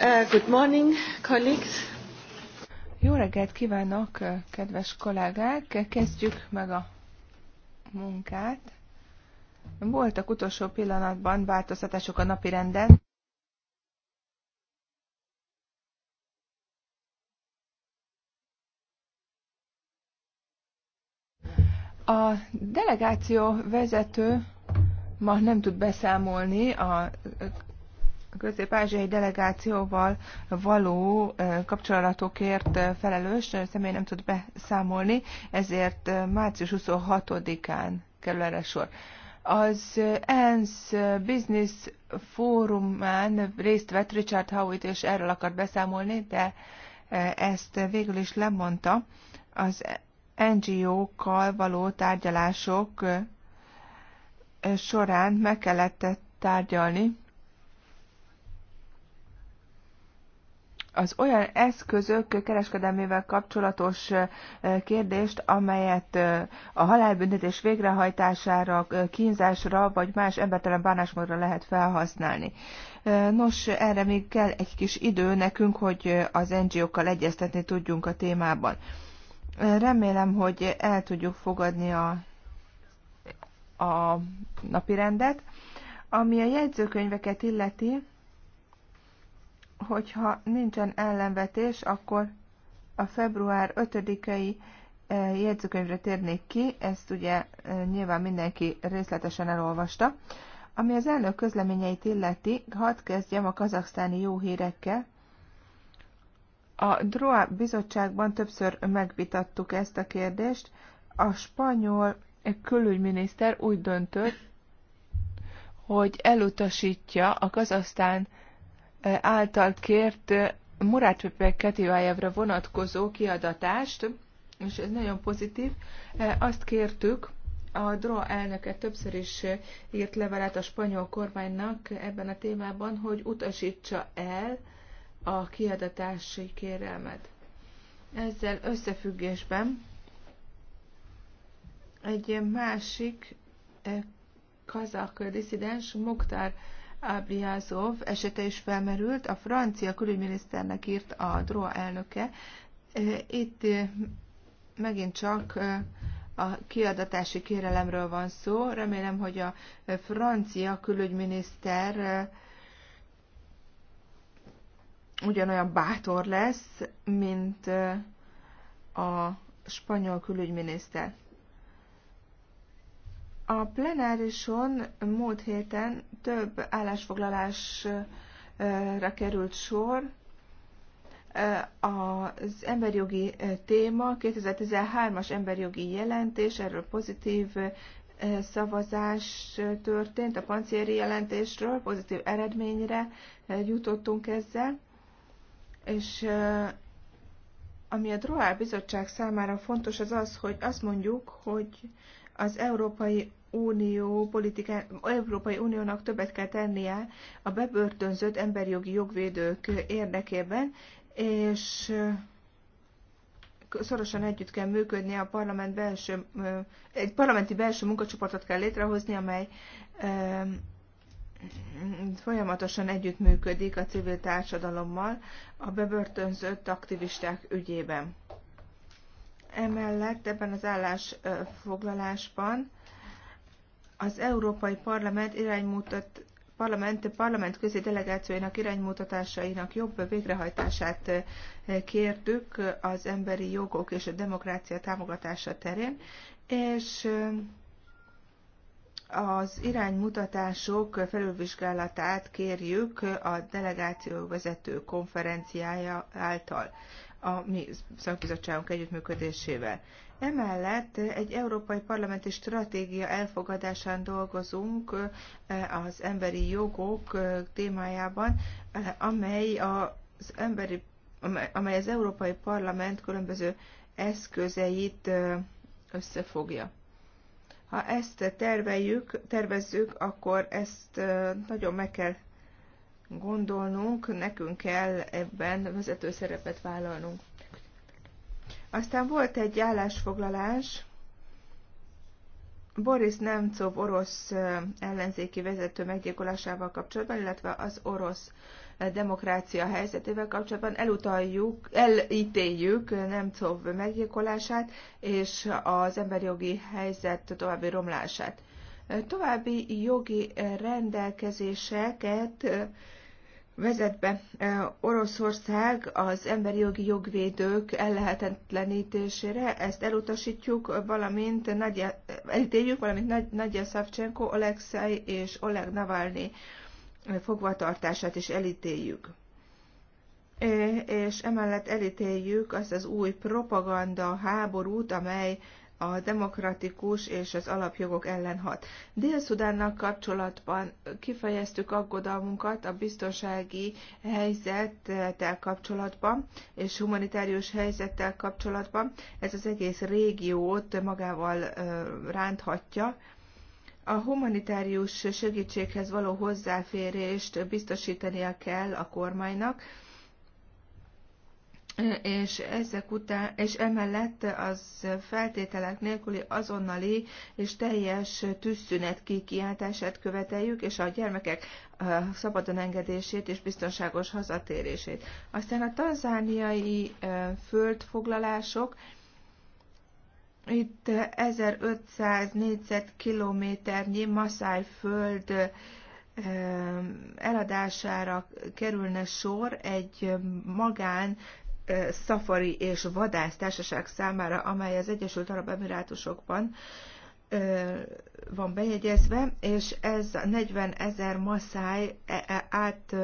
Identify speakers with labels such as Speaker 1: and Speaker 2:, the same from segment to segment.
Speaker 1: Uh, good morning, colleagues. Jó reggelt kívánok, uh, kedves kollégák! Kezdjük meg a munkát. Voltak utolsó pillanatban változtatások a napi renden. A delegáció vezető ma nem tud beszámolni a közép-ázsiai delegációval való kapcsolatokért felelős személy nem tud beszámolni, ezért március 26-án kerül erre sor. Az ENSZ Business Fórumán részt vett Richard Howitt, és erről akart beszámolni, de ezt végül is lemondta. Az NGO-kkal való tárgyalások során meg kellett tárgyalni az olyan eszközök kereskedelmével kapcsolatos kérdést, amelyet a halálbüntetés végrehajtására, kínzásra vagy más embertelen bánásmódra lehet felhasználni. Nos, erre még kell egy kis idő nekünk, hogy az NGO-kkal egyeztetni tudjunk a témában. Remélem, hogy el tudjuk fogadni a, a napirendet. Ami a jegyzőkönyveket illeti, hogyha nincsen ellenvetés, akkor a február 5-i e, jegyzőkönyvre térnék ki, ezt ugye e, nyilván mindenki részletesen elolvasta. Ami az elnök közleményeit illeti, hadd kezdjem a kazaksztáni jó hírekkel. A DROA bizottságban többször megvitattuk ezt a kérdést. A spanyol külügyminiszter úgy döntött, hogy elutasítja a kazasztán által kért eh, Murátpepek Ketivájevra vonatkozó kiadatást, és ez nagyon pozitív. Eh, azt kértük, a DRO elnöke többször is eh, írt levelet a spanyol kormánynak ebben a témában, hogy utasítsa el a kiadatási kérelmet. Ezzel összefüggésben egy másik kazak diszidens, Mukhtar Abriázov esete is felmerült. A francia külügyminiszternek írt a DROA elnöke. Itt megint csak a kiadatási kérelemről van szó. Remélem, hogy a francia külügyminiszter ugyanolyan bátor lesz, mint a spanyol külügyminiszter. A plenárison múlt héten több állásfoglalásra került sor. Az emberjogi téma, 2013-as emberjogi jelentés, erről pozitív szavazás történt a pancieri jelentésről, pozitív eredményre jutottunk ezzel, és eh, ami a Droál Bizottság számára fontos, az az, hogy azt mondjuk, hogy az Európai Unió politiká, Európai Uniónak többet kell tennie a bebörtönzött emberjogi jogvédők érdekében, és szorosan együtt kell működni a parlament belső, egy parlamenti belső munkacsoportot kell létrehozni, amely folyamatosan együttműködik a civil társadalommal a bebörtönzött aktivisták ügyében. Emellett ebben az állásfoglalásban az Európai Parlament iránymutat, parlament, parlament közé delegációinak iránymutatásainak jobb végrehajtását eh, kértük az emberi jogok és a demokrácia támogatása terén, és eh, az iránymutatások felülvizsgálatát kérjük a delegáció vezető konferenciája által a mi szakbizottságunk együttműködésével. Emellett egy európai parlamenti stratégia elfogadásán dolgozunk e, az emberi jogok e, témájában, e, amely az, emberi, amely az Európai Parlament különböző eszközeit összefogja. Ha ezt terveljük, tervezzük, akkor ezt nagyon meg kell gondolnunk, nekünk kell ebben vezető szerepet vállalnunk. Aztán volt egy állásfoglalás, Boris Nemcov orosz ellenzéki vezető meggyilkolásával kapcsolatban, illetve az orosz demokrácia helyzetével kapcsolatban elutaljuk, elítéljük Nemcov meggyilkolását és az jogi helyzet további romlását. További jogi rendelkezéseket vezet be Oroszország az emberi jogi jogvédők ellehetetlenítésére, ezt elutasítjuk, valamint Nagyja, elítéljük, valamint Nagyja Szavcsenko, Alexei és Oleg Navalnyi fogvatartását is elítéljük. És emellett elítéljük azt az új propaganda háborút, amely a demokratikus és az alapjogok ellen hat. Dél-Szudánnak kapcsolatban kifejeztük aggodalmunkat a biztonsági helyzettel kapcsolatban, és humanitárius helyzettel kapcsolatban. Ez az egész régiót magával ránthatja. A humanitárius segítséghez való hozzáférést biztosítania kell a kormánynak, és ezek után, és emellett az feltételek nélküli azonnali és teljes tűzszünet kikiáltását követeljük, és a gyermekek szabadon engedését és biztonságos hazatérését. Aztán a tanzániai földfoglalások, itt 1500 négyzetkilométernyi Maszáj föld eladására kerülne sor egy magán szafari és vadász társaság számára, amely az Egyesült Arab Emirátusokban van bejegyezve, és ez a 40 ezer masszáj e, e, át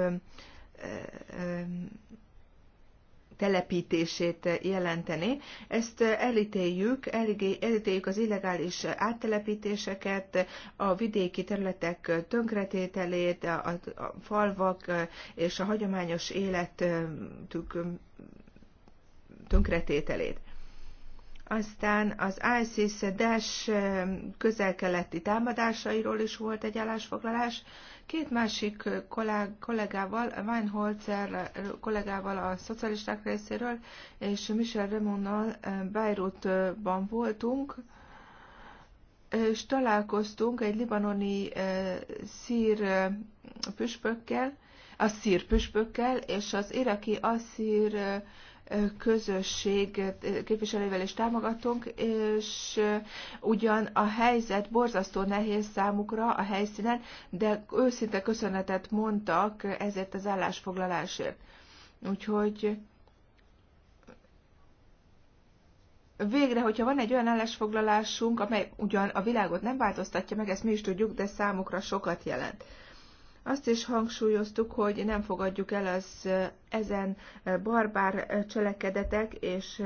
Speaker 1: telepítését jelenteni. Ezt elítéljük, elítéljük az illegális áttelepítéseket, a vidéki területek tönkretételét, a falvak és a hagyományos életük tönkretételét. Aztán az ISIS-DES közel-keleti támadásairól is volt egy állásfoglalás. Két másik kollégával, Weinholzer kollégával a szocialisták részéről, és Michel Remonnal Beirutban voltunk, és találkoztunk egy libanoni szír püspökkel, a szír püspökkel, és az iraki asszír közösség képviselővel is támogatunk, és ugyan a helyzet borzasztó nehéz számukra a helyszínen, de őszinte köszönetet mondtak ezért az állásfoglalásért. Úgyhogy végre, hogyha van egy olyan állásfoglalásunk, amely ugyan a világot nem változtatja meg, ezt mi is tudjuk, de számukra sokat jelent. Azt is hangsúlyoztuk, hogy nem fogadjuk el az eh, ezen eh, barbár eh, cselekedetek és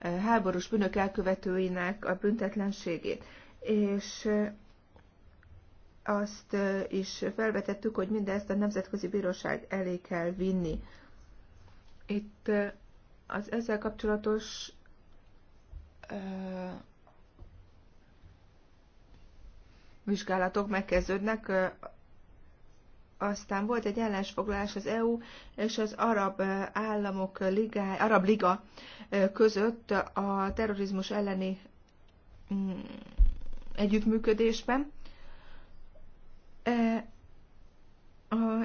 Speaker 1: háborús bűnök elkövetőinek a büntetlenségét. És azt is felvetettük, hogy mindezt a Nemzetközi Bíróság elé kell vinni. Itt az ezzel kapcsolatos vizsgálatok megkezdődnek aztán volt egy ellensfoglalás az EU és az Arab Államok Liga, Arab Liga között a terrorizmus elleni mm, együttműködésben.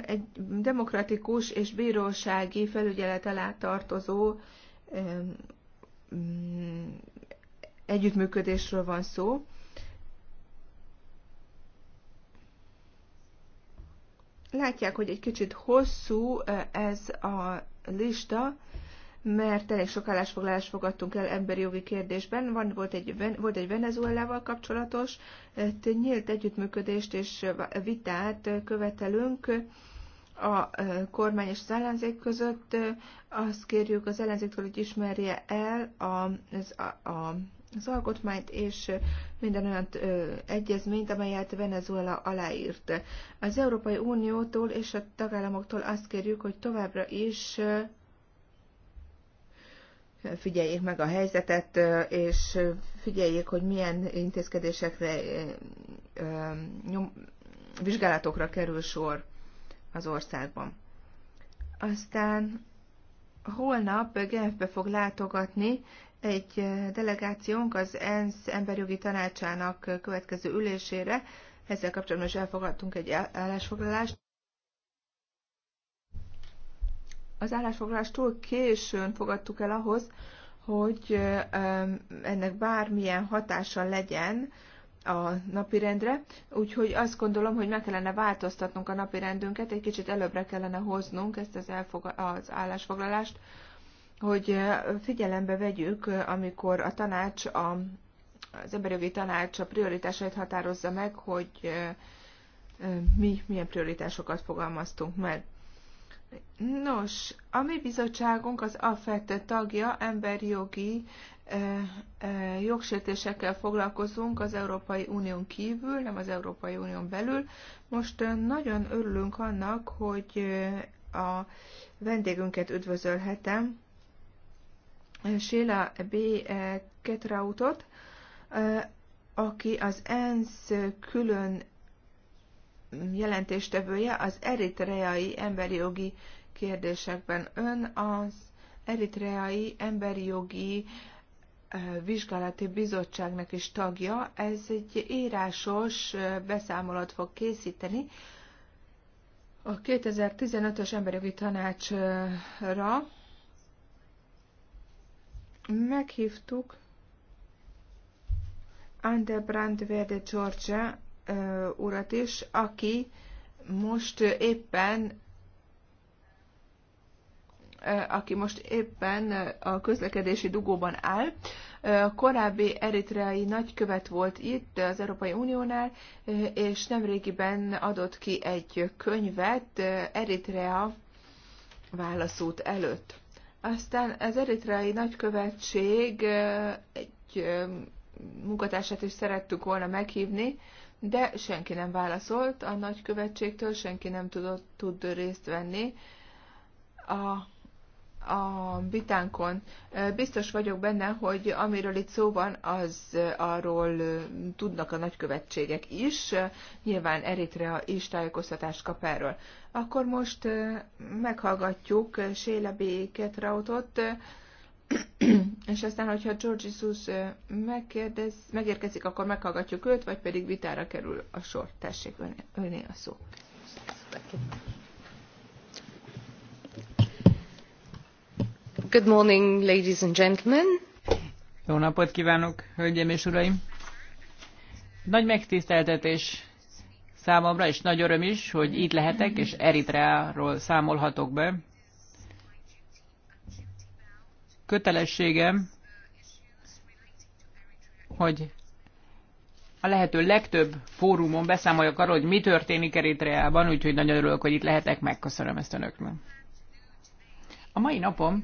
Speaker 1: Egy demokratikus és bírósági felügyelet alá tartozó mm, együttműködésről van szó. Látják, hogy egy kicsit hosszú ez a lista, mert elég sok állásfoglalást fogadtunk el emberi jogi kérdésben. Van, volt, egy, volt egy Venezuelával kapcsolatos, nyílt együttműködést és vitát követelünk a kormány és az ellenzék között. Azt kérjük az ellenzéktől, hogy ismerje el az, a, a az alkotmányt és minden olyan egyezményt, amelyet Venezuela aláírt. Az Európai Uniótól és a tagállamoktól azt kérjük, hogy továbbra is figyeljék meg a helyzetet, és figyeljék, hogy milyen intézkedésekre, nyom, vizsgálatokra kerül sor az országban. Aztán holnap Genfbe fog látogatni egy eh, delegációnk az ENSZ emberjogi tanácsának eh, következő ülésére. Ezzel kapcsolatban is elfogadtunk egy állásfoglalást. Az állásfoglalást túl későn fogadtuk el ahhoz, hogy eh, ennek bármilyen hatása legyen a napirendre, úgyhogy azt gondolom, hogy meg kellene változtatnunk a napirendünket, egy kicsit előbbre kellene hoznunk ezt az, az állásfoglalást, hogy figyelembe vegyük, amikor a tanács, a, az emberjogi tanács a prioritásait határozza meg, hogy mi milyen prioritásokat fogalmaztunk meg. Nos, a mi bizottságunk az AFET tagja, emberjogi jogsértésekkel foglalkozunk az Európai Unión kívül, nem az Európai Unión belül. Most nagyon örülünk annak, hogy a vendégünket üdvözölhetem, Sheila B. Ketrautot, eh, aki az ENSZ külön jelentéstevője az eritreai emberi jogi kérdésekben. Ön az eritreai emberi jogi eh, vizsgálati bizottságnak is tagja. Ez egy írásos eh, beszámolat fog készíteni a 2015-ös emberi jogi tanácsra Meghívtuk Andebrand Verde Georgia urat is, aki most éppen aki most éppen a közlekedési dugóban áll. Korábbi eritreai nagykövet volt itt az Európai Uniónál, és nemrégiben adott ki egy könyvet Eritrea válaszút előtt. Aztán az eritreai nagykövetség egy munkatársát is szerettük volna meghívni, de senki nem válaszolt a nagykövetségtől, senki nem tudott, tud részt venni. A a vitánkon. Biztos vagyok benne, hogy amiről itt szó van, az arról tudnak a nagykövetségek is. Nyilván Eritrea is tájékoztatást kap erről. Akkor most meghallgatjuk Séla Béket Rautot, és aztán, hogyha George Jesus megkérdez, megérkezik, akkor meghallgatjuk őt, vagy pedig vitára kerül a sor. Tessék, öné, öné a szó. Köszönöm. Good morning, ladies and gentlemen.
Speaker 2: Jó napot kívánok, hölgyeim és uraim! Nagy megtiszteltetés számomra, és nagy öröm is, hogy itt lehetek, és Eritreáról számolhatok be. Kötelességem, hogy a lehető legtöbb fórumon beszámoljak arról, hogy mi történik Eritreában, úgyhogy nagyon örülök, hogy itt lehetek, megköszönöm ezt önöknek. A mai napom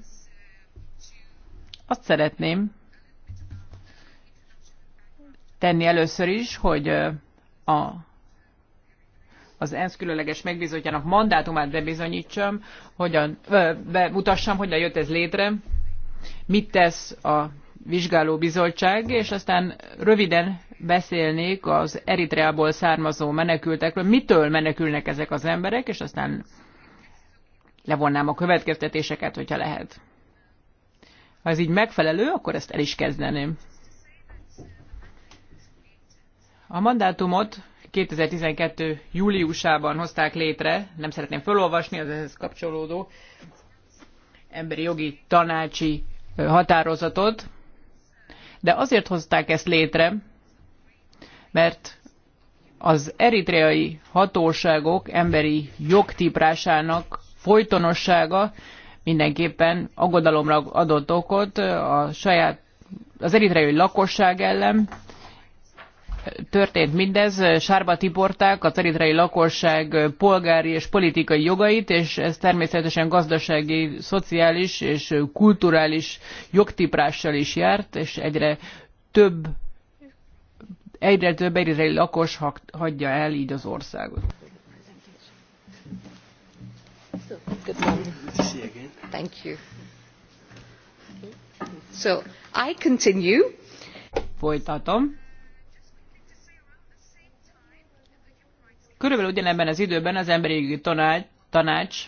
Speaker 2: azt szeretném tenni először is, hogy a, az ENSZ különleges megbizotjának mandátumát bebizonyítsam, hogyan, bemutassam, hogyan jött ez létre, mit tesz a vizsgáló bizottság, és aztán röviden beszélnék az Eritreából származó menekültekről, mitől menekülnek ezek az emberek, és aztán levonnám a következtetéseket, hogyha lehet. Ha ez így megfelelő, akkor ezt el is kezdeném. A mandátumot 2012. júliusában hozták létre, nem szeretném felolvasni az ehhez kapcsolódó emberi jogi tanácsi határozatot, de azért hozták ezt létre, mert az eritreai hatóságok emberi jogtiprásának folytonossága mindenképpen aggodalomra adott okot a saját, az eritreai lakosság ellen. Történt mindez, sárba tiporták az eritreai lakosság polgári és politikai jogait, és ez természetesen gazdasági, szociális és kulturális jogtiprással is járt, és egyre több egyre több eritreai lakos hagyja el így az országot.
Speaker 1: Köszönöm. Thank you. So, I continue.
Speaker 2: Folytatom. Körülbelül ugyanebben az időben az emberi jogi tanács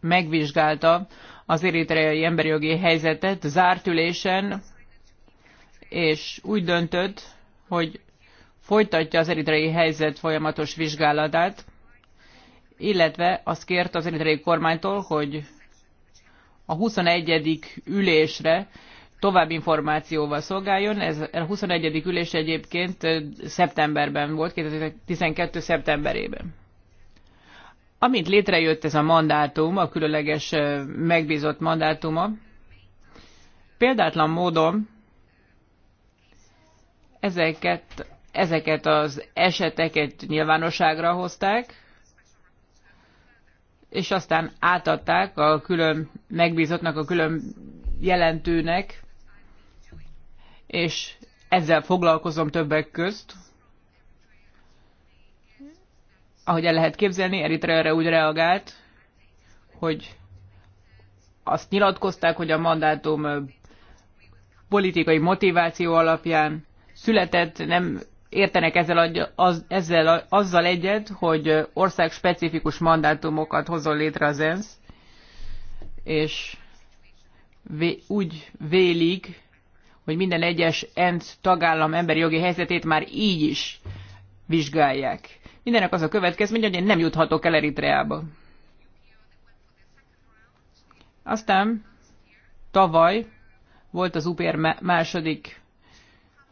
Speaker 2: megvizsgálta az eritreai emberi jogi helyzetet zárt ülésen, és úgy döntött, hogy folytatja az eritreai helyzet folyamatos vizsgálatát, illetve azt kért az eritreai kormánytól, hogy a 21. ülésre további információval szolgáljon. Ez a 21. ülés egyébként szeptemberben volt, 2012. szeptemberében. Amint létrejött ez a mandátum, a különleges megbízott mandátuma, példátlan módon ezeket, ezeket az eseteket nyilvánosságra hozták, és aztán átadták a külön megbízottnak, a külön jelentőnek, és ezzel foglalkozom többek közt. Ahogy el lehet képzelni, Eritreára úgy reagált, hogy azt nyilatkozták, hogy a mandátum politikai motiváció alapján született, nem értenek ezzel, az, ezzel, azzal egyet, hogy ország specifikus mandátumokat hozol létre az ENSZ, és vé, úgy vélik, hogy minden egyes ENSZ tagállam emberi jogi helyzetét már így is vizsgálják. Mindenek az a következmény, hogy én nem juthatok el Eritreába. Aztán tavaly volt az UPR második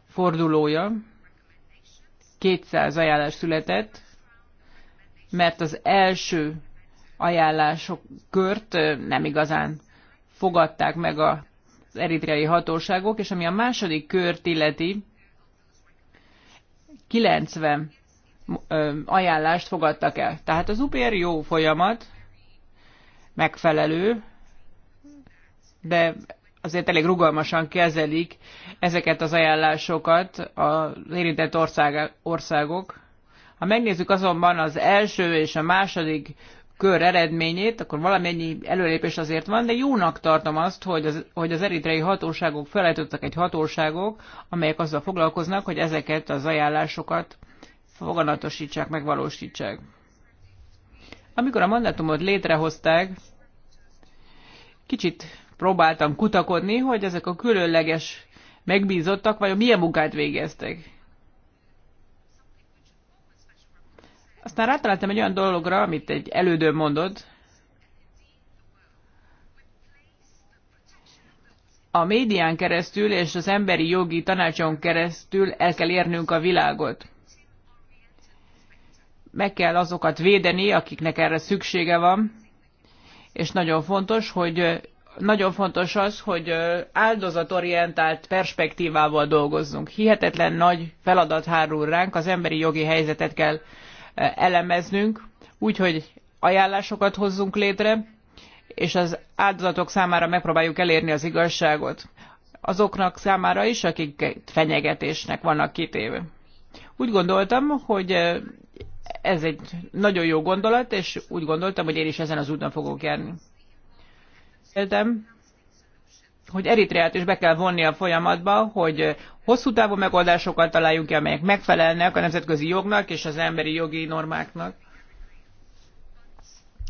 Speaker 2: fordulója, 200 ajánlás született, mert az első ajánlások kört nem igazán fogadták meg az eritreai hatóságok, és ami a második kört illeti, 90 ajánlást fogadtak el. Tehát az UPR jó folyamat, megfelelő, de azért elég rugalmasan kezelik ezeket az ajánlásokat az érintett ország, országok. Ha megnézzük azonban az első és a második kör eredményét, akkor valamennyi előlépés azért van, de jónak tartom azt, hogy az, hogy az eritrei hatóságok felállítottak egy hatóságok, amelyek azzal foglalkoznak, hogy ezeket az ajánlásokat foganatosítsák, megvalósítsák. Amikor a mandátumot létrehozták, kicsit próbáltam kutakodni, hogy ezek a különleges megbízottak vajon milyen munkát végeztek. Aztán rátaláltam egy olyan dologra, amit egy elődő mondott. A médián keresztül és az emberi jogi tanácson keresztül el kell érnünk a világot. Meg kell azokat védeni, akiknek erre szüksége van, és nagyon fontos, hogy nagyon fontos az, hogy áldozatorientált perspektívával dolgozzunk. Hihetetlen nagy feladat hárul ránk, az emberi jogi helyzetet kell elemeznünk, úgyhogy ajánlásokat hozzunk létre, és az áldozatok számára megpróbáljuk elérni az igazságot. Azoknak számára is, akik fenyegetésnek vannak kitéve. Úgy gondoltam, hogy ez egy nagyon jó gondolat, és úgy gondoltam, hogy én is ezen az úton fogok járni beszéltem, hogy Eritreát is be kell vonni a folyamatba, hogy hosszú távú megoldásokat találjunk ki, amelyek megfelelnek a nemzetközi jognak és az emberi jogi normáknak.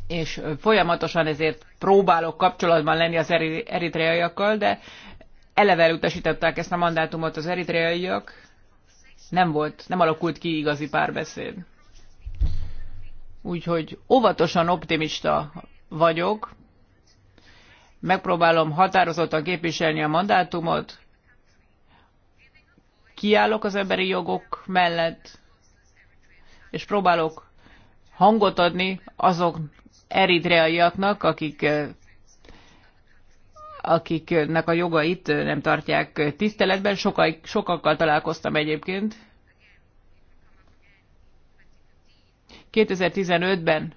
Speaker 2: És folyamatosan ezért próbálok kapcsolatban lenni az eritreaiakkal, de eleve elutasították ezt a mandátumot az eritreaiak. Nem volt, nem alakult ki igazi párbeszéd. Úgyhogy óvatosan optimista vagyok, megpróbálom határozottan képviselni a mandátumot, kiállok az emberi jogok mellett, és próbálok hangot adni azok eritreaiaknak, akik eh, akiknek a jogait eh, nem tartják tiszteletben. Sokai, sokakkal találkoztam egyébként. 2015-ben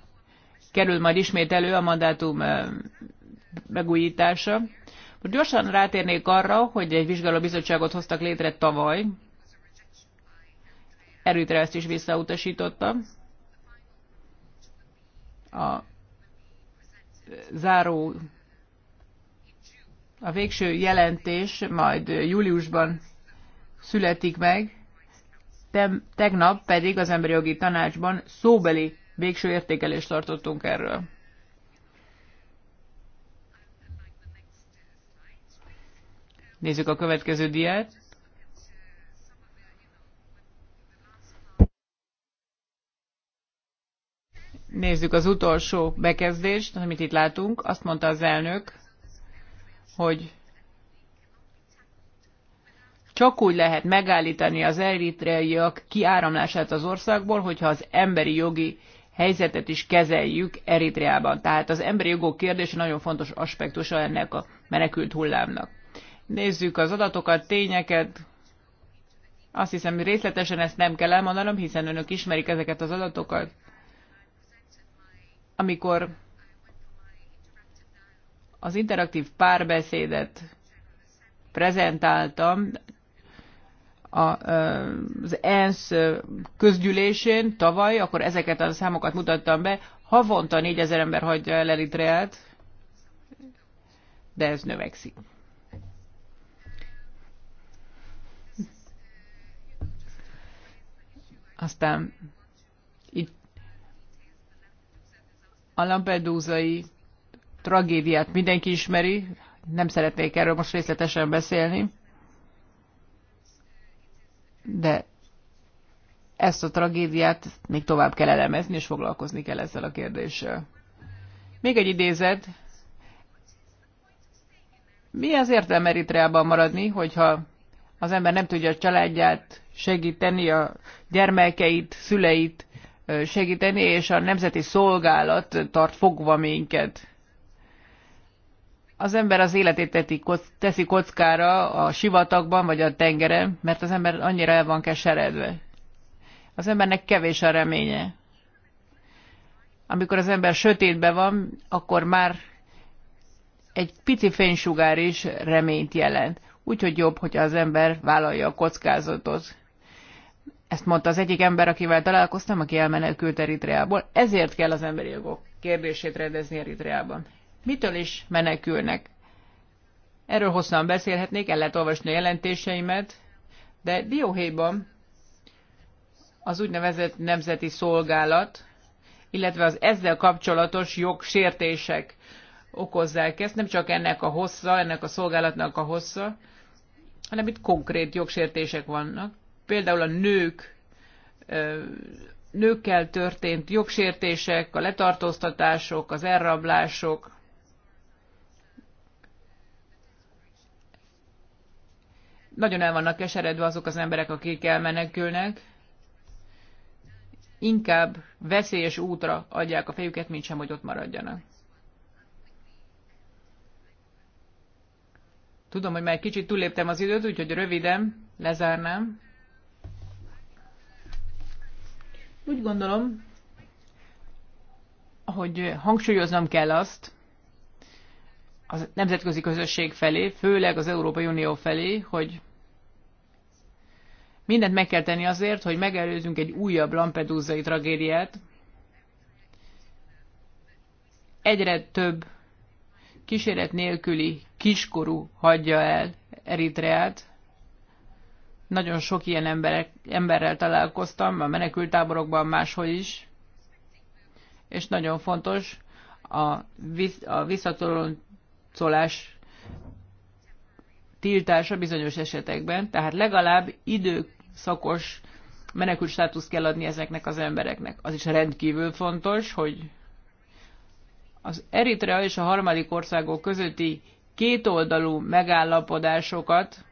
Speaker 2: kerül majd ismét elő a mandátum eh, megújítása. Most gyorsan rátérnék arra, hogy egy vizsgálóbizottságot hoztak létre tavaly. Erőtre ezt is visszautasította. A záró, a végső jelentés majd júliusban születik meg, Te, tegnap pedig az Emberi Jogi Tanácsban szóbeli végső értékelést tartottunk erről. Nézzük a következő diát. Nézzük az utolsó bekezdést, amit itt látunk. Azt mondta az elnök, hogy csak úgy lehet megállítani az eritreaiak kiáramlását az országból, hogyha az emberi jogi helyzetet is kezeljük Eritreában. Tehát az emberi jogok kérdése nagyon fontos aspektusa ennek a menekült hullámnak nézzük az adatokat, tényeket. Azt hiszem, hogy részletesen ezt nem kell elmondanom, hiszen önök ismerik ezeket az adatokat. Amikor az interaktív párbeszédet prezentáltam az ENSZ közgyűlésén tavaly, akkor ezeket a számokat mutattam be. Havonta 4000 ember hagyja el Eritreát, de ez növekszik. Aztán itt a lampedúzai tragédiát mindenki ismeri, nem szeretnék erről most részletesen beszélni, de ezt a tragédiát még tovább kell elemezni, és foglalkozni kell ezzel a kérdéssel. Még egy idézet. Mi az értelme Eritreában maradni, hogyha az ember nem tudja a családját, segíteni a gyermekeit, szüleit segíteni, és a nemzeti szolgálat tart fogva minket. Az ember az életét teszi kockára a sivatagban vagy a tengeren, mert az ember annyira el van keseredve. Az embernek kevés a reménye. Amikor az ember sötétben van, akkor már egy pici fénysugár is reményt jelent. Úgyhogy jobb, hogy az ember vállalja a kockázatot. Ezt mondta az egyik ember, akivel találkoztam, aki elmenekült Eritreából. Ezért kell az emberi jogok kérdését rendezni Eritreában. Mitől is menekülnek? Erről hosszan beszélhetnék, el lehet olvasni a jelentéseimet, de Dióhéjban az úgynevezett nemzeti szolgálat, illetve az ezzel kapcsolatos jogsértések okozzák ezt, nem csak ennek a hossza, ennek a szolgálatnak a hossza, hanem itt konkrét jogsértések vannak például a nők nőkkel történt jogsértések, a letartóztatások, az elrablások. Nagyon el vannak keseredve azok az emberek, akik elmenekülnek. Inkább veszélyes útra adják a fejüket, mint sem, hogy ott maradjanak. Tudom, hogy már kicsit túlléptem az időt, úgyhogy röviden lezárnám. Úgy gondolom, hogy hangsúlyoznom kell azt a nemzetközi közösség felé, főleg az Európai Unió felé, hogy mindent meg kell tenni azért, hogy megelőzzünk egy újabb Lampedusai tragédiát. Egyre több kíséret nélküli kiskorú hagyja el Eritreát. Nagyon sok ilyen emberek, emberrel találkoztam a menekültáborokban, máshol is, és nagyon fontos a, visz, a visszatoloncolás tiltása bizonyos esetekben, tehát legalább időszakos menekült státuszt kell adni ezeknek az embereknek. Az is rendkívül fontos, hogy az Eritrea és a harmadik országok közötti kétoldalú megállapodásokat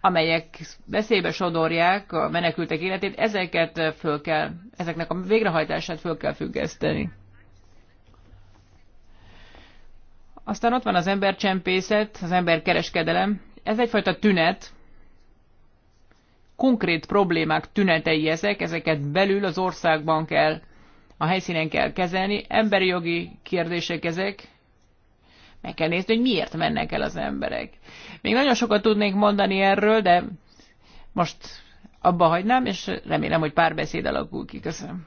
Speaker 2: amelyek veszélybe sodorják a menekültek életét, ezeket föl kell, ezeknek a végrehajtását föl kell függeszteni. Aztán ott van az embercsempészet, az emberkereskedelem. Ez egyfajta tünet, konkrét problémák tünetei ezek, ezeket belül az országban kell, a helyszínen kell kezelni. Emberi jogi kérdések ezek. Meg kell nézni, hogy miért mennek el az emberek. Még nagyon sokat tudnék mondani erről, de most abba hagynám, és remélem, hogy pár beszéd alakul ki. Köszönöm.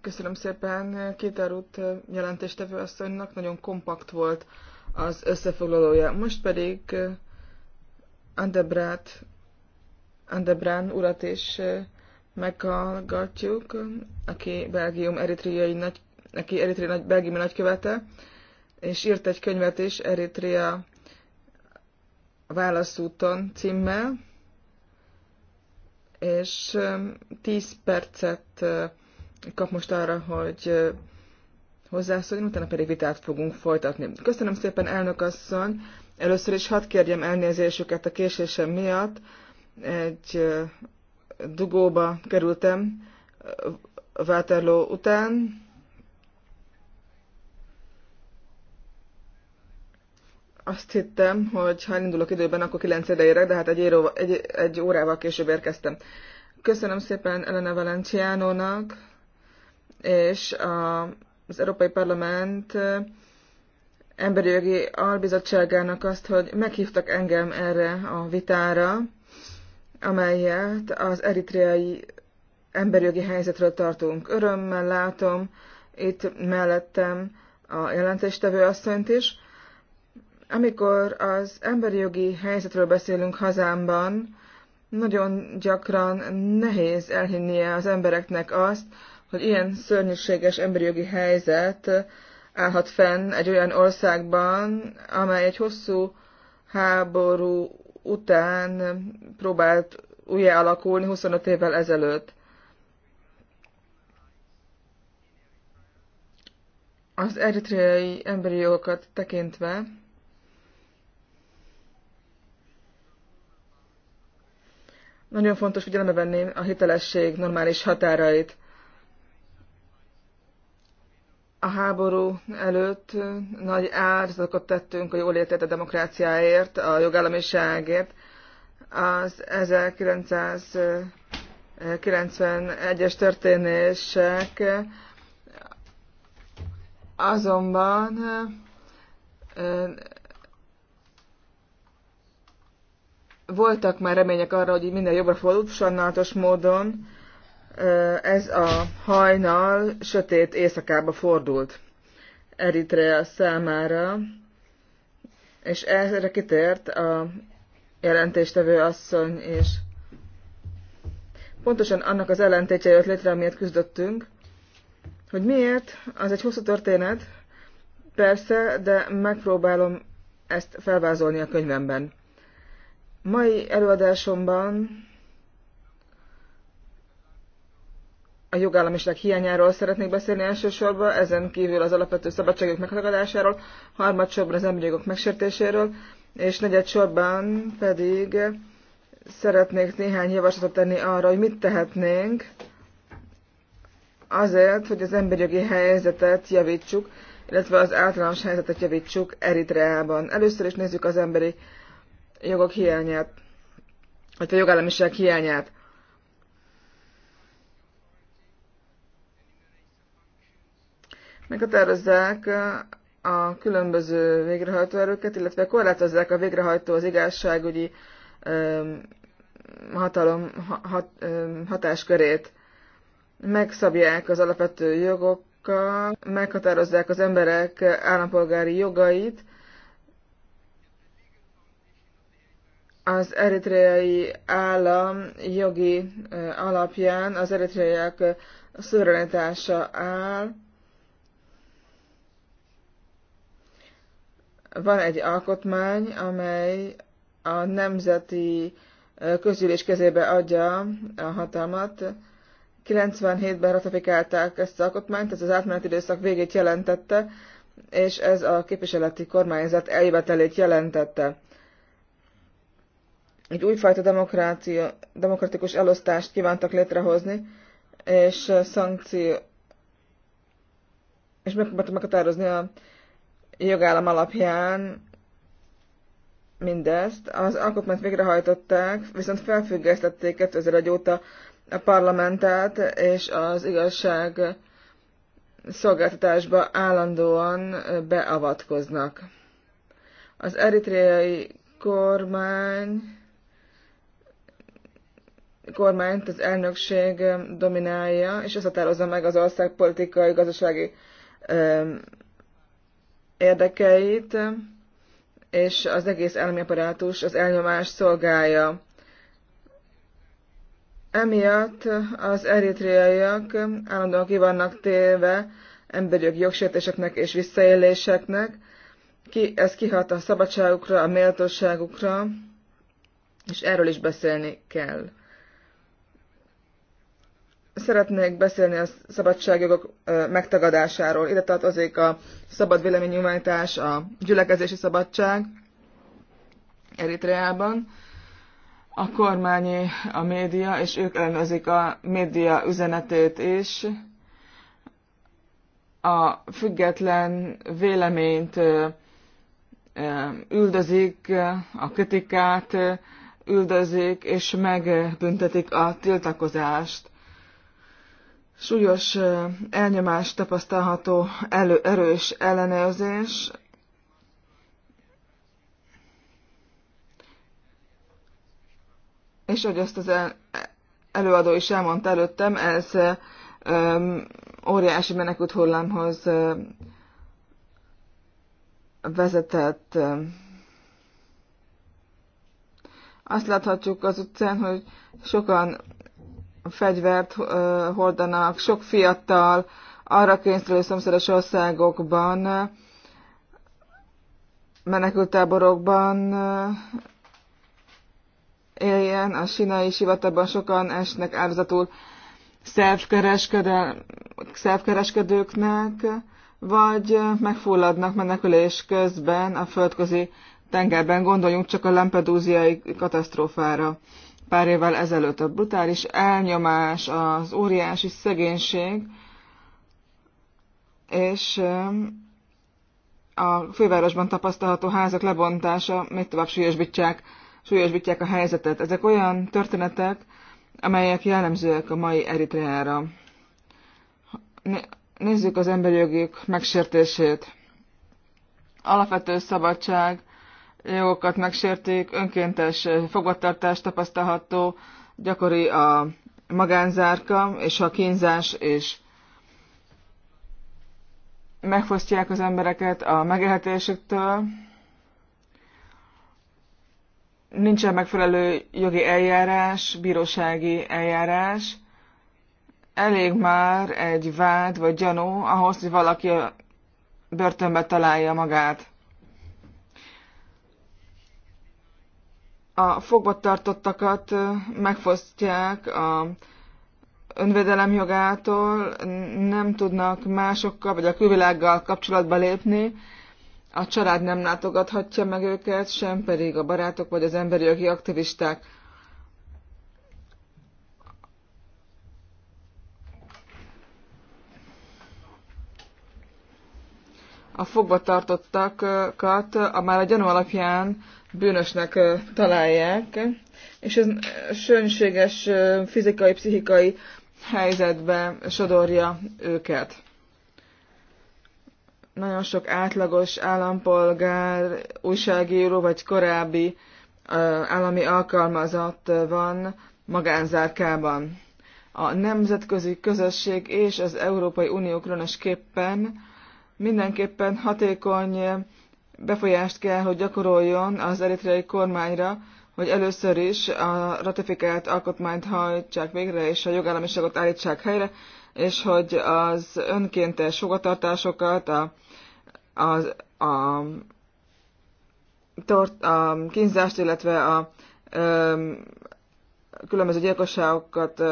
Speaker 3: Köszönöm
Speaker 4: szépen Kitarut jelentéstevő asszonynak, nagyon kompakt volt az összefoglalója. Most pedig Andebrát, eh, Andebrán urat is eh, meghallgatjuk, aki Belgium eritriai nagy, aki Eritrea nagy, belgiumi nagykövete, és írt egy könyvet is Eritrea válaszúton címmel, és 10 um, percet uh, kap most arra, hogy uh, hozzászóljon, utána pedig vitát fogunk folytatni. Köszönöm szépen, elnök asszony! Először is hadd kérjem elnézésüket a késésem miatt. Egy uh, dugóba kerültem Waterloo után, azt hittem, hogy ha elindulok időben, akkor kilenc érek, de hát egy, éró, egy, egy órával később érkeztem. Köszönöm szépen Elena Valenciánónak, és a, az Európai Parlament Emberi Jogi Albizottságának azt, hogy meghívtak engem erre a vitára, amelyet az eritreai emberi jogi helyzetről tartunk. Örömmel látom itt mellettem a jelentéstevő asszonyt is, amikor az emberi jogi helyzetről beszélünk hazámban, nagyon gyakran nehéz elhinnie az embereknek azt, hogy ilyen szörnyűséges emberi jogi helyzet állhat fenn egy olyan országban, amely egy hosszú háború után próbált újjá alakulni 25 évvel ezelőtt. Az eritreai emberi jogokat tekintve Nagyon fontos figyelembe venni a hitelesség normális határait. A háború előtt nagy áldozatokat tettünk a jólétet a demokráciáért, a jogállamiságért. Az 1991 es történések azonban voltak már remények arra, hogy így minden jobbra fordult, sannálatos módon ez a hajnal sötét éjszakába fordult Eritrea számára, és erre kitért a jelentéstevő asszony és Pontosan annak az ellentétje jött létre, amiért küzdöttünk, hogy miért, az egy hosszú történet, persze, de megpróbálom ezt felvázolni a könyvemben. Mai előadásomban a jogállamiság hiányáról szeretnék beszélni elsősorban, ezen kívül az alapvető szabadságok meghallgatásáról, harmadsorban az emberi jogok megsértéséről, és negyedsorban pedig szeretnék néhány javaslatot tenni arra, hogy mit tehetnénk azért, hogy az emberi jogi helyzetet javítsuk, illetve az általános helyzetet javítsuk Eritreában. Először is nézzük az emberi jogok hiányát, vagy a jogállamiság hiányát. Meghatározzák a különböző végrehajtó erőket, illetve korlátozzák a végrehajtó az igazságügyi hatalom hat, hatáskörét. Megszabják az alapvető jogokkal, meghatározzák az emberek állampolgári jogait, az eritreai állam jogi alapján az eritreaiak szuverenitása áll. Van egy alkotmány, amely a nemzeti közülés kezébe adja a hatalmat. 97-ben ratifikálták ezt az alkotmányt, ez az átmeneti időszak végét jelentette, és ez a képviseleti kormányzat eljövetelét jelentette egy újfajta demokrácia, demokratikus elosztást kívántak létrehozni, és eh, szankció, és megpróbáltak meghatározni a jogállam alapján mindezt. Az alkotmányt végrehajtották, viszont felfüggesztették 2001 óta a parlamentet, és az igazság szolgáltatásba állandóan eh, beavatkoznak. Az eritreai kormány kormányt az elnökség dominálja, és ez határozza meg az ország politikai, gazdasági érdekeit, és az egész állami apparátus az elnyomás szolgálja. Emiatt az eritreaiak állandóan ki vannak téve emberi jogsértéseknek és visszaéléseknek, ki, ez kihat a szabadságukra, a méltóságukra, és erről is beszélni kell. Szeretnék beszélni a szabadságjogok megtagadásáról. Ide tartozik a szabad véleményújtás, a gyülekezési szabadság Eritreában. A kormányi a média, és ők ellenőrzik a média üzenetét is. A független véleményt üldözik, a kritikát üldözik, és megbüntetik a tiltakozást súlyos elnyomás tapasztalható elő, erős ellenőrzés, és hogy azt az el, előadó is elmondta előttem, ez öm, óriási menekült hullámhoz vezetett. azt láthatjuk az utcán, hogy sokan fegyvert hordanak, sok fiatal arra kényszerülő szomszédos országokban, menekültáborokban éljen, a sinai sivatagban sokan esnek áldozatul szervkereskedőknek, vagy megfulladnak menekülés közben a földközi tengerben. Gondoljunk csak a lampedúziai katasztrófára pár évvel ezelőtt. A brutális elnyomás, az óriási szegénység, és a fővárosban tapasztalható házak lebontása még tovább súlyosbítják, súlyosbítják a helyzetet. Ezek olyan történetek, amelyek jellemzőek a mai Eritreára. Nézzük az emberi megsértését. Alapvető szabadság, jogokat megsérték, önkéntes eh, fogvatartást tapasztalható, gyakori a magánzárka és a kínzás, és megfosztják az embereket a megélhetésüktől. nincsen megfelelő jogi eljárás, bírósági eljárás, elég már egy vád vagy gyanú ahhoz, hogy valaki börtönbe találja magát. a fogvatartottakat megfosztják a önvédelem jogától, nem tudnak másokkal vagy a külvilággal kapcsolatba lépni, a család nem látogathatja meg őket, sem pedig a barátok vagy az emberi jogi aktivisták. A fogvatartottakat a már a gyanú alapján bűnösnek találják, és ez sönséges fizikai, pszichikai helyzetbe sodorja őket. Nagyon sok átlagos állampolgár, újságíró vagy korábbi állami alkalmazott van magánzárkában. A nemzetközi közösség és az Európai Unió különösképpen mindenképpen hatékony befolyást kell, hogy gyakoroljon az eritreai kormányra, hogy először is a ratifikált alkotmányt hajtsák végre, és a jogállamiságot állítsák helyre, és hogy az önkéntes fogatartásokat, a, a, a, a kínzást, illetve a a különböző gyilkosságokat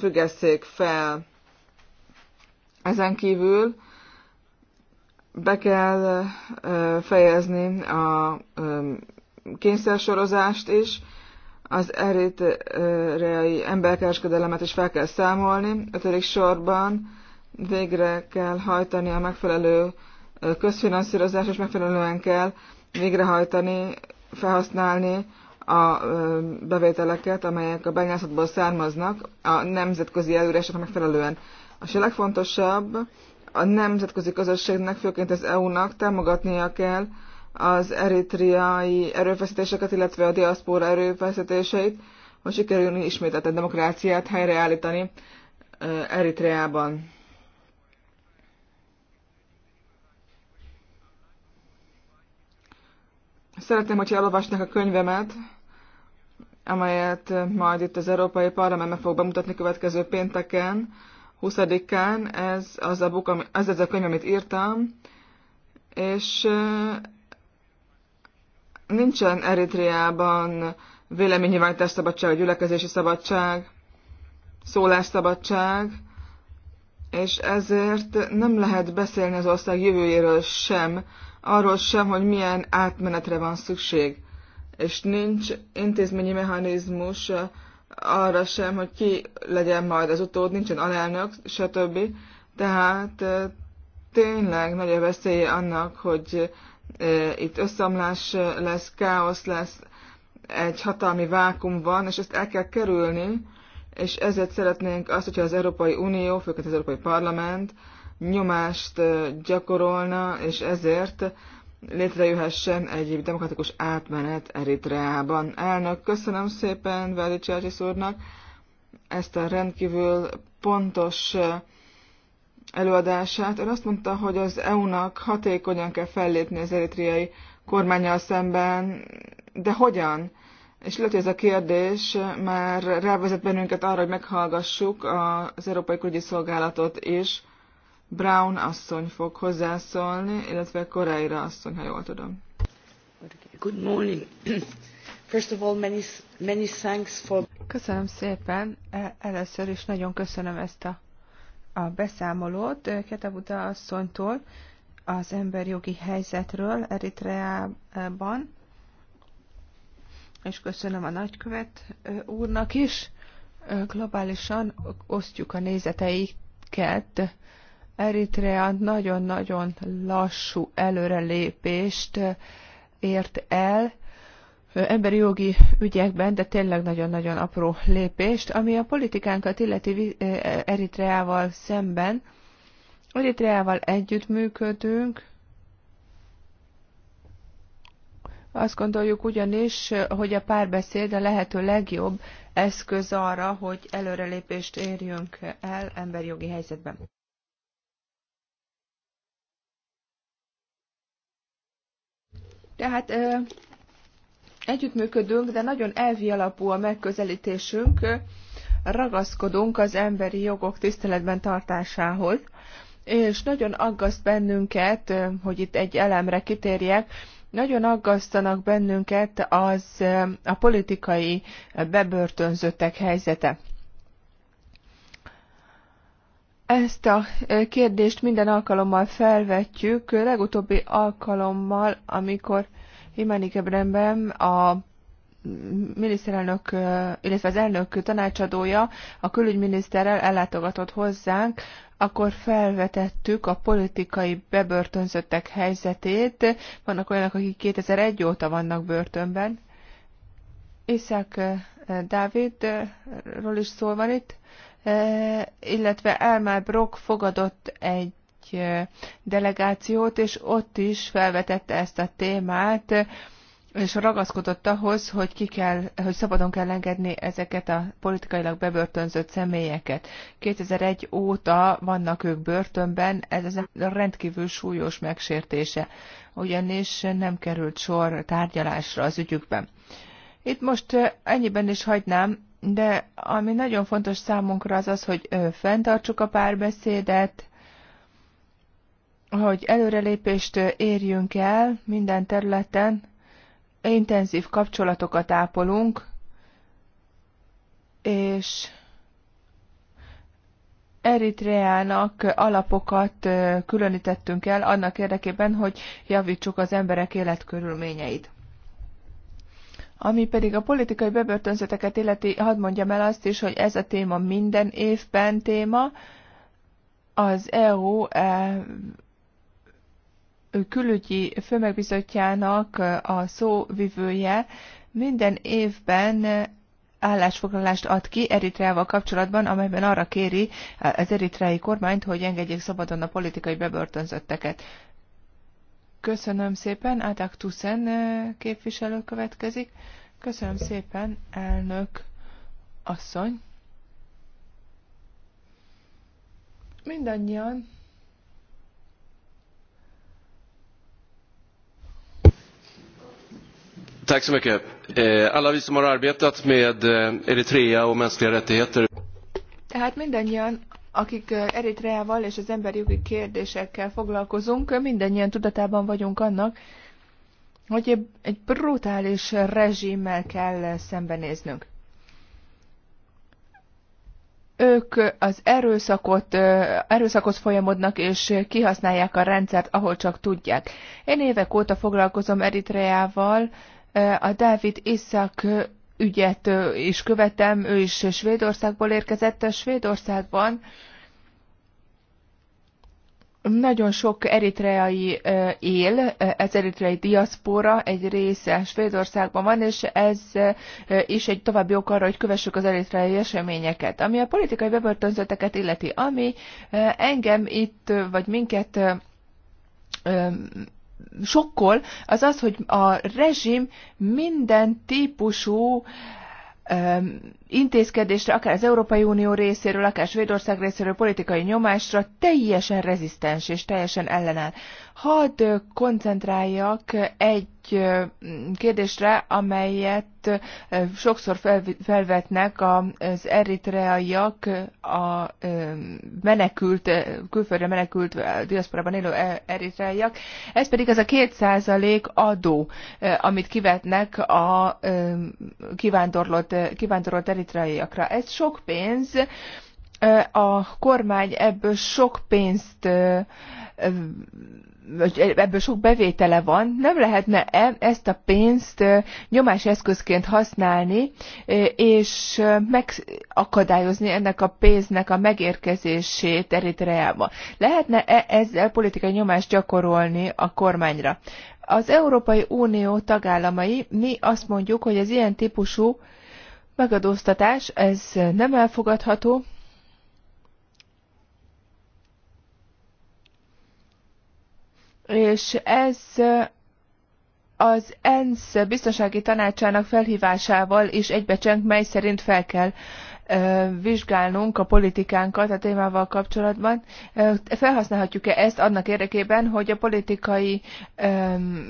Speaker 4: függesszék fel. Ezen kívül be kell fejezni a kényszersorozást is, az eritreai emberkereskedelemet is fel kell számolni. Ötödik sorban végre kell hajtani a megfelelő közfinanszírozás, és megfelelően kell végrehajtani, felhasználni a bevételeket, amelyek a bányászatból származnak, a nemzetközi előírásoknak megfelelően. És a legfontosabb, a nemzetközi közösségnek, főként az EU-nak támogatnia kell az eritriai erőfeszítéseket, illetve a diaszpóra erőfeszítéseit, hogy sikerüljön a demokráciát helyreállítani Eritreában. Szeretném, hogyha elolvasnak a könyvemet, amelyet majd itt az Európai parlament meg fog bemutatni következő pénteken. 20-án, ez az a, buk, ami, ez az a könyv, amit írtam, és nincsen Eritriában véleménynyilvánítás szabadság, gyülekezési szabadság, szólásszabadság, és ezért nem lehet beszélni az ország jövőjéről sem, arról sem, hogy milyen átmenetre van szükség. És nincs intézményi mechanizmus arra sem, hogy ki legyen majd az utód, nincsen alelnök, stb. Tehát tényleg nagy a veszélye annak, hogy itt összeomlás lesz, káosz lesz, egy hatalmi vákum van, és ezt el kell kerülni, és ezért szeretnénk azt, hogyha az Európai Unió, főként az Európai Parlament nyomást gyakorolna, és ezért létrejöhessen egy demokratikus átmenet Eritreában. Elnök, köszönöm szépen Veli Csercsis úrnak ezt a rendkívül pontos előadását. Ön azt mondta, hogy az EU-nak hatékonyan kell fellépni az eritriai kormányjal szemben, de hogyan? És lehet, ez a kérdés már rávezet bennünket arra, hogy meghallgassuk az Európai Külügyi Szolgálatot is, Brown asszony fog hozzászólni, illetve Koreira asszony, ha jól tudom.
Speaker 3: Good morning. First of all, many, many thanks for...
Speaker 1: Köszönöm szépen. E, először is nagyon köszönöm ezt a, a beszámolót e, Ketabuta asszonytól az emberjogi helyzetről Eritreában, és köszönöm a nagykövet e, úrnak is. Globálisan osztjuk a nézeteiket Eritrea nagyon-nagyon lassú előrelépést ért el emberi jogi ügyekben, de tényleg nagyon-nagyon apró lépést, ami a politikánkat illeti Eritreával szemben. Eritreával együttműködünk, azt gondoljuk ugyanis, hogy a párbeszéd a lehető legjobb eszköz arra, hogy előrelépést érjünk el emberi jogi helyzetben. Tehát együttműködünk, de nagyon elvi alapú a megközelítésünk, ragaszkodunk az emberi jogok tiszteletben tartásához, és nagyon aggaszt bennünket, hogy itt egy elemre kitérjek, nagyon aggasztanak bennünket az a politikai bebörtönzöttek helyzete. Ezt a e, kérdést minden alkalommal felvetjük. Legutóbbi alkalommal, amikor Imani Gebremben a miniszterelnök, e, illetve az elnök tanácsadója a külügyminiszterrel ellátogatott hozzánk, akkor felvetettük a politikai bebörtönzöttek helyzetét. Vannak olyanok, akik 2001 óta vannak börtönben. Iszák e, Dávidról is szó van itt, E, illetve Elmar Brock fogadott egy e, delegációt, és ott is felvetette ezt a témát, és ragaszkodott ahhoz, hogy, ki kell, hogy szabadon kell engedni ezeket a politikailag bebörtönzött személyeket. 2001 óta vannak ők börtönben, ez az rendkívül súlyos megsértése, ugyanis nem került sor tárgyalásra az ügyükben. Itt most e, ennyiben is hagynám, de ami nagyon fontos számunkra az az, hogy fenntartsuk a párbeszédet, hogy előrelépést érjünk el minden területen, intenzív kapcsolatokat ápolunk, és Eritreának alapokat különítettünk el annak érdekében, hogy javítsuk az emberek életkörülményeit. Ami pedig a politikai bebörtönzeteket illeti, hadd mondjam el azt is, hogy ez a téma minden évben téma. Az EU e, külügyi főmegbizottjának a szóvivője minden évben állásfoglalást ad ki Eritreával kapcsolatban, amelyben arra kéri az eritreai kormányt, hogy engedjék szabadon a politikai bebörtönzötteket. Köszönöm szépen, Adak Tuszen képviselő következik. Köszönöm szépen, elnök asszony. Mindannyian
Speaker 2: Tack så mycket. Eh, alla vi som har arbetat med eh, Eritrea och mänskliga rättigheter.
Speaker 1: Tehát mindannyian akik Eritreával és az emberi jogi kérdésekkel foglalkozunk, mindannyian tudatában vagyunk annak, hogy egy brutális rezsimmel kell szembenéznünk. Ők az erőszakot, erőszakhoz folyamodnak, és kihasználják a rendszert, ahol csak tudják. Én évek óta foglalkozom Eritreával, a David Iszak ügyet is követem, ő is Svédországból érkezett. A Svédországban nagyon sok eritreai él, ez eritreai diaszpora egy része Svédországban van, és ez is egy további ok arra, hogy kövessük az eritreai eseményeket. Ami a politikai bebörtönzötteket illeti, ami engem itt, vagy minket sokkol, az az, hogy a rezsim minden típusú intézkedésre, akár az Európai Unió részéről, akár Svédország részéről politikai nyomásra teljesen rezisztens és teljesen ellenáll. Hadd koncentráljak egy kérdésre, amelyet sokszor felvetnek az eritreaiak a menekült, külföldre menekült diaszporában élő eritreaiak. Ez pedig az a kétszázalék adó, amit kivetnek a kivándorlott, kivándorolt eritreaiakra. Ez sok pénz, a kormány ebből sok pénzt, ebből sok bevétele van, nem lehetne-e ezt a pénzt nyomás eszközként használni, és megakadályozni ennek a pénznek a megérkezését Eritreába? Lehetne-e ezzel politikai nyomást gyakorolni a kormányra? Az Európai Unió tagállamai, mi azt mondjuk, hogy az ilyen típusú megadóztatás, ez nem elfogadható. És ez az ENSZ biztonsági tanácsának felhívásával is egybecseng, mely szerint fel kell vizsgálnunk a politikánkat a témával kapcsolatban. Felhasználhatjuk-e ezt annak érdekében, hogy a politikai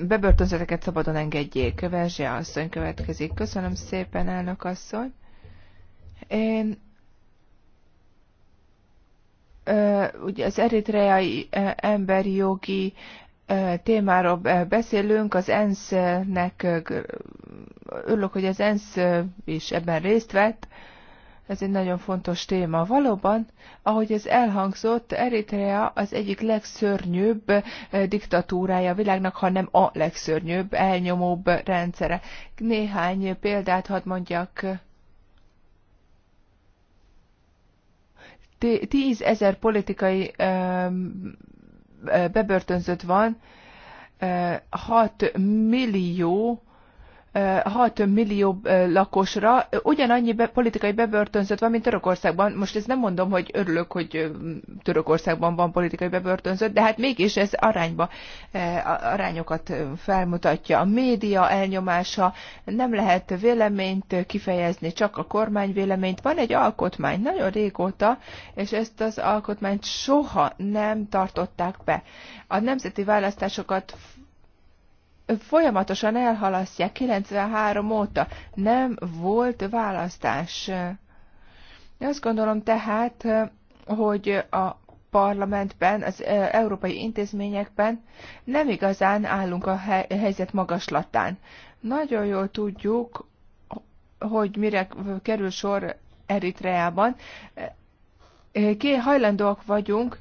Speaker 1: bebörtönzeteket szabadon engedjék? Verzsia asszony következik. Köszönöm szépen, elnök asszony. Én ugye az eritreai emberi jogi témáról beszélünk, az ENSZ-nek, örülök, hogy az ENSZ is ebben részt vett, ez egy nagyon fontos téma. Valóban, ahogy ez elhangzott, Eritrea az egyik legszörnyűbb eh, diktatúrája a világnak, hanem a legszörnyűbb, elnyomóbb rendszere. Néhány példát hadd mondjak. Tízezer politikai eh, bebörtönzött van, 6 eh, millió 6 millió lakosra ugyanannyi be, politikai bebörtönzött van, mint Törökországban. Most ezt nem mondom, hogy örülök, hogy Törökországban van politikai bebörtönzött, de hát mégis ez arányba, arányokat felmutatja. A média elnyomása, nem lehet véleményt kifejezni, csak a kormány véleményt. Van egy alkotmány nagyon régóta, és ezt az alkotmányt soha nem tartották be. A nemzeti választásokat folyamatosan elhalasztják 93 óta. Nem volt választás. Azt gondolom tehát, hogy a parlamentben, az európai intézményekben nem igazán állunk a helyzet magaslatán. Nagyon jól tudjuk, hogy mire kerül sor Eritreában. Ki hajlandóak vagyunk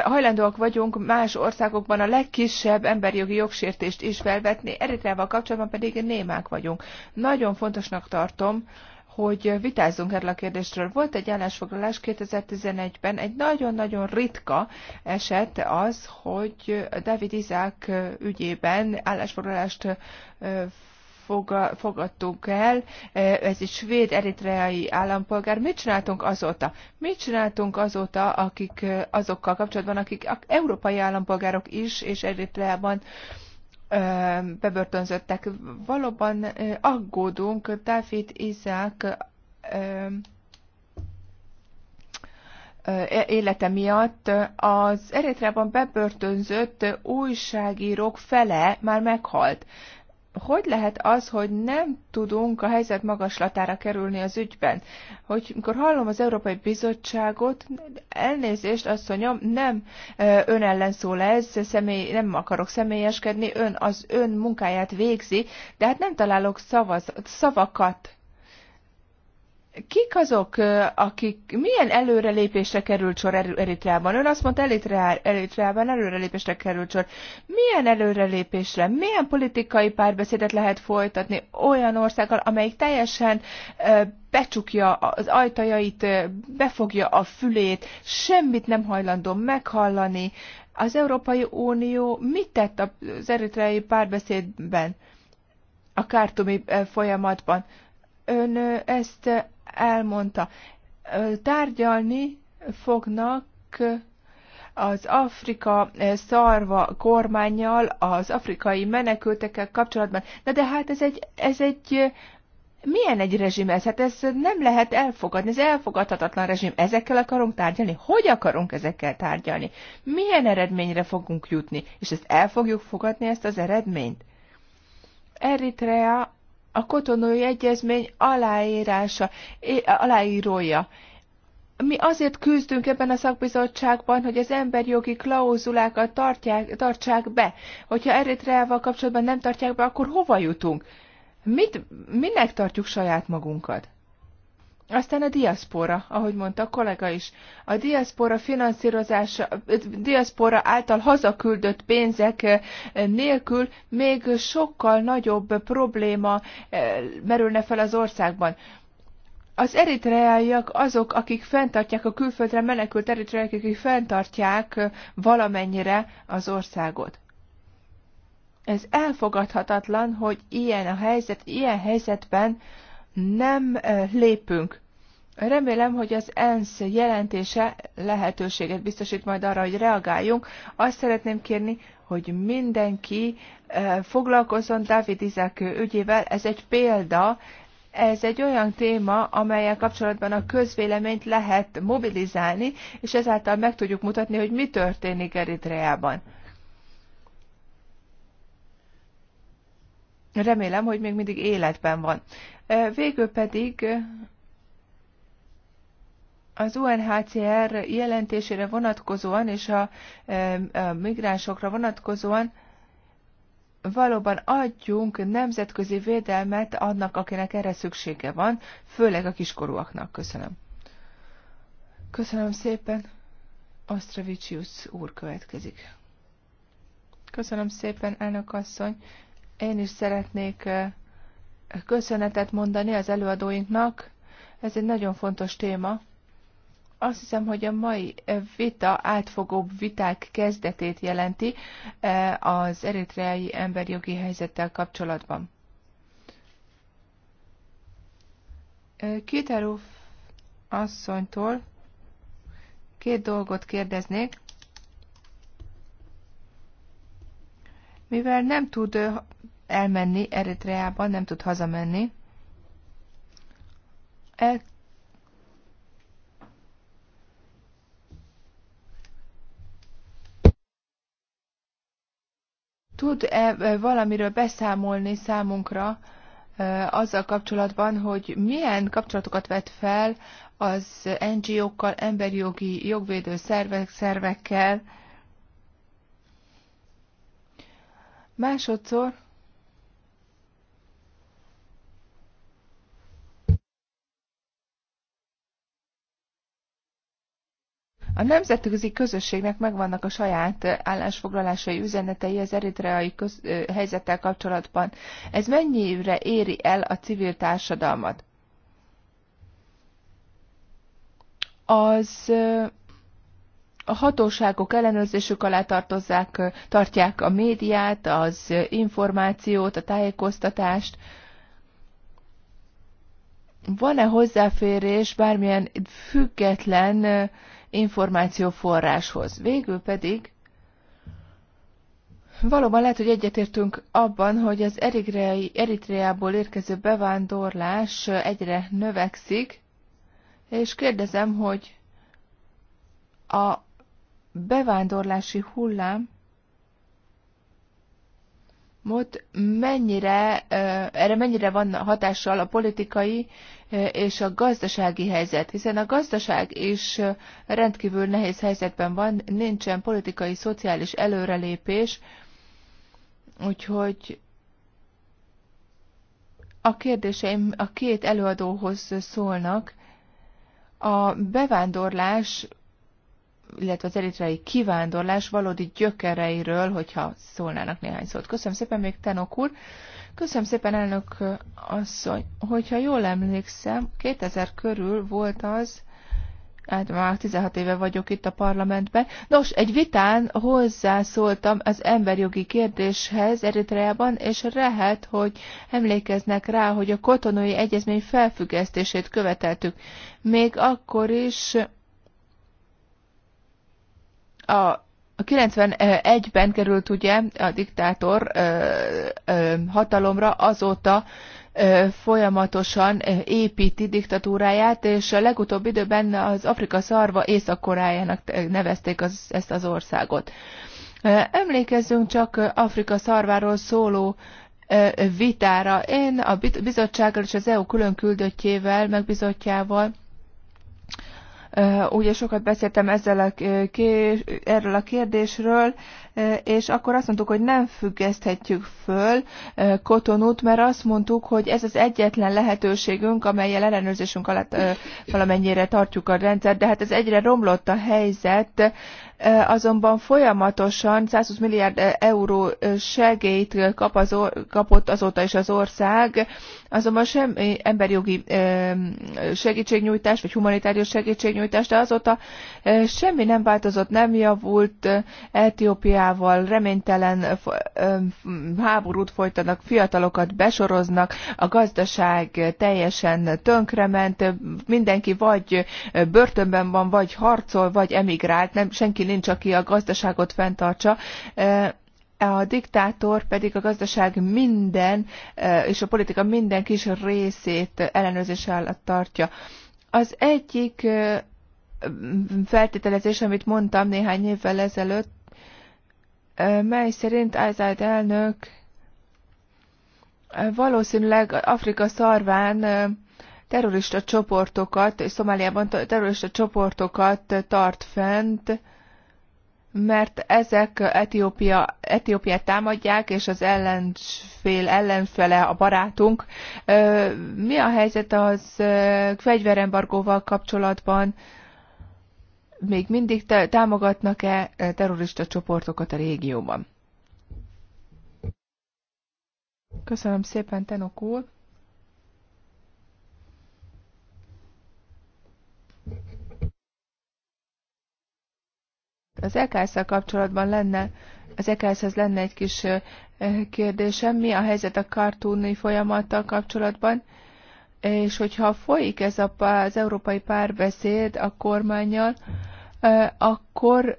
Speaker 1: hajlandóak vagyunk más országokban a legkisebb emberi jogi jogsértést is felvetni, Eritreával kapcsolatban pedig némák vagyunk. Nagyon fontosnak tartom, hogy vitázzunk erről a kérdésről. Volt egy állásfoglalás 2011-ben, egy nagyon-nagyon ritka eset az, hogy David Izák ügyében állásfoglalást fogadtunk el, ez egy svéd-eritreai állampolgár. Mit csináltunk azóta? Mit csináltunk azóta akik, azokkal kapcsolatban, akik európai állampolgárok is, és Eritreában bebörtönzöttek. Valóban aggódunk Táfit Izák élete miatt az Eritreában bebörtönzött újságírók fele már meghalt hogy lehet az, hogy nem tudunk a helyzet magaslatára kerülni az ügyben? Hogy amikor hallom az Európai Bizottságot, elnézést, asszonyom, nem ön ellen szól ez, személy, nem akarok személyeskedni, ön az ön munkáját végzi, de hát nem találok szavaz, szavakat Kik azok, akik, milyen előrelépésre került sor Eritreában? Ön azt mondta, Eritreában előrelépésre került sor. Milyen előrelépésre, milyen politikai párbeszédet lehet folytatni olyan országgal, amelyik teljesen becsukja az ajtajait, befogja a fülét, semmit nem hajlandó meghallani. Az Európai Unió mit tett az eritreai párbeszédben, a kártumi folyamatban? ön ezt elmondta. Tárgyalni fognak az Afrika szarva kormányjal, az afrikai menekültekkel kapcsolatban. Na de hát ez egy, ez egy milyen egy rezsim ez? Hát ez nem lehet elfogadni, ez elfogadhatatlan rezsim. Ezekkel akarunk tárgyalni? Hogy akarunk ezekkel tárgyalni? Milyen eredményre fogunk jutni? És ezt el fogjuk fogadni, ezt az eredményt? Eritrea a kotonói egyezmény aláírása, aláírója. Mi azért küzdünk ebben a szakbizottságban, hogy az emberjogi klauzulákat tartják, tartsák be. Hogyha Eritreával kapcsolatban nem tartják be, akkor hova jutunk? Mit, minek tartjuk saját magunkat? Aztán a diaszpora, ahogy mondta a kollega is. A diaszpora finanszírozása, diaszpora által hazaküldött pénzek eh, nélkül még sokkal nagyobb probléma eh, merülne fel az országban. Az eritreáiak azok, akik fenntartják a külföldre menekült eritreáiak, akik fenntartják eh, valamennyire az országot. Ez elfogadhatatlan, hogy ilyen a helyzet, ilyen helyzetben nem lépünk. Remélem, hogy az ENSZ jelentése lehetőséget biztosít majd arra, hogy reagáljunk. Azt szeretném kérni, hogy mindenki eh, foglalkozzon David Izák ügyével. Ez egy példa, ez egy olyan téma, amelyel kapcsolatban a közvéleményt lehet mobilizálni, és ezáltal meg tudjuk mutatni, hogy mi történik Eritreában. Remélem, hogy még mindig életben van. Eh, végül pedig az UNHCR jelentésére vonatkozóan és a, e, a migránsokra vonatkozóan valóban adjunk nemzetközi védelmet annak, akinek erre szüksége van, főleg a kiskorúaknak. Köszönöm. Köszönöm szépen. Ostravicius úr következik. Köszönöm szépen, elnök asszony. Én is szeretnék e, köszönetet mondani az előadóinknak. Ez egy nagyon fontos téma. Azt hiszem, hogy a mai vita átfogóbb viták kezdetét jelenti e, az eritreai emberjogi helyzettel kapcsolatban. E, Kiterúf asszonytól két dolgot kérdeznék. Mivel nem tud elmenni Eritreába, nem tud hazamenni, tud-e e, valamiről beszámolni számunkra e, azzal kapcsolatban, hogy milyen kapcsolatokat vett fel az NGO-kkal, emberi jogi jogvédő szervek, szervekkel. Másodszor A nemzetközi közösségnek megvannak a saját állásfoglalásai, üzenetei az eritreai köz, helyzettel kapcsolatban. Ez mennyire éri el a civil társadalmat? Az a hatóságok ellenőrzésük alá tartozzák, tartják a médiát, az információt, a tájékoztatást. Van-e hozzáférés bármilyen független információforráshoz. Végül pedig valóban lehet, hogy egyetértünk abban, hogy az Eritreai, Eritreából érkező bevándorlás egyre növekszik, és kérdezem, hogy a bevándorlási hullám mot mennyire, erre mennyire van hatással a politikai és a gazdasági helyzet, hiszen a gazdaság is rendkívül nehéz helyzetben van, nincsen politikai, szociális előrelépés, úgyhogy a kérdéseim a két előadóhoz szólnak. A bevándorlás illetve az eritreai kivándorlás valódi gyökereiről, hogyha szólnának néhány szót. Köszönöm szépen még Tenok úr. Köszönöm szépen elnök asszony. Hogyha jól emlékszem, 2000 körül volt az, hát már 16 éve vagyok itt a parlamentben. Nos, egy vitán hozzászóltam az emberjogi kérdéshez Eritreában, és lehet, hogy emlékeznek rá, hogy a kotonói egyezmény felfüggesztését követeltük. Még akkor is a 91-ben került ugye a diktátor hatalomra, azóta folyamatosan építi diktatúráját, és a legutóbbi időben az Afrika szarva Észak-Koreájának nevezték az, ezt az országot. Emlékezzünk csak Afrika szarváról szóló vitára. Én a bizottsággal és az EU külön küldöttjével, megbizottjával ugye sokat beszéltem ezzel a, kés, erről a kérdésről, és akkor azt mondtuk, hogy nem függeszthetjük föl Kotonút, mert azt mondtuk, hogy ez az egyetlen lehetőségünk, amelyel ellenőrzésünk alatt valamennyire tartjuk a rendszert, de hát ez egyre romlott a helyzet, azonban folyamatosan 120 milliárd euró segélyt kap az or, kapott azóta is az ország, azonban semmi emberjogi segítségnyújtás, vagy humanitárius segítségnyújtás, de azóta semmi nem változott, nem javult Etiópiával, reménytelen háborút folytatnak, fiatalokat besoroznak, a gazdaság teljesen tönkrement, mindenki vagy börtönben van, vagy harcol, vagy emigrált, nem, senki nincs, aki a gazdaságot fenntartsa a diktátor pedig a gazdaság minden és a politika minden kis részét ellenőrzés alatt tartja. Az egyik feltételezés, amit mondtam néhány évvel ezelőtt, mely szerint Ázád elnök valószínűleg Afrika szarván terrorista csoportokat, és Szomáliában terrorista csoportokat tart fent, mert ezek Etiópia, Etiópiát támadják, és az ellenfél ellenfele a barátunk. Mi a helyzet az fegyverembargóval kapcsolatban? Még mindig támogatnak-e terrorista csoportokat a régióban? Köszönöm szépen, Tenok úr! Az eks kapcsolatban lenne, az eks lenne egy kis kérdésem, mi a helyzet a kartúni folyamattal kapcsolatban, és hogyha folyik ez a, az európai párbeszéd a kormányjal, akkor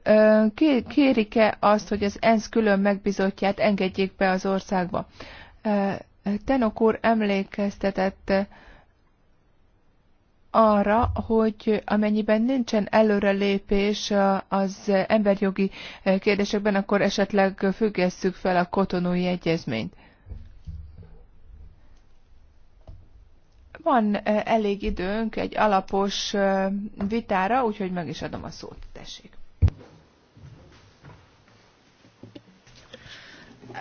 Speaker 1: kérik-e azt, hogy az ENSZ külön megbizotját engedjék be az országba? Tenok úr emlékeztetett arra, hogy amennyiben nincsen előrelépés az emberjogi kérdésekben, akkor esetleg függesszük fel a kotonói egyezményt. Van elég időnk egy alapos vitára, úgyhogy meg is adom a szót. Tessék.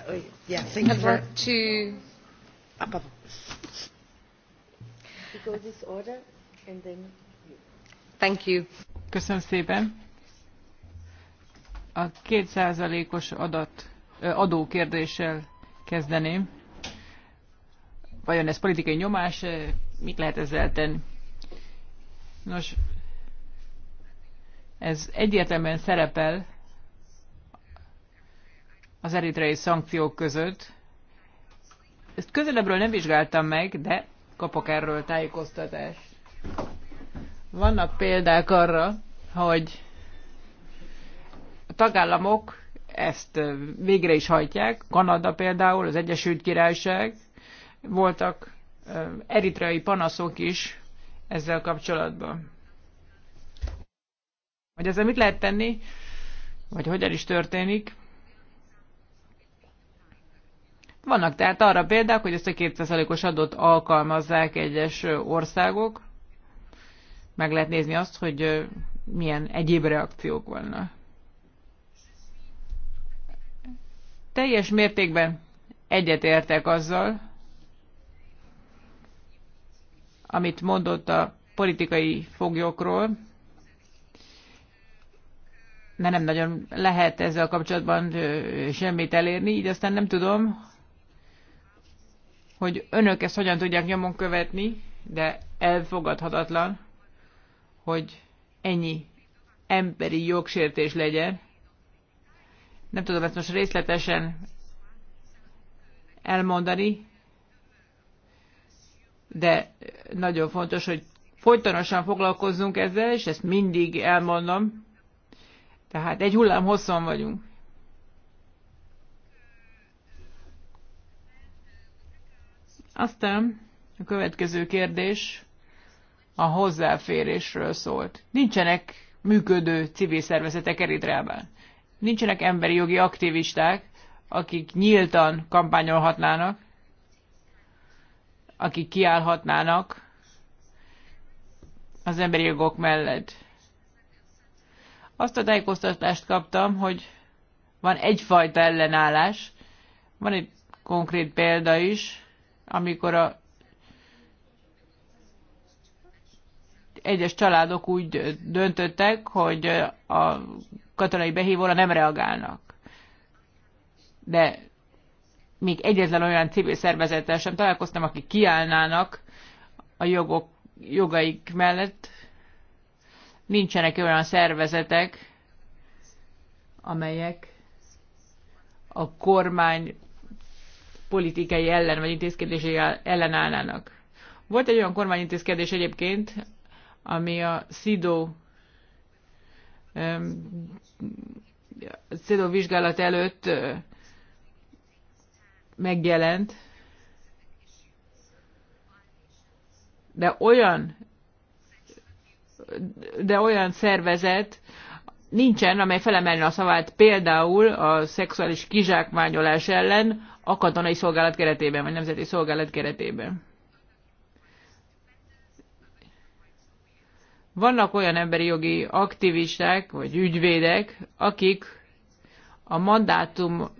Speaker 1: Uh, yeah,
Speaker 2: Köszönöm szépen. A kétszázalékos adat, adókérdéssel kezdeném. Vajon ez politikai nyomás? Mit lehet ezzel tenni? Nos, ez egyértelműen szerepel az eritreai szankciók között. Ezt közelebbről nem vizsgáltam meg, de kapok erről tájékoztatást. Vannak példák arra, hogy a tagállamok ezt végre is hajtják. Kanada például, az Egyesült Királyság, voltak eritreai panaszok is ezzel kapcsolatban. Hogy ezzel mit lehet tenni, vagy hogyan is történik. Vannak tehát arra példák, hogy ezt a 200 os adót alkalmazzák egyes országok, meg lehet nézni azt, hogy milyen egyéb reakciók vannak. Teljes mértékben egyetértek azzal, amit mondott a politikai foglyokról, mert nem nagyon lehet ezzel kapcsolatban semmit elérni, így aztán nem tudom, hogy önök ezt hogyan tudják nyomon követni, de elfogadhatatlan, hogy ennyi emberi jogsértés legyen. Nem tudom ezt most részletesen elmondani, de nagyon fontos, hogy folytonosan foglalkozzunk ezzel, és ezt mindig elmondom. Tehát egy hullám hosszon vagyunk. Aztán a következő kérdés a hozzáférésről szólt. Nincsenek működő civil szervezetek Eritreában. Nincsenek emberi jogi aktivisták, akik nyíltan kampányolhatnának, akik kiállhatnának az emberi jogok mellett. Azt a tájékoztatást kaptam, hogy van egyfajta ellenállás, van egy konkrét példa is, amikor a egyes családok úgy döntöttek, hogy a katonai behívóra nem reagálnak. De még egyetlen olyan civil szervezettel sem találkoztam, akik kiállnának a jogok, jogaik mellett. Nincsenek olyan szervezetek, amelyek a kormány politikai ellen vagy intézkedési ellen állnának. Volt egy olyan kormányintézkedés egyébként, ami a SIDO CEDO vizsgálat előtt megjelent, de olyan de olyan szervezet nincsen, amely felemelne a szavát például a szexuális kizsákmányolás ellen a katonai szolgálat keretében, vagy nemzeti szolgálat keretében. Vannak olyan emberi jogi aktivisták, vagy ügyvédek, akik a mandátum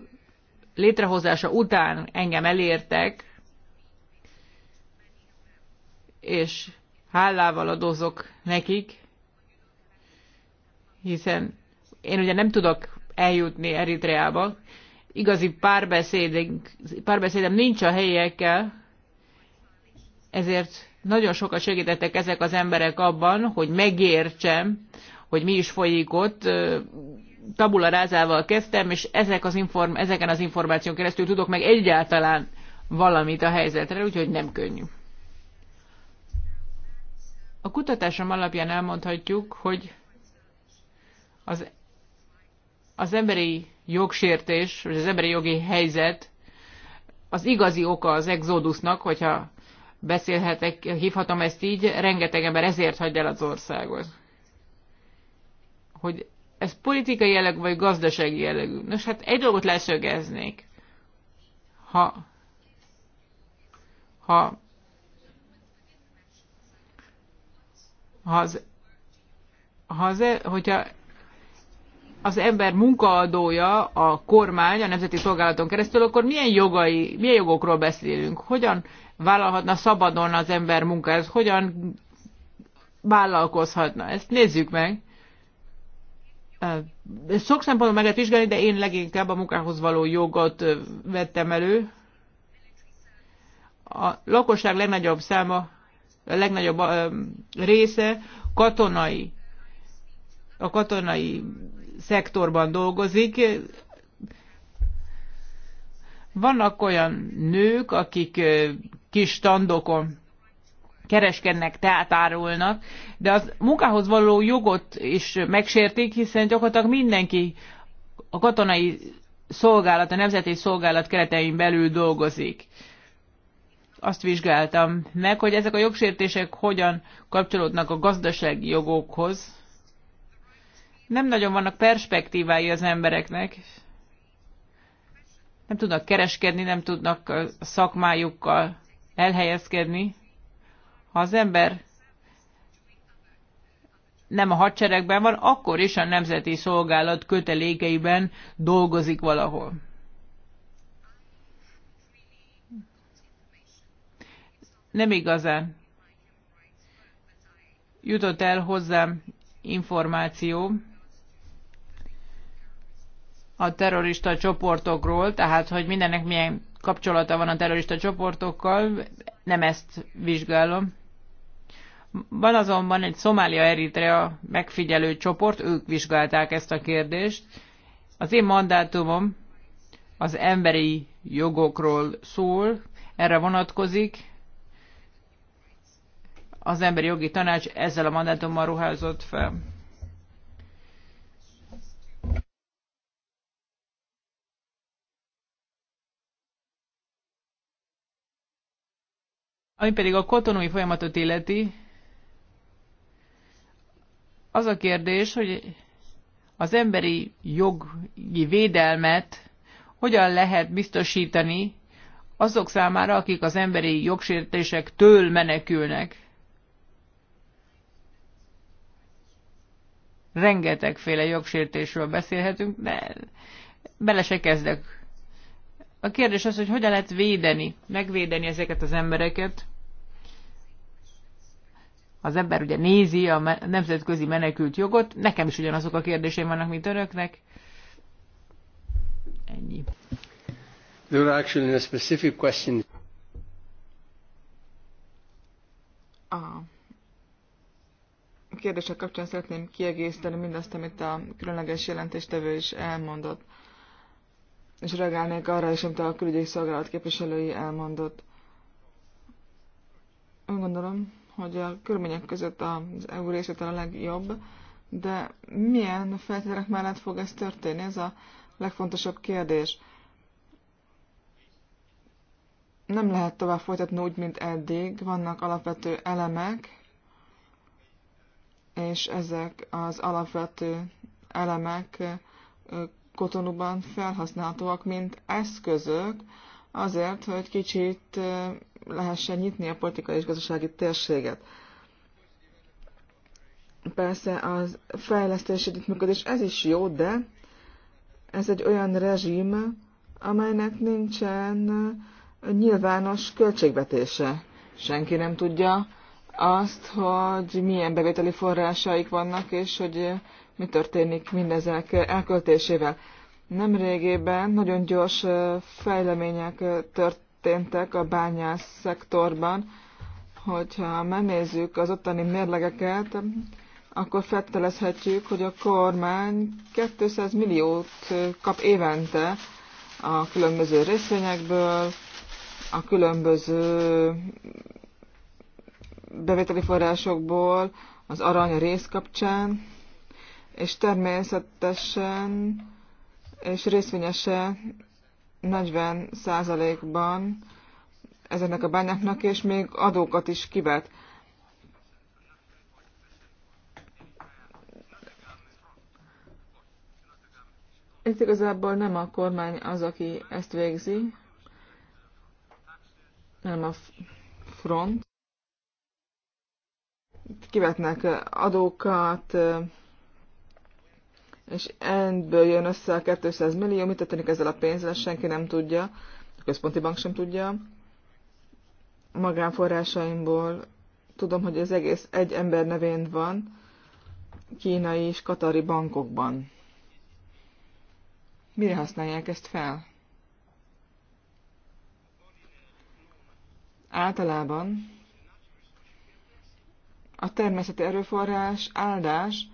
Speaker 2: létrehozása után engem elértek, és hálával adózok nekik, hiszen én ugye nem tudok eljutni Eritreába, igazi párbeszédem nincs a helyekkel, ezért nagyon sokat segítettek ezek az emberek abban, hogy megértsem, hogy mi is folyik ott. Tabula rázával kezdtem, és ezek az inform- ezeken az információk keresztül tudok meg egyáltalán valamit a helyzetre, úgyhogy nem könnyű. A kutatásom alapján elmondhatjuk, hogy az, az emberi jogsértés, vagy az emberi jogi helyzet az igazi oka az exodusnak, hogyha beszélhetek, hívhatom ezt így, rengeteg ember ezért hagyja el az országot. Hogy ez politikai jellegű, vagy gazdasági jellegű. Nos, hát egy dolgot leszögeznék. Ha, ha, ha az, ha az, e, hogyha az ember munkaadója a kormány a nemzeti szolgálaton keresztül, akkor milyen jogai, milyen jogokról beszélünk? Hogyan vállalhatna szabadon az ember ez hogyan vállalkozhatna. Ezt nézzük meg. sok szempontból meg lehet vizsgálni, de én leginkább a munkához való jogot vettem elő. A lakosság legnagyobb száma, a legnagyobb része katonai, a katonai szektorban dolgozik. Vannak olyan nők, akik kis standokon kereskednek, tehát árulnak, de az munkához való jogot is megsértik, hiszen gyakorlatilag mindenki a katonai szolgálat, a nemzeti szolgálat keretein belül dolgozik. Azt vizsgáltam meg, hogy ezek a jogsértések hogyan kapcsolódnak a gazdasági jogokhoz. Nem nagyon vannak perspektívái az embereknek. Nem tudnak kereskedni, nem tudnak a szakmájukkal elhelyezkedni. Ha az ember nem a hadseregben van, akkor is a nemzeti szolgálat kötelékeiben dolgozik valahol. Nem igazán jutott el hozzám információ a terrorista csoportokról, tehát hogy mindennek milyen kapcsolata van a terrorista csoportokkal, nem ezt vizsgálom. Van azonban egy Szomália-Eritrea megfigyelő csoport, ők vizsgálták ezt a kérdést. Az én mandátumom az emberi jogokról szól, erre vonatkozik. Az emberi jogi tanács ezzel a mandátummal ruházott fel. Ami pedig a kotonói folyamatot illeti, az a kérdés, hogy az emberi jogi védelmet hogyan lehet biztosítani azok számára, akik az emberi jogsértésektől menekülnek. Rengetegféle jogsértésről beszélhetünk, de bele se kezdek. A kérdés az, hogy hogyan lehet védeni, megvédeni ezeket az embereket az ember ugye nézi a nemzetközi menekült jogot, nekem is ugyanazok a kérdéseim vannak, mint önöknek. Ennyi.
Speaker 1: There actually a specific question.
Speaker 4: A kérdések kapcsán szeretném kiegészíteni mindazt, amit a különleges jelentéstevő is elmondott. És reagálnék arra is, amit a külügyi szolgálat képviselői elmondott. Ön gondolom, hogy a körülmények között az EU részvétel a legjobb, de milyen feltételek mellett fog ez történni? Ez a legfontosabb kérdés. Nem lehet tovább folytatni úgy, mint eddig. Vannak alapvető elemek, és ezek az alapvető elemek kotonúban felhasználhatóak, mint eszközök, azért, hogy kicsit lehessen nyitni a politikai és gazdasági térséget. Persze az fejlesztési együttműködés ez is jó, de ez egy olyan rezsim, amelynek nincsen nyilvános költségvetése. Senki nem tudja azt, hogy milyen bevételi forrásaik vannak, és hogy mi történik mindezek elköltésével. Nemrégében nagyon gyors fejlemények tört, történtek a bányász szektorban, hogyha megnézzük az ottani mérlegeket, akkor feltelezhetjük, hogy a kormány 200 milliót kap évente a különböző részvényekből, a különböző bevételi forrásokból, az arany rész kapcsán, és természetesen és részvényese 40 százalékban ezeknek a bányáknak, és még adókat is kivet. Itt igazából nem a kormány az, aki ezt végzi, nem a front. Kivetnek adókat, és ebből jön össze a 200 millió, mit történik ezzel a pénzzel, senki nem tudja, a központi bank sem tudja. Magánforrásaimból tudom, hogy az egész egy ember nevén van, kínai és katari bankokban. Mire használják ezt fel? Általában a természeti erőforrás áldás,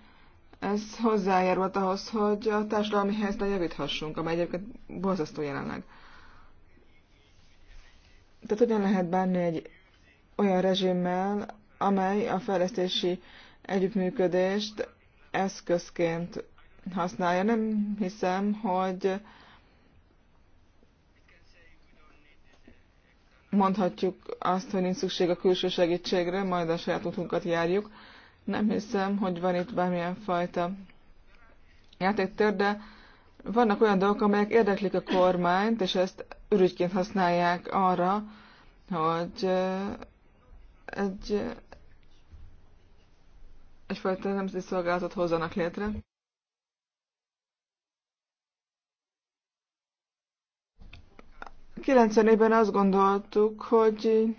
Speaker 4: ez hozzájárult ahhoz, hogy a társadalmi helyzetre javíthassunk, amely egyébként borzasztó jelenleg. Tehát hogyan lehet bánni egy olyan rezsimmel, amely a fejlesztési együttműködést eszközként használja. Nem hiszem, hogy mondhatjuk azt, hogy nincs szükség a külső segítségre, majd a saját utunkat járjuk. Nem hiszem, hogy van itt bármilyen fajta játéktér, de vannak olyan dolgok, amelyek érdeklik a kormányt, és ezt ürügyként használják arra, hogy eh, egy eh, egyfajta nemzeti szolgálatot hozzanak létre. ben azt gondoltuk, hogy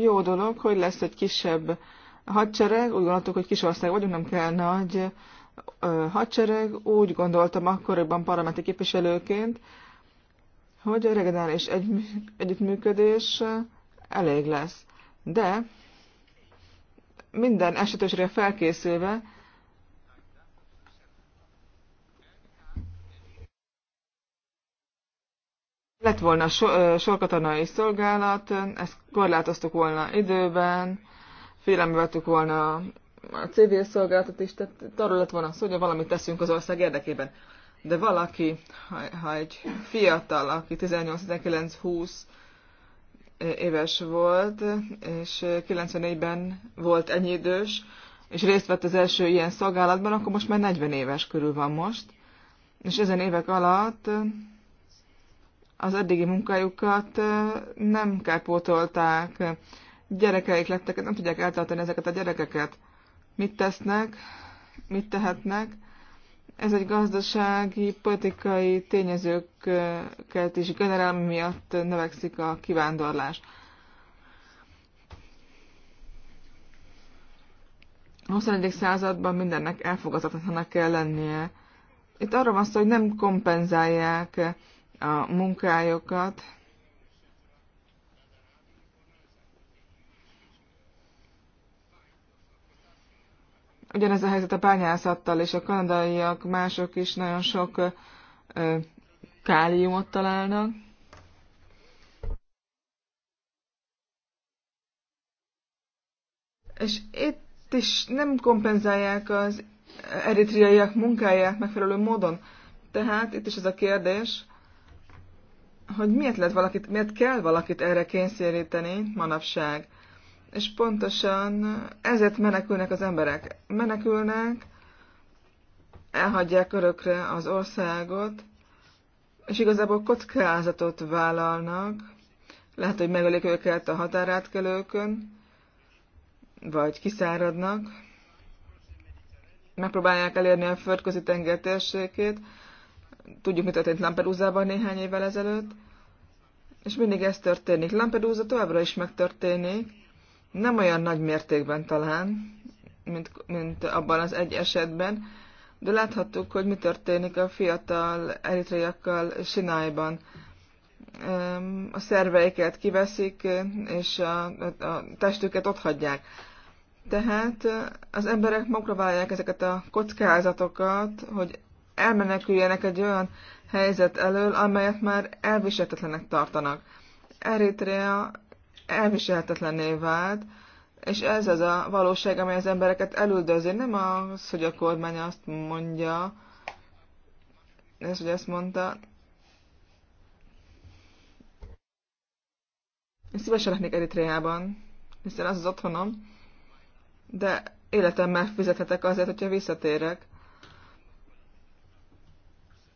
Speaker 4: jó dolog, hogy lesz egy kisebb a hadsereg, úgy gondoltuk, hogy kis ország vagyunk, nem kell nagy hadsereg, úgy gondoltam akkoriban parlamenti képviselőként, hogy a regionális egy, együttműködés elég lesz. De minden esetősre felkészülve, lett volna so, sorkatonai szolgálat, ezt korlátoztuk volna időben, félelme vettük volna a civil szolgálatot is, tehát arról lett volna szó, hogy valamit teszünk az ország érdekében. De valaki, ha, ha egy fiatal, aki 18-19-20 éves volt, és 94-ben volt ennyi idős, és részt vett az első ilyen szolgálatban, akkor most már 40 éves körül van most. És ezen évek alatt az eddigi munkájukat nem kárpótolták gyerekeik lettek, nem tudják eltartani ezeket a gyerekeket. Mit tesznek, mit tehetnek. Ez egy gazdasági, politikai tényezőket is generál, miatt növekszik a kivándorlás. A 21. században mindennek elfogadhatatlanak kell lennie. Itt arra van szó, hogy nem kompenzálják a munkájukat, Ugyanez a helyzet a bányászattal, és a kanadaiak, mások is nagyon sok ö, káliumot találnak. És itt is nem kompenzálják az eritriaiak munkáját megfelelő módon. Tehát itt is ez a kérdés, hogy miért, lehet valakit, miért kell valakit erre kényszeríteni manapság és pontosan ezért menekülnek az emberek. Menekülnek, elhagyják örökre az országot, és igazából kockázatot vállalnak, lehet, hogy megölik őket a határátkelőkön, vagy kiszáradnak, megpróbálják elérni a földközi tenger térségét, tudjuk, mi történt Lampedusa-ban néhány évvel ezelőtt, és mindig ez történik. Lampedusa továbbra is megtörténik, nem olyan nagy mértékben talán, mint, mint abban az egy esetben, de láthattuk, hogy mi történik a fiatal eritreiakkal Sinájban. A szerveiket kiveszik, és a, a testüket ott hagyják. Tehát az emberek magukra vállalják ezeket a kockázatokat, hogy elmeneküljenek egy olyan helyzet elől, amelyet már elviselhetetlenek tartanak. Eritrea elviselhetetlené vált, és ez az a valóság, amely az embereket elüldözi. Nem az, hogy a kormány azt mondja, ez, hogy ezt mondta. Én szívesen lehetnék Eritreában, hiszen az az otthonom, de életemmel fizethetek azért, hogyha visszatérek.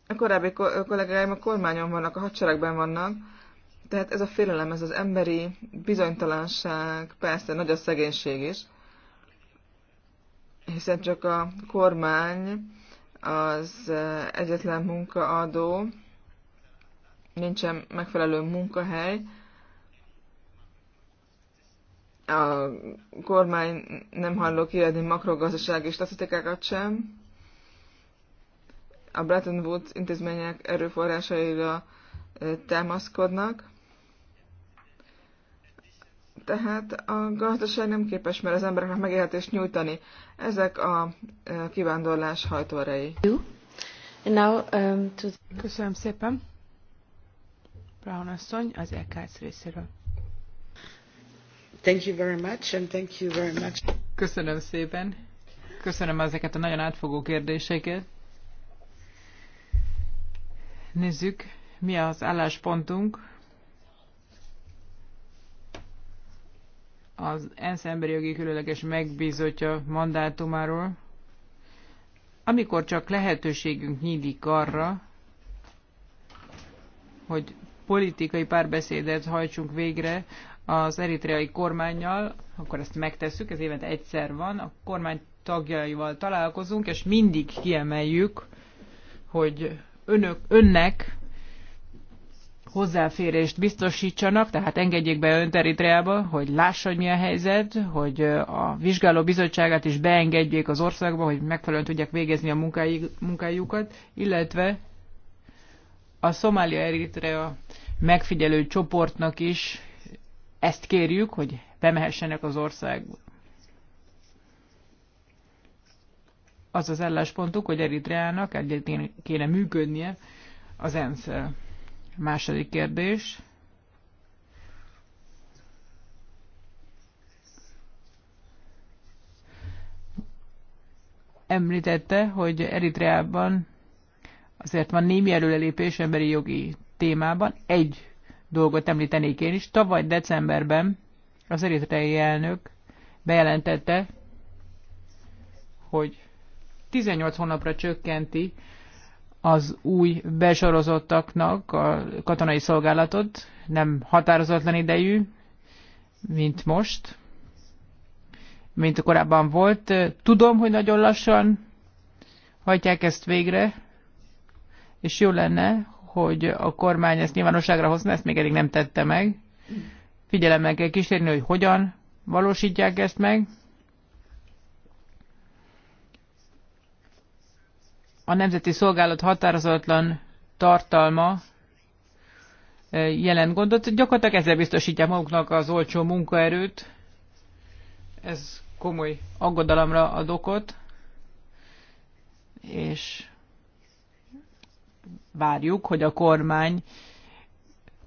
Speaker 4: A korábbi kollégáim a kormányon vannak, a hadseregben vannak, tehát ez a félelem, ez az emberi bizonytalanság, persze nagy a szegénység is, hiszen csak a kormány az eh, egyetlen munkaadó, nincsen megfelelő munkahely, a kormány nem halló kiadni makrogazdasági statisztikákat sem, a Bretton Woods intézmények erőforrásaira eh, támaszkodnak, tehát a gazdaság nem képes mert az embereknek megélhetést nyújtani. Ezek a e, kivándorlás hajtóerei.
Speaker 1: Um, Köszönöm szépen. Brown asszony az EKS részéről. Thank you very much, and thank you very much.
Speaker 2: Köszönöm szépen. Köszönöm ezeket a nagyon átfogó kérdéseket. Nézzük, mi az álláspontunk az ENSZ emberi jogi különleges megbízottja mandátumáról, amikor csak lehetőségünk nyílik arra, hogy politikai párbeszédet hajtsunk végre az eritreai kormányjal, akkor ezt megtesszük, ez évente egyszer van, a kormány tagjaival találkozunk, és mindig kiemeljük, hogy önök, önnek hozzáférést biztosítsanak, tehát engedjék be önt Eritreába, hogy lássa, hogy mi a helyzet, hogy a vizsgáló bizottságát is beengedjék az országba, hogy megfelelően tudják végezni a munkájukat, illetve a Szomália-Eritrea megfigyelő csoportnak is ezt kérjük, hogy bemehessenek az országba. Az az álláspontuk, hogy Eritreának egyet kéne működnie az ENSZ-el. Második kérdés. Említette, hogy Eritreában azért van némi előrelépés emberi jogi témában. Egy dolgot említenék én is. Tavaly decemberben az eritreai elnök bejelentette, hogy 18 hónapra csökkenti az új besorozottaknak a katonai szolgálatot, nem határozatlan idejű, mint most, mint korábban volt. Tudom, hogy nagyon lassan hagyják ezt végre, és jó lenne, hogy a kormány ezt nyilvánosságra hozna, ezt még eddig nem tette meg. Figyelemmel kell kísérni, hogy hogyan valósítják ezt meg. a Nemzeti Szolgálat határozatlan tartalma e, jelent gondot. Gyakorlatilag ezzel biztosítja maguknak az olcsó munkaerőt. Ez komoly aggodalomra ad okot, és várjuk, hogy a kormány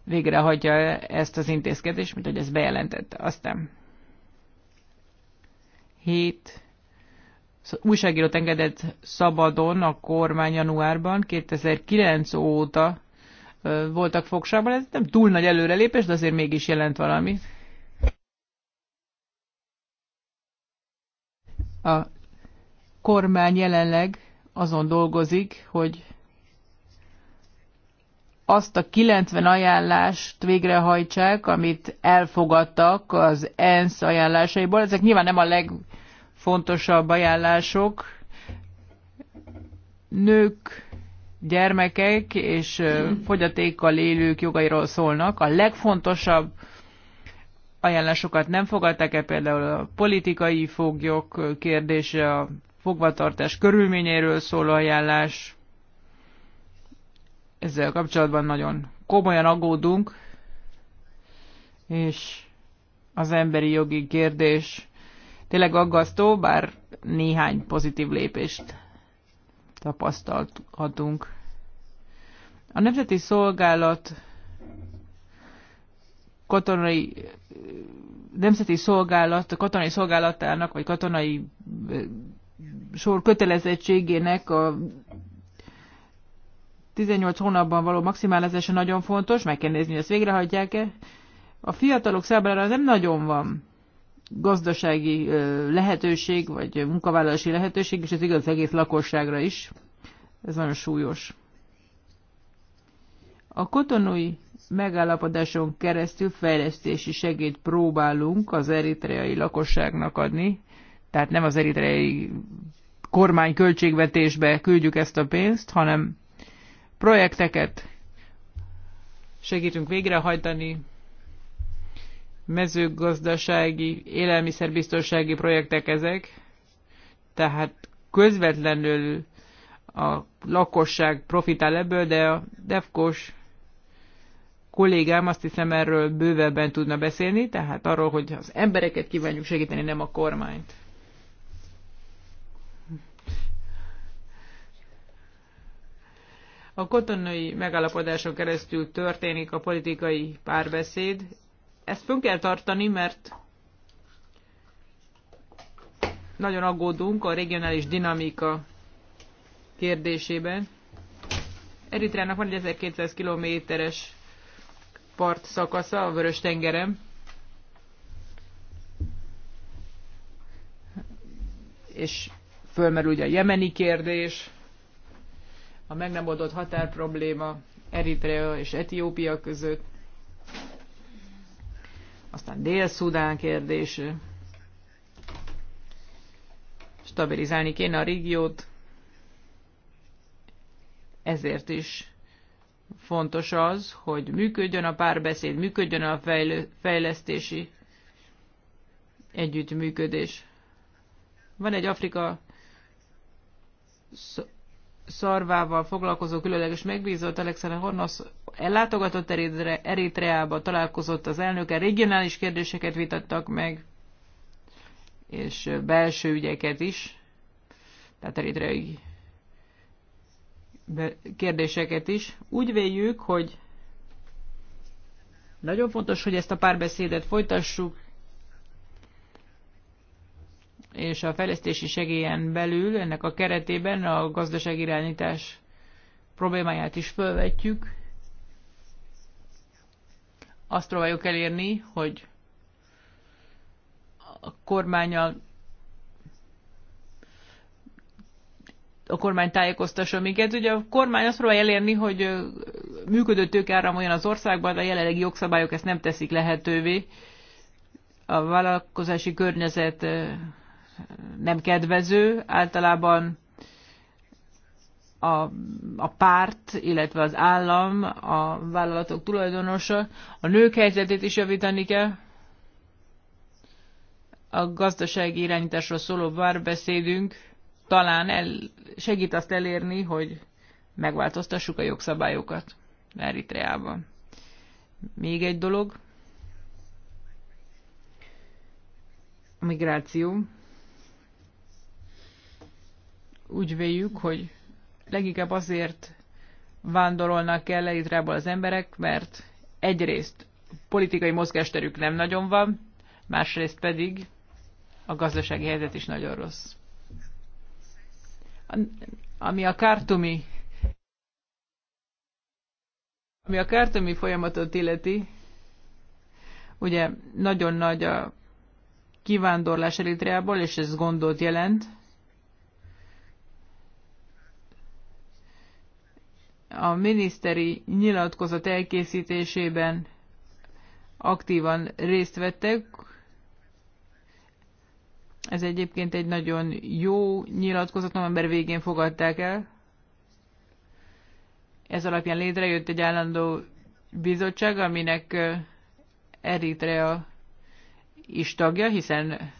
Speaker 2: végrehajtja ezt az intézkedést, mint hogy ez bejelentette. Aztán 7 újságírót engedett szabadon a kormány januárban, 2009 óta voltak fogságban. Ez nem túl nagy előrelépés, de azért mégis jelent valami. A kormány jelenleg azon dolgozik, hogy azt a 90 ajánlást végrehajtsák, amit elfogadtak az ENSZ ajánlásaiból. Ezek nyilván nem a leg fontosabb ajánlások. Nők, gyermekek és fogyatékkal élők jogairól szólnak. A legfontosabb ajánlásokat nem fogadták el, például a politikai foglyok kérdése, a fogvatartás körülményéről szóló ajánlás. Ezzel kapcsolatban nagyon komolyan aggódunk, és az emberi jogi kérdés tényleg aggasztó, bár néhány pozitív lépést tapasztalhatunk. A Nemzeti Szolgálat katonai nemzeti szolgálat, katonai szolgálatának, vagy katonai sor kötelezettségének a 18 hónapban való maximálizása nagyon fontos, meg kell nézni, hogy ezt végrehajtják-e. A fiatalok számára nem nagyon van gazdasági lehetőség, vagy munkavállalási lehetőség, és ez igaz az egész lakosságra is. Ez nagyon súlyos. A kotonói megállapodáson keresztül fejlesztési segélyt próbálunk az eritreai lakosságnak adni, tehát nem az eritreai kormány költségvetésbe küldjük ezt a pénzt, hanem projekteket segítünk végrehajtani, mezőgazdasági, élelmiszerbiztonsági projektek ezek, tehát közvetlenül a lakosság profitál ebből, de a DEFKOS kollégám azt hiszem erről bővebben tudna beszélni, tehát arról, hogy az embereket kívánjuk segíteni, nem a kormányt. A kotonai megállapodáson keresztül történik a politikai párbeszéd, ezt fönn kell tartani, mert nagyon aggódunk a regionális dinamika kérdésében. Eritreának van egy 1200 kilométeres part szakasza a Vörös tengerem. És fölmerül ugye a jemeni kérdés, a meg nem oldott határ probléma Eritrea és Etiópia között aztán Dél-Szudán kérdés. Stabilizálni kéne a régiót, ezért is fontos az, hogy működjön a párbeszéd, működjön a fejlesztési együttműködés. Van egy Afrika szarvával foglalkozó különleges megbízott Alexander Hornos ellátogatott Eritreába, találkozott az elnökkel, regionális kérdéseket vitattak meg, és belső ügyeket is, tehát eritreai kérdéseket is. Úgy véljük, hogy nagyon fontos, hogy ezt a párbeszédet folytassuk, és a fejlesztési segélyen belül, ennek a keretében a gazdaságirányítás problémáját is felvetjük. Azt próbáljuk elérni, hogy a kormánya a kormány tájékoztasson minket. Ugye a kormány azt próbálja elérni, hogy működő tőkáram olyan az országban, de a jelenlegi jogszabályok ezt nem teszik lehetővé. A vállalkozási környezet nem kedvező, általában a, a párt, illetve az állam, a vállalatok tulajdonosa, a nők helyzetét is javítani kell. A gazdasági irányításról szóló várbeszédünk talán el, segít azt elérni, hogy megváltoztassuk a jogszabályokat Eritreában. Még egy dolog. A migráció úgy véljük, hogy leginkább azért vándorolnak el Eritreából az emberek, mert egyrészt politikai mozgásterük nem nagyon van, másrészt pedig a gazdasági helyzet is nagyon rossz. Ami a kártumi ami a kártomi folyamatot illeti, ugye nagyon nagy a kivándorlás Eritreából, és ez gondot jelent, a miniszteri nyilatkozat elkészítésében aktívan részt vettek. Ez egyébként egy nagyon jó nyilatkozat, november végén fogadták el. Ez alapján létrejött egy állandó bizottság, aminek Eritrea is tagja, hiszen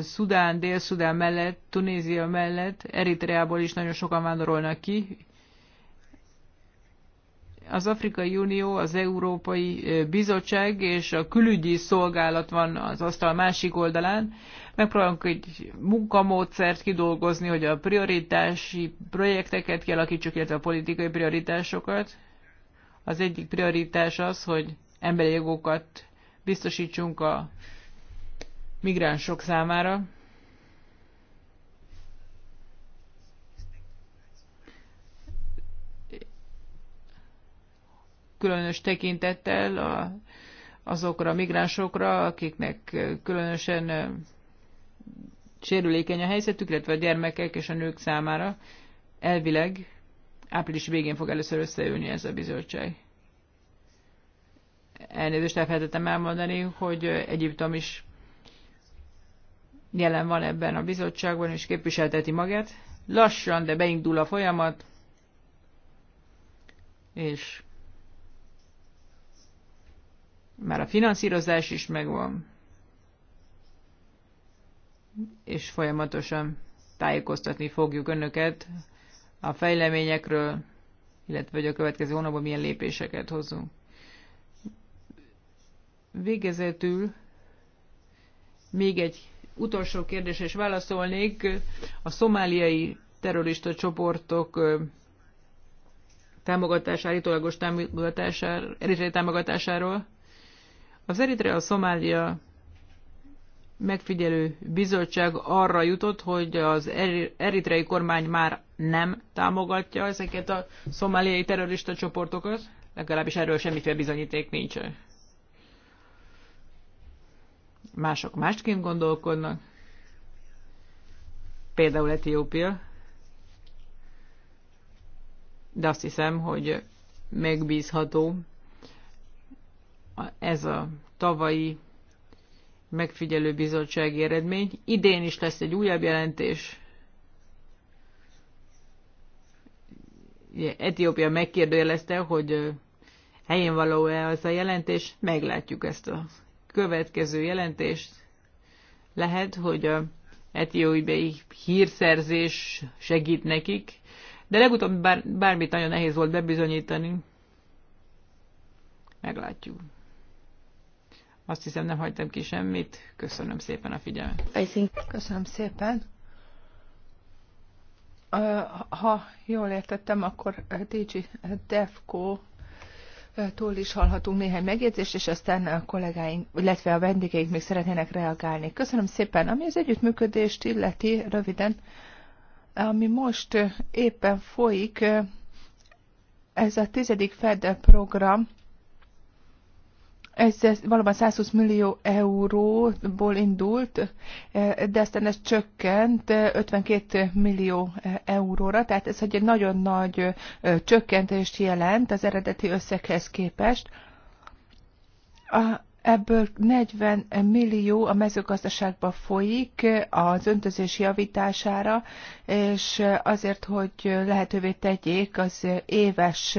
Speaker 2: Szudán, Dél-Szudán mellett, Tunézia mellett, Eritreából is nagyon sokan vándorolnak ki. Az Afrikai Unió, az Európai Bizottság és a külügyi szolgálat van az asztal másik oldalán. Megpróbálunk egy munkamódszert kidolgozni, hogy a prioritási projekteket kialakítsuk, illetve a politikai prioritásokat. Az egyik prioritás az, hogy emberi jogokat biztosítsunk a migránsok számára. Különös tekintettel a, azokra a migránsokra, akiknek különösen sérülékeny a helyzetük, illetve a gyermekek és a nők számára. Elvileg április végén fog először összeülni ez a bizottság. Elnézést elfelejtettem elmondani, hogy Egyiptom is jelen van ebben a bizottságban, és képviselteti magát. Lassan, de beindul a folyamat, és már a finanszírozás is megvan, és folyamatosan tájékoztatni fogjuk önöket a fejleményekről, illetve hogy a következő hónapban milyen lépéseket hozunk. Végezetül még egy utolsó kérdésre is válaszolnék. A szomáliai terrorista csoportok támogatásáról, állítólagos támogatásáról, eritrei támogatásáról. Az Eritrea Szomália megfigyelő bizottság arra jutott, hogy az eritrei kormány már nem támogatja ezeket a szomáliai terrorista csoportokat, legalábbis erről semmiféle bizonyíték nincs mások másként gondolkodnak. Például Etiópia. De azt hiszem, hogy megbízható ez a tavalyi megfigyelő bizottsági eredmény. Idén is lesz egy újabb jelentés. Etiópia megkérdőjelezte, hogy helyén való-e az a jelentés, meglátjuk ezt a következő jelentést. Lehet, hogy a etióibei hírszerzés segít nekik, de legutóbb bár, bármit nagyon nehéz volt bebizonyítani. Meglátjuk. Azt hiszem, nem hagytam ki semmit. Köszönöm szépen a figyelmet.
Speaker 1: Köszönöm szépen. Ha jól értettem, akkor DG Defko tól is hallhatunk néhány megjegyzést, és aztán a kollégáink, illetve a vendégeink még szeretnének reagálni. Köszönöm szépen. Ami az együttműködést illeti, röviden, ami most éppen folyik, ez a tizedik FED program, ez, ez valóban 120 millió euróból indult, de aztán ez csökkent 52 millió euróra, tehát ez egy nagyon nagy csökkentést jelent az eredeti összeghez képest. A, Ebből 40 millió a mezőgazdaságba folyik az öntözés javítására, és azért, hogy lehetővé tegyék az éves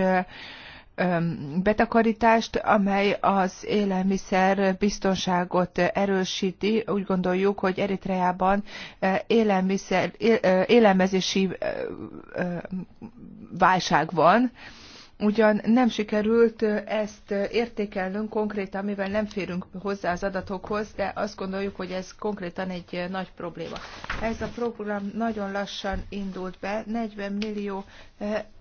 Speaker 1: betakarítást, amely az élelmiszer biztonságot erősíti. Úgy gondoljuk, hogy Eritreában élelmiszer, élelmezési válság van, ugyan nem sikerült ezt értékelnünk konkrétan, mivel nem férünk hozzá az adatokhoz, de azt gondoljuk, hogy ez konkrétan egy nagy probléma. Ez a program nagyon lassan indult be, 40 millió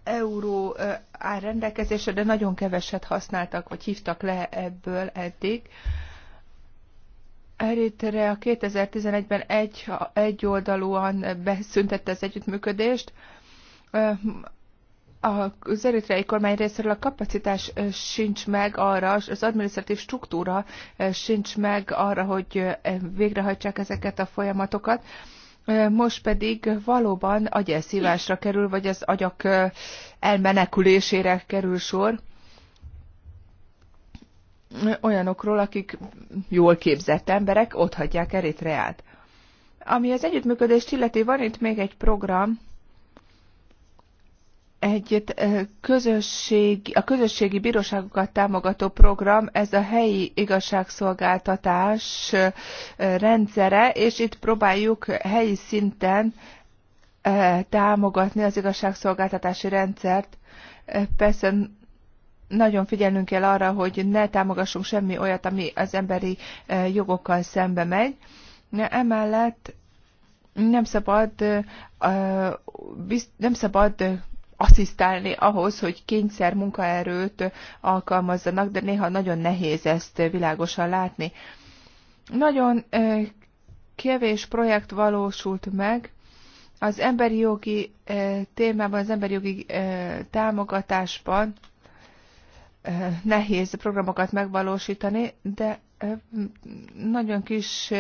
Speaker 1: euró áll rendelkezésre, de nagyon keveset használtak, vagy hívtak le ebből eddig. Eritrea 2011-ben egy, egy oldalúan beszüntette az együttműködést, az eritreai kormány részéről a kapacitás sincs meg arra, az administratív struktúra sincs meg arra, hogy végrehajtsák ezeket a folyamatokat. Most pedig valóban agyelszívásra kerül, vagy az agyak elmenekülésére kerül sor olyanokról, akik jól képzett emberek, ott hagyják Eritreát. Ami az együttműködést illeti, van itt még egy program, egy közösség, a közösségi bíróságokat támogató program, ez a helyi igazságszolgáltatás rendszere, és itt próbáljuk helyi szinten támogatni az igazságszolgáltatási rendszert. Persze nagyon figyelnünk kell arra, hogy ne támogassunk semmi olyat, ami az emberi jogokkal szembe megy. Emellett nem szabad, nem szabad asszisztálni ahhoz, hogy kényszer munkaerőt alkalmazzanak, de néha nagyon nehéz ezt világosan látni. Nagyon kevés projekt valósult meg, az emberi jogi témában, az emberi jogi támogatásban nehéz programokat megvalósítani, de nagyon kis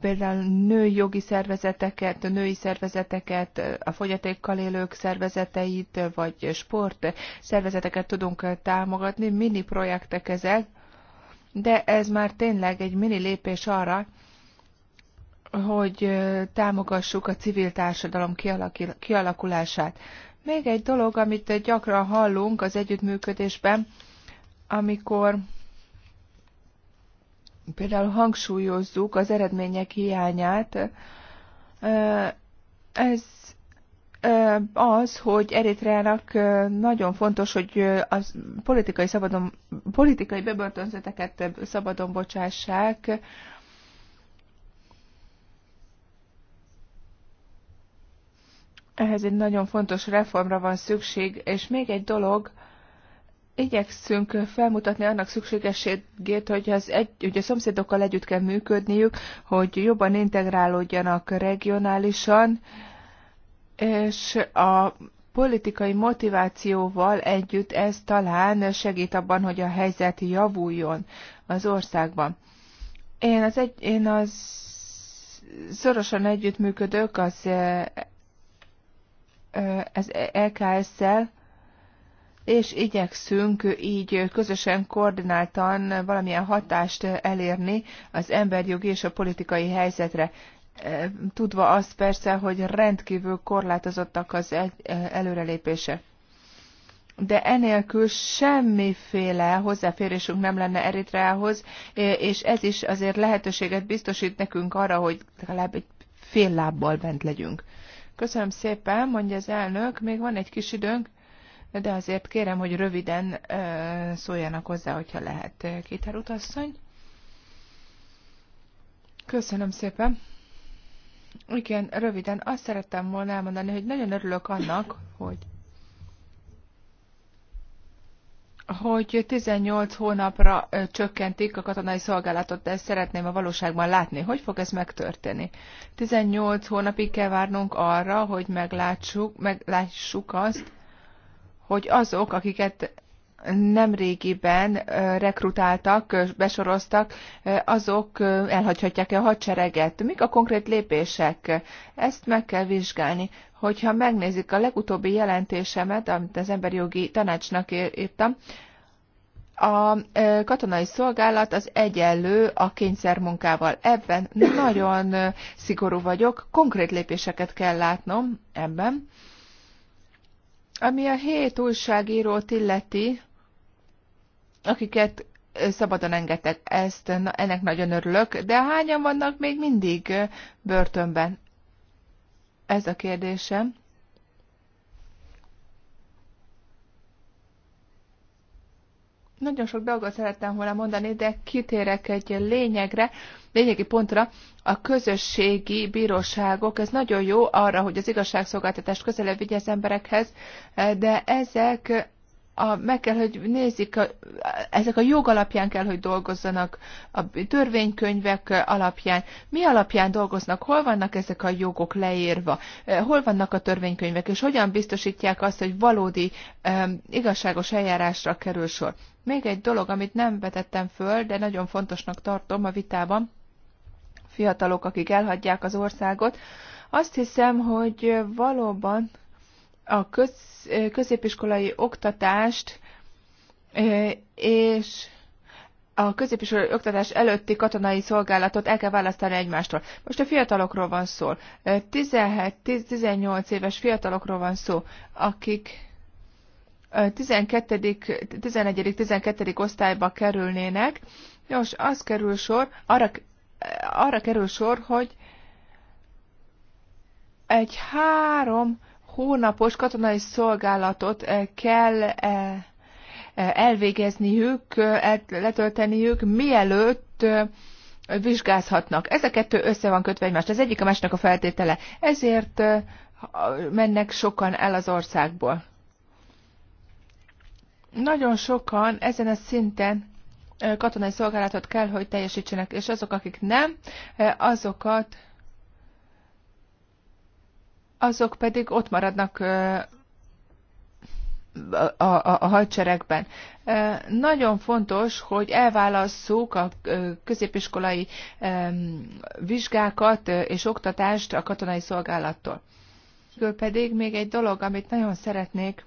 Speaker 1: például női jogi szervezeteket, női szervezeteket, a fogyatékkal élők szervezeteit, vagy sport szervezeteket tudunk támogatni, mini projektek ezek, de ez már tényleg egy mini lépés arra, hogy támogassuk a civil társadalom kialakulását. Még egy dolog, amit gyakran hallunk az együttműködésben, amikor például hangsúlyozzuk az eredmények hiányát, ez az, hogy Eritreának nagyon fontos, hogy a politikai, szabadon, politikai bebörtönzeteket szabadon bocsássák, ehhez egy nagyon fontos reformra van szükség, és még egy dolog, igyekszünk felmutatni annak szükségességét, hogy, az egy, hogy a szomszédokkal együtt kell működniük, hogy jobban integrálódjanak regionálisan, és a politikai motivációval együtt ez talán segít abban, hogy a helyzet javuljon az országban. Én az, egy, én az szorosan együttműködök az, az EKS-szel, és igyekszünk így közösen, koordináltan valamilyen hatást elérni az emberjogi és a politikai helyzetre. E, tudva azt persze, hogy rendkívül korlátozottak az e, előrelépése. De enélkül semmiféle hozzáférésünk nem lenne Eritreához, e, és ez is azért lehetőséget biztosít nekünk arra, hogy legalább egy fél lábbal bent legyünk. Köszönöm szépen, mondja az elnök, még van egy kis időnk de azért kérem, hogy röviden szóljanak hozzá, hogyha lehet. Kéter utasszony. Köszönöm szépen. Igen, röviden azt szerettem volna elmondani, hogy nagyon örülök annak, hogy hogy 18 hónapra csökkentik a katonai szolgálatot, de ezt szeretném a valóságban látni. Hogy fog ez megtörténni? 18 hónapig kell várnunk arra, hogy meglátsuk, meglássuk azt, hogy azok, akiket nemrégiben rekrutáltak, besoroztak, azok elhagyhatják-e a hadsereget? Mik a konkrét lépések? Ezt meg kell vizsgálni. Hogyha megnézik a legutóbbi jelentésemet, amit az emberi jogi tanácsnak írtam, a katonai szolgálat az egyenlő a kényszermunkával. Ebben nagyon szigorú vagyok, konkrét lépéseket kell látnom ebben. Ami a hét újságírót illeti, akiket szabadon engedtek, ezt, ennek nagyon örülök, de hányan vannak még mindig börtönben? Ez a kérdésem. Nagyon sok dolgot szerettem volna mondani, de kitérek egy lényegre, lényegi pontra, a közösségi bíróságok, ez nagyon jó arra, hogy az igazságszolgáltatást közelebb vigye az emberekhez, de ezek a, meg kell, hogy nézzék, a, ezek a jog alapján kell, hogy dolgozzanak, a törvénykönyvek alapján. Mi alapján dolgoznak, hol vannak ezek a jogok leírva, hol vannak a törvénykönyvek, és hogyan biztosítják azt, hogy valódi um, igazságos eljárásra kerül sor. Még egy dolog, amit nem vetettem föl, de nagyon fontosnak tartom a vitában, fiatalok, akik elhagyják az országot, azt hiszem, hogy valóban a köz, középiskolai oktatást és a középiskolai oktatás előtti katonai szolgálatot el kell választani egymástól. Most a fiatalokról van szó. 17-18 éves fiatalokról van szó, akik 11-12. osztályba kerülnének. Nos, az kerül sor, arra, arra kerül sor, hogy egy három hónapos katonai szolgálatot eh, kell eh, eh, elvégezniük, letölteniük, mielőtt vizsgázhatnak. Ezek kettő össze van kötve egymást. ez egyik a másnak a feltétele. Ezért mennek sokan el az országból. Nagyon sokan ezen a szinten katonai szolgálatot kell, hogy teljesítsenek, és azok, akik nem, azokat azok pedig ott maradnak a, a, a hadseregben. Nagyon fontos, hogy elválasszuk a középiskolai vizsgákat és oktatást a katonai szolgálattól. Pedig még egy dolog, amit nagyon szeretnék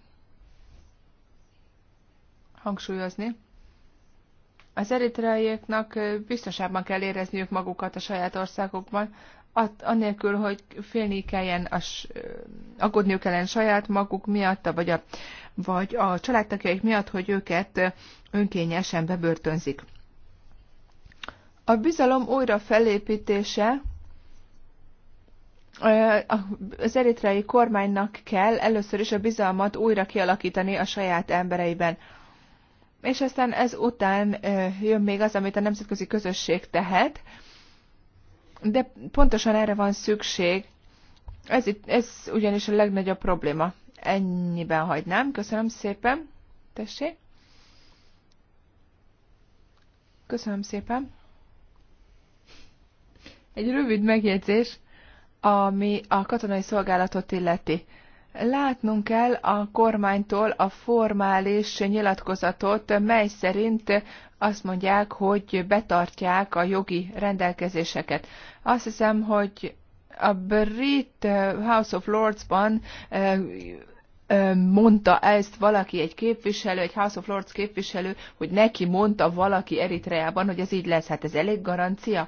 Speaker 1: hangsúlyozni. Az eritreaiaknak biztosabban kell érezniük magukat a saját országokban, annélkül, hogy félni kelljen, a, aggódniuk saját maguk miatt, vagy a, vagy a családtagjaik miatt, hogy őket önkényesen bebörtönzik. A bizalom újra felépítése az eritreai kormánynak kell először is a bizalmat újra kialakítani a saját embereiben. És aztán ez után jön még az, amit a nemzetközi közösség tehet, de pontosan erre van szükség. Ez, itt, ez ugyanis a legnagyobb probléma. Ennyiben hagynám. Köszönöm szépen. Tessék. Köszönöm szépen. Egy rövid megjegyzés, ami a katonai szolgálatot illeti. Látnunk kell a kormánytól a formális nyilatkozatot, mely szerint azt mondják, hogy betartják a jogi rendelkezéseket. Azt hiszem, hogy a brit eh, House of Lords-ban eh, eh, mondta ezt valaki, egy képviselő, egy House of Lords képviselő, hogy neki mondta valaki Eritreában, hogy ez így lesz. Hát ez elég garancia.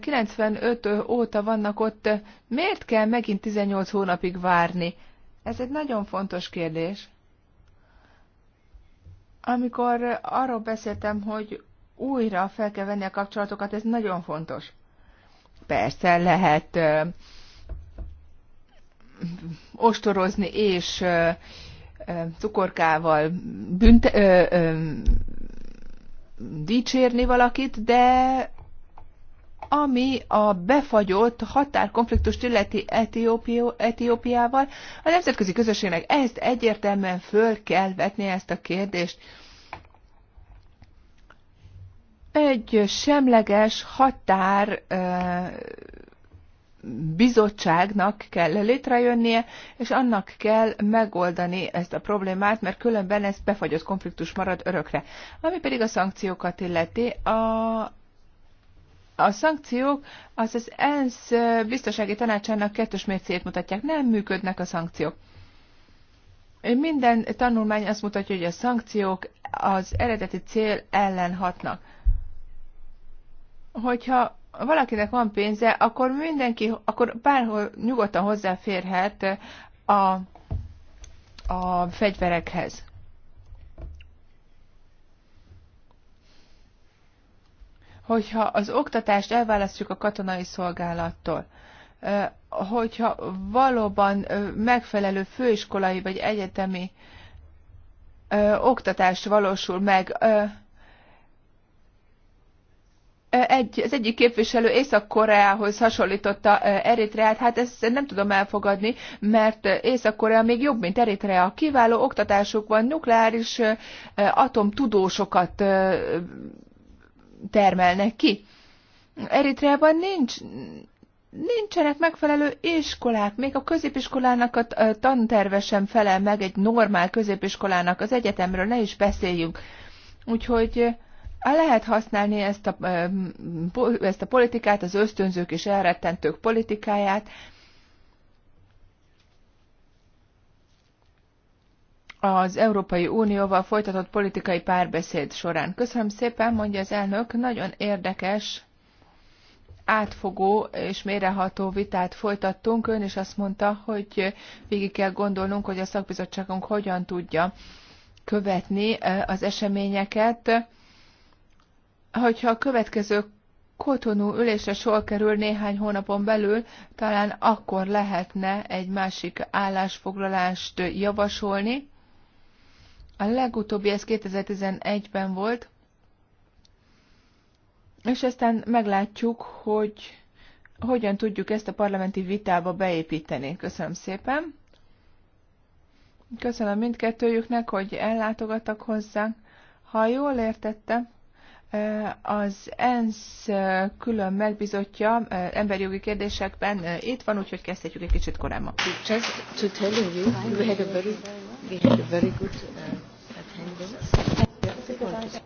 Speaker 1: 95 óta vannak ott, miért kell megint 18 hónapig várni? Ez egy nagyon fontos kérdés. Amikor arról beszéltem, hogy újra fel kell venni a kapcsolatokat, ez nagyon fontos. Persze lehet ö, ostorozni és ö, ö, cukorkával bünte, ö, ö, dicsérni valakit, de ami a befagyott határkonfliktust illeti Etiópió, Etiópiával. A nemzetközi közösségnek ezt egyértelműen föl kell vetni ezt a kérdést. Egy semleges határ bizottságnak kell létrejönnie, és annak kell megoldani ezt a problémát, mert különben ez befagyott konfliktus marad örökre. Ami pedig a szankciókat illeti, a a szankciók az az ENSZ biztonsági tanácsának kettős mércéjét mutatják. Nem működnek a szankciók. Minden tanulmány azt mutatja, hogy a szankciók az eredeti cél ellen hatnak. Hogyha valakinek van pénze, akkor mindenki, akkor bárhol nyugodtan hozzáférhet a, a fegyverekhez. hogyha az oktatást elválasztjuk a katonai szolgálattól, hogyha valóban megfelelő főiskolai vagy egyetemi oktatást valósul meg, egy, az egyik képviselő Észak-Koreához hasonlította Eritreát, hát ezt nem tudom elfogadni, mert Észak-Korea még jobb, mint Eritrea. Kiváló oktatásuk van, nukleáris atomtudósokat termelnek ki. Eritreában nincs, nincsenek megfelelő iskolák, még a középiskolának a tanterve sem felel meg egy normál középiskolának, az egyetemről ne is beszéljünk. Úgyhogy eh, lehet használni ezt a, eh, ezt a politikát, az ösztönzők és elrettentők politikáját, az Európai Unióval folytatott politikai párbeszéd során. Köszönöm szépen, mondja az elnök, nagyon érdekes, átfogó és méreható vitát folytattunk. Ön is azt mondta, hogy végig kell gondolnunk, hogy a szakbizottságunk hogyan tudja követni e, az eseményeket. Hogyha a következő kotonú ülésre sor kerül néhány hónapon belül, talán akkor lehetne egy másik állásfoglalást javasolni a legutóbbi ez 2011-ben volt, és aztán meglátjuk, hogy hogyan tudjuk ezt a parlamenti vitába beépíteni. Köszönöm szépen. Köszönöm mindkettőjüknek, hogy ellátogattak hozzánk. Ha jól értettem, az ENSZ külön megbizotja eh, emberjogi kérdésekben eh, itt van, úgyhogy kezdhetjük egy kicsit korábban. Just to you,
Speaker 3: we had a very, we had a very good, uh votes?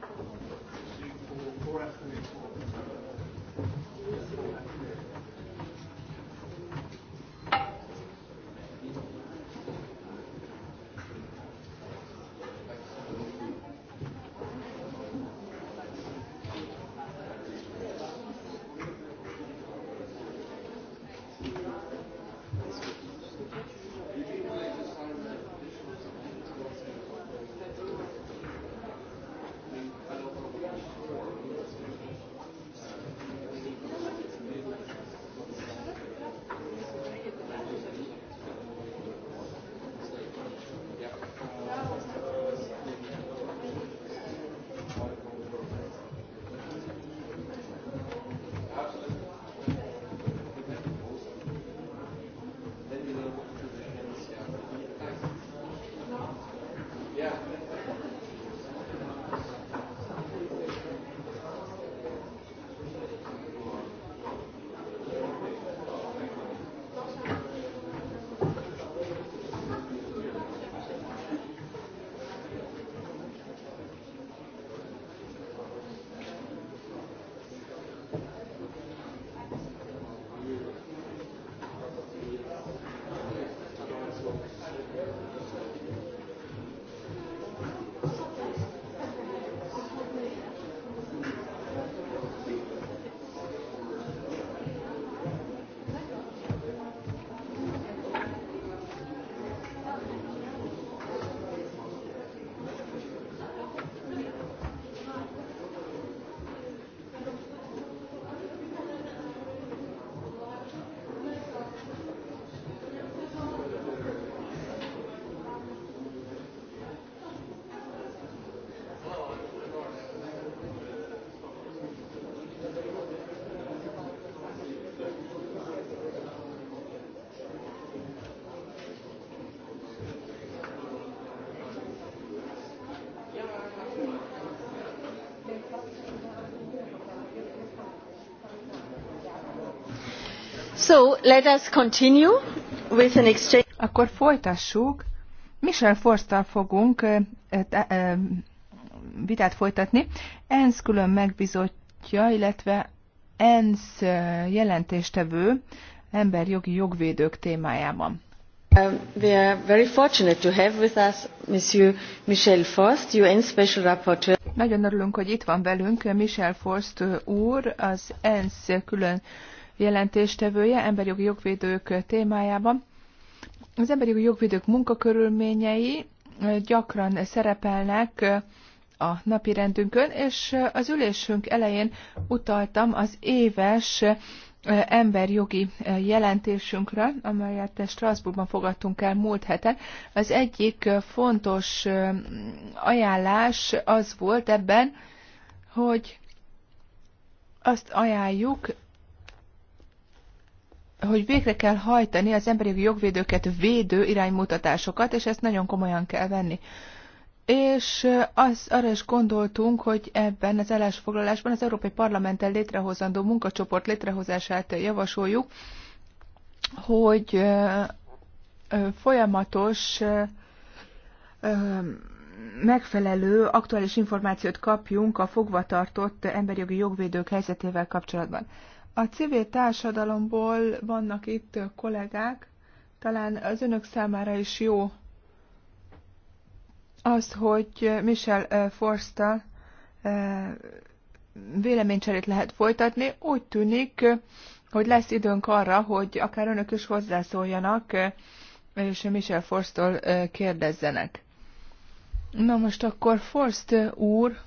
Speaker 1: So, let us continue with an exchange. Akkor folytassuk. Michel Forsztal fogunk vitát folytatni. ENSZ külön megbizotja, illetve ENSZ jelentéstevő emberjogi jogvédők témájában. Um, we are very fortunate to have with us Monsieur Michel Forst, UN Special Rapporteur. Nagyon örülünk, hogy itt van velünk Michel Forst úr, az ENSZ külön jelentéstevője jogi jogvédők témájában. Az emberi jogi jogvédők munkakörülményei gyakran szerepelnek a napi rendünkön, és az ülésünk elején utaltam az éves emberjogi jelentésünkre, amelyet Strasbourgban fogadtunk el múlt heten. Az egyik fontos ajánlás az volt ebben, hogy azt ajánljuk hogy végre kell hajtani az emberi jogvédőket védő iránymutatásokat, és ezt nagyon komolyan kell venni. És az, arra is gondoltunk, hogy ebben az állásfoglalásban az Európai Parlamenttel létrehozandó munkacsoport létrehozását javasoljuk, hogy folyamatos megfelelő, aktuális információt kapjunk a fogvatartott emberjogi jogvédők helyzetével kapcsolatban. A civil társadalomból vannak itt kollégák, talán az önök számára is jó az, hogy Michel eh, Forsta eh, véleménycserét lehet folytatni. Úgy tűnik, hogy lesz időnk arra, hogy akár önök is hozzászóljanak, eh, és Michel Forstól kérdezzenek. Na most akkor Forst úr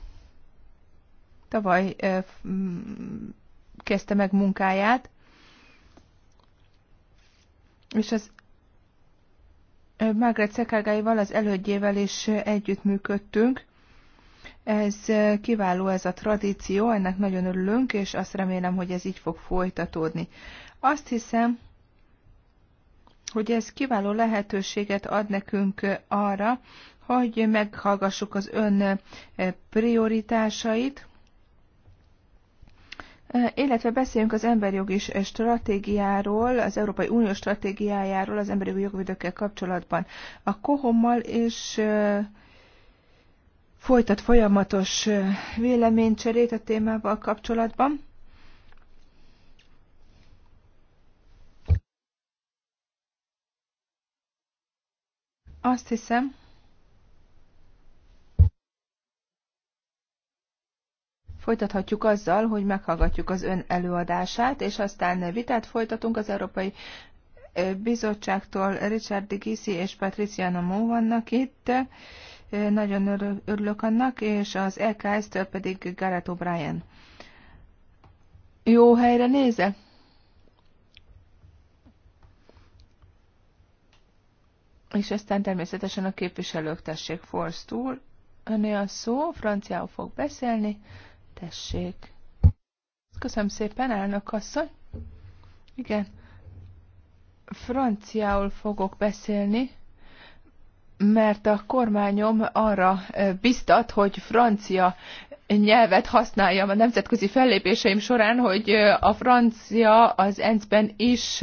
Speaker 1: tavaly kezdte meg munkáját, és az Margaret Szekágáival, az elődjével is együttműködtünk. Ez kiváló ez a tradíció, ennek nagyon örülünk, és azt remélem, hogy ez így fog folytatódni. Azt hiszem, hogy ez kiváló lehetőséget ad nekünk arra, hogy meghallgassuk az ön prioritásait, illetve beszéljünk az emberjogi stratégiáról, az Európai Unió stratégiájáról az emberjogi jogvédőkkel kapcsolatban. A kohommal és folytat folyamatos véleménycserét a témával kapcsolatban. Azt hiszem, Folytathatjuk azzal, hogy meghallgatjuk az ön előadását, és aztán vitát folytatunk az Európai Bizottságtól Richard Gisi és Patricia Namó vannak itt. Nagyon örülök annak, és az EKS-től pedig Gareth O'Brien. Jó helyre nézek? És aztán természetesen a képviselők tessék Forstúl. Öné a szó, franciául fog beszélni. Tessék. Köszönöm szépen, elnök asszony. Igen. Franciául fogok beszélni, mert a kormányom arra biztat, hogy francia nyelvet használjam a nemzetközi fellépéseim során, hogy a francia az ENSZ-ben is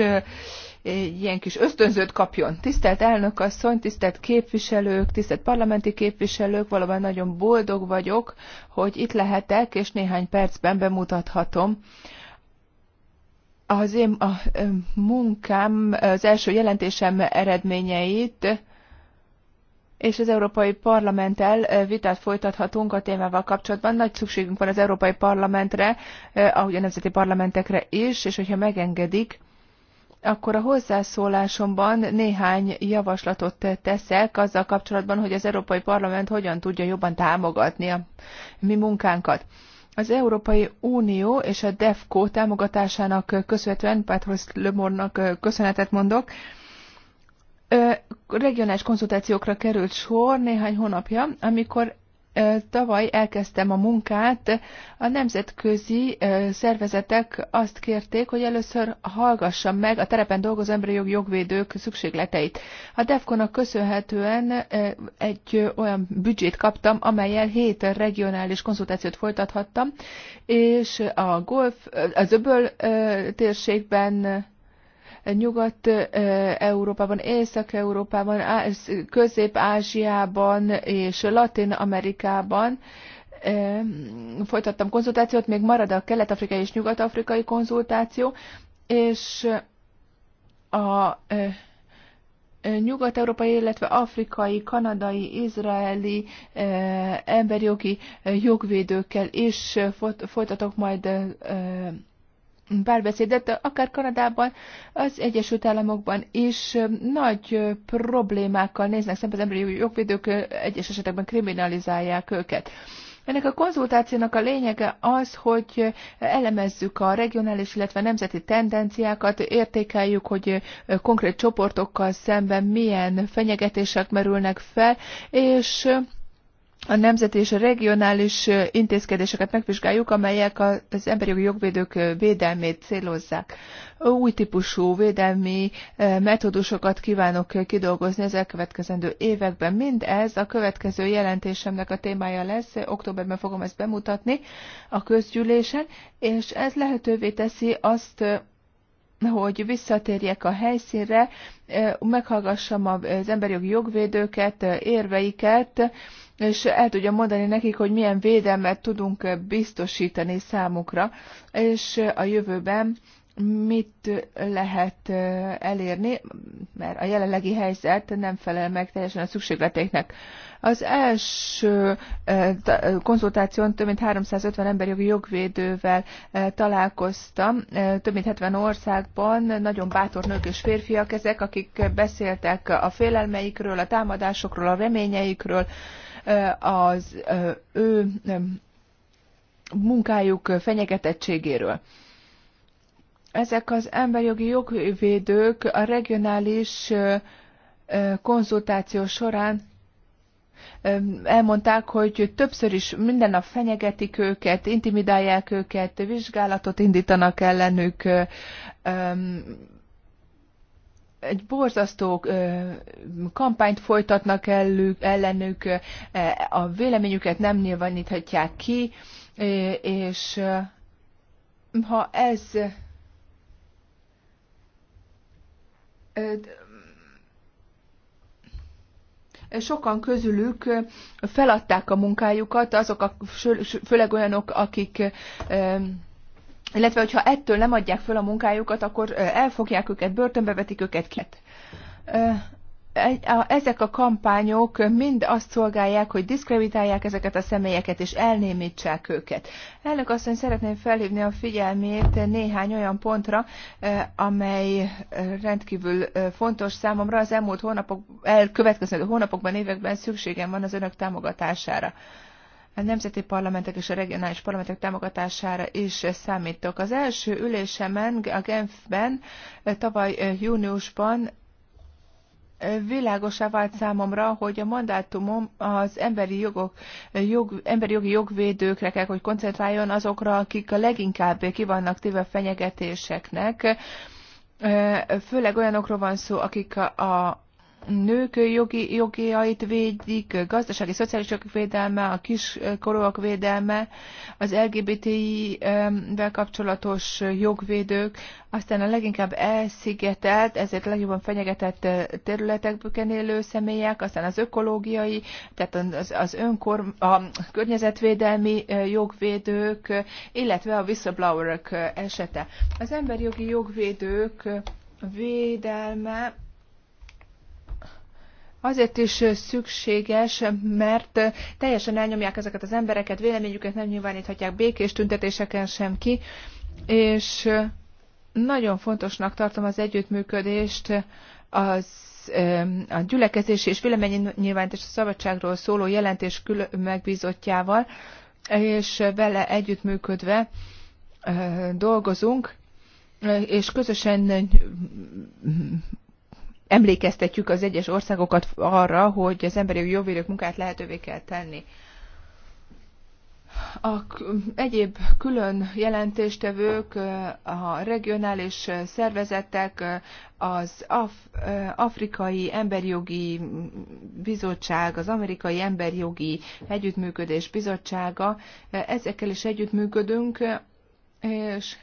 Speaker 1: ilyen kis ösztönzőt kapjon. Tisztelt elnök asszony, tisztelt képviselők, tisztelt parlamenti képviselők, valóban nagyon boldog vagyok, hogy itt lehetek, és néhány percben bemutathatom az én a munkám, az első jelentésem eredményeit, és az Európai Parlamenttel vitát folytathatunk a témával kapcsolatban. Nagy szükségünk van az Európai Parlamentre, ahogy a nemzeti parlamentekre is, és hogyha megengedik, akkor a hozzászólásomban néhány javaslatot teszek azzal kapcsolatban, hogy az Európai Parlament hogyan tudja jobban támogatni a mi munkánkat. Az Európai Unió és a DEFCO támogatásának köszönhetően, Patrice lömornak köszönetet mondok, regionális konzultációkra került sor néhány hónapja, amikor tavaly elkezdtem a munkát, a nemzetközi szervezetek azt kérték, hogy először hallgassam meg a terepen dolgozó emberi jog jogvédők szükségleteit. A DEFCON-nak köszönhetően egy olyan büdzsét kaptam, amelyel hét regionális konzultációt folytathattam, és a golf, az öböl térségben Nyugat-Európában, Észak-Európában, Közép-Ázsiában és Latin-Amerikában folytattam konzultációt, még marad a kelet-afrikai és nyugat-afrikai konzultáció, és a nyugat-európai, illetve afrikai, kanadai, izraeli emberjogi jogvédőkkel is folytatok majd párbeszédet, akár Kanadában, az Egyesült Államokban is nagy problémákkal néznek szembe az emberi jogvédők, egyes esetekben kriminalizálják őket. Ennek a konzultációnak a lényege az, hogy elemezzük a regionális, illetve nemzeti tendenciákat, értékeljük, hogy konkrét csoportokkal szemben milyen fenyegetések merülnek fel, és a nemzeti és a regionális intézkedéseket megvizsgáljuk, amelyek az emberi jogi jogvédők védelmét célozzák. Új típusú védelmi metódusokat kívánok kidolgozni az elkövetkezendő években. Mindez a következő jelentésemnek a témája lesz, októberben fogom ezt bemutatni a közgyűlésen, és ez lehetővé teszi azt, hogy visszatérjek a helyszínre, meghallgassam az emberi jogi jogvédőket, érveiket, és el tudja mondani nekik, hogy milyen védelmet tudunk biztosítani számukra, és a jövőben mit lehet elérni, mert a jelenlegi helyzet nem felel meg teljesen a szükségleteknek. Az első konzultáción több mint 350 emberjogi jogvédővel találkoztam, több mint 70 országban, nagyon bátor nők és férfiak ezek, akik beszéltek a félelmeikről, a támadásokról, a reményeikről, az ő munkájuk fenyegetettségéről. Ezek az emberjogi jogvédők a regionális konzultáció során elmondták, hogy többször is minden nap fenyegetik őket, intimidálják őket, vizsgálatot indítanak ellenük, egy borzasztó kampányt folytatnak ellük, ellenük, a véleményüket nem nyilváníthatják ki, és ha ez sokan közülük feladták a munkájukat, azok a, főleg olyanok, akik illetve hogyha ettől nem adják föl a munkájukat, akkor elfogják őket, börtönbe vetik őket két. Ezek a kampányok mind azt szolgálják, hogy diszkreditálják ezeket a személyeket, és elnémítsák őket. Elnök asszony, szeretném felhívni a figyelmét néhány olyan pontra, amely rendkívül fontos számomra. Az elmúlt hónapok, elkövetkező hónapokban, években szükségem van az önök támogatására a nemzeti parlamentek és a regionális parlamentek támogatására is számítok. Az első ülésemen a Genfben tavaly júniusban világosá vált számomra, hogy a mandátumom az emberi, jogok, jog, emberi jogi jogvédőkre kell, hogy koncentráljon azokra, akik a leginkább kivannak téve fenyegetéseknek. Főleg olyanokról van szó, akik a, a nők jogi, jogiait védik, gazdasági, szociális jogi védelme, a kiskorúak védelme, az LGBTI-vel kapcsolatos jogvédők, aztán a leginkább elszigetelt, ezért legjobban fenyegetett területekben élő személyek, aztán az ökológiai, tehát az, az önkor, a környezetvédelmi jogvédők, illetve a whistleblower esete. Az emberjogi jogvédők védelme Azért is szükséges, mert teljesen elnyomják ezeket az embereket, véleményüket nem nyilváníthatják békés tüntetéseken sem ki, és nagyon fontosnak tartom az együttműködést az a gyülekezés és véleménynyilvánítás a szabadságról szóló jelentés megbízottjával, és vele együttműködve dolgozunk, és közösen emlékeztetjük az egyes országokat arra, hogy az emberi jogvédők munkát lehetővé kell tenni. A egyéb külön jelentéstevők, a regionális szervezetek, az Af- Afrikai Emberjogi Bizottság, az Amerikai Emberjogi Együttműködés Bizottsága, ezekkel is együttműködünk, és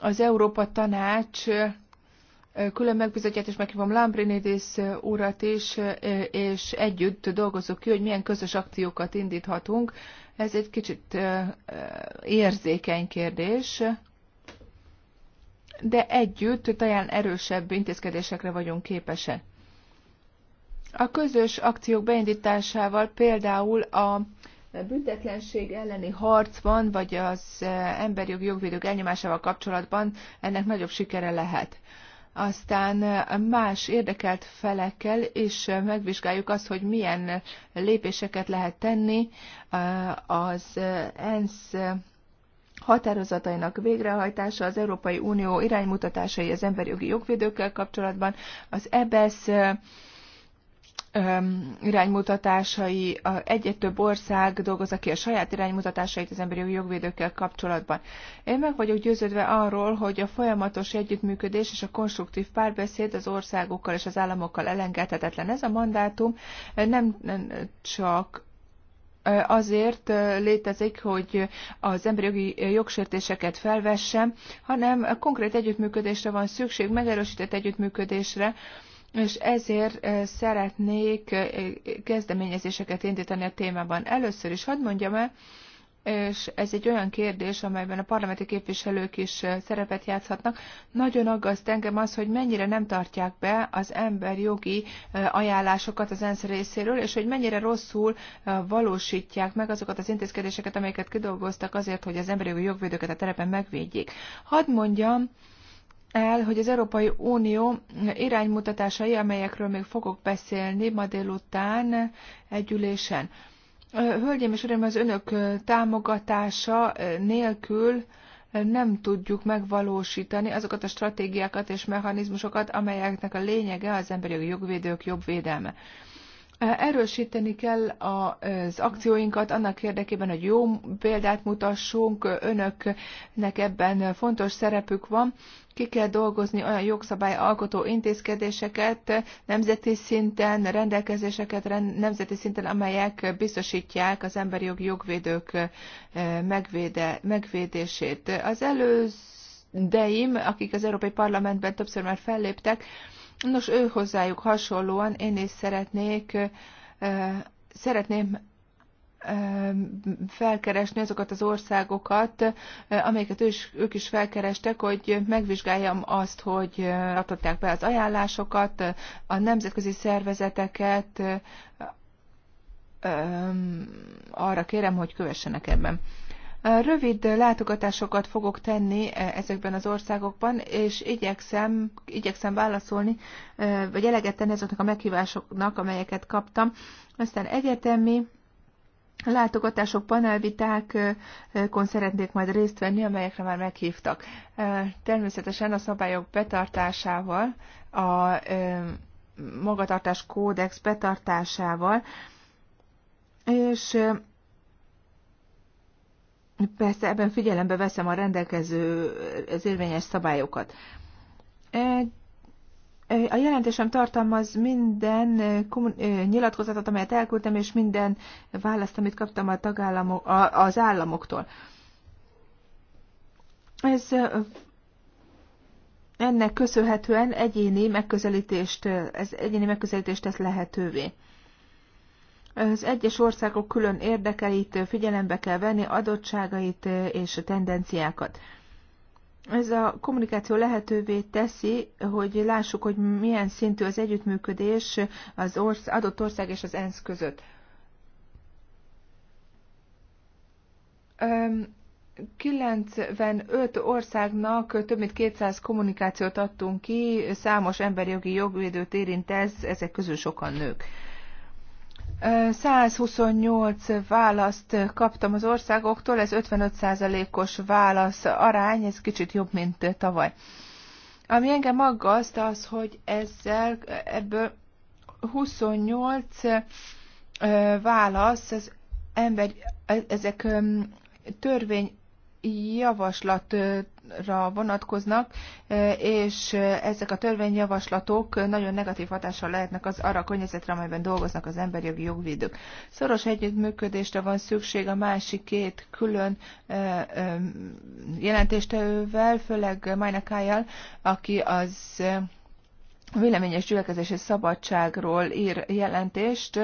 Speaker 1: az Európa Tanács külön megbizotját, is meghívom Lambrinidis urat is, és együtt dolgozok ki, hogy milyen közös akciókat indíthatunk. Ez egy kicsit érzékeny kérdés, de együtt talán erősebb intézkedésekre vagyunk képesek. A közös akciók beindításával például a büntetlenség elleni harcban, vagy az emberjogi jogvédők elnyomásával kapcsolatban ennek nagyobb sikere lehet aztán más érdekelt felekkel és megvizsgáljuk azt, hogy milyen lépéseket lehet tenni az ENSZ határozatainak végrehajtása, az Európai Unió iránymutatásai az emberi jogi jogvédőkkel kapcsolatban, az EBSZ iránymutatásai, egyre több ország dolgozza ki a saját iránymutatásait az emberi jogvédőkkel kapcsolatban. Én meg vagyok győződve arról, hogy a folyamatos együttműködés és a konstruktív párbeszéd az országokkal és az államokkal elengedhetetlen. Ez a mandátum nem csak azért létezik, hogy az emberi jogi jogsértéseket felvessem, hanem konkrét együttműködésre van szükség, megerősített együttműködésre, és ezért szeretnék kezdeményezéseket indítani a témában. Először is hadd mondjam el, és ez egy olyan kérdés, amelyben a parlamenti képviselők is szerepet játszhatnak. Nagyon aggaszt engem az, hogy mennyire nem tartják be az ember jogi ajánlásokat az ENSZ részéről, és hogy mennyire rosszul valósítják meg azokat az intézkedéseket, amelyeket kidolgoztak azért, hogy az emberi jogi jogvédőket a terepen megvédjék. Hadd mondjam, el, hogy az Európai Unió iránymutatásai, amelyekről még fogok beszélni ma délután egy ülésen. Hölgyeim és Uraim, az önök támogatása nélkül nem tudjuk megvalósítani azokat a stratégiákat és mechanizmusokat, amelyeknek a lényege az emberi jogvédők jobb védelme. Erősíteni kell az akcióinkat annak érdekében, hogy jó példát mutassunk, önöknek ebben fontos szerepük van. Ki kell dolgozni olyan jogszabályalkotó intézkedéseket nemzeti szinten, rendelkezéseket nemzeti szinten, amelyek biztosítják az emberi jog jogvédők megvéde, megvédését. Az deim, akik az Európai Parlamentben többször már felléptek, Nos, ő hozzájuk hasonlóan én is szeretnék, szeretném felkeresni azokat az országokat, amelyeket ő is, ők is felkerestek, hogy megvizsgáljam azt, hogy adották be az ajánlásokat, a nemzetközi szervezeteket, arra kérem, hogy kövessenek ebben. Rövid látogatásokat fogok tenni e, ezekben az országokban, és igyekszem, igyekszem válaszolni, e, vagy eleget tenni azoknak a meghívásoknak, amelyeket kaptam. Aztán egyetemi látogatások, panelvitákon e, szeretnék majd részt venni, amelyekre már meghívtak. Természetesen a szabályok betartásával, a magatartás kódex betartásával, és Persze ebben figyelembe veszem a rendelkező, az érvényes szabályokat. E, e, a jelentésem tartalmaz minden e, nyilatkozatot, amelyet elküldtem, és minden választ, amit kaptam a tagállamok, az államoktól. Ez ennek köszönhetően egyéni megközelítést, ez egyéni megközelítést tesz lehetővé. Az egyes országok külön érdekeit figyelembe kell venni, adottságait és tendenciákat. Ez a kommunikáció lehetővé teszi, hogy lássuk, hogy milyen szintű az együttműködés az orsz- adott ország és az ENSZ között. Um, 95 országnak több mint 200 kommunikációt adtunk ki, számos emberjogi jogvédőt érint ez, ezek közül sokan nők. 128 választ kaptam az országoktól, ez 55%-os válasz arány, ez kicsit jobb, mint tavaly. Ami engem aggaszt az, hogy ezzel ebből 28 válasz, az ember, e-, ezek törvény javaslatra vonatkoznak, e, és ezek a törvényjavaslatok nagyon negatív hatással lehetnek az arra a környezetre, amelyben dolgoznak az emberi jogi jogvédők. Szoros együttműködésre van szükség a másik két külön e, e, jelentéstevővel, főleg Majnakájjal, aki az véleményes gyülekezési szabadságról ír jelentést,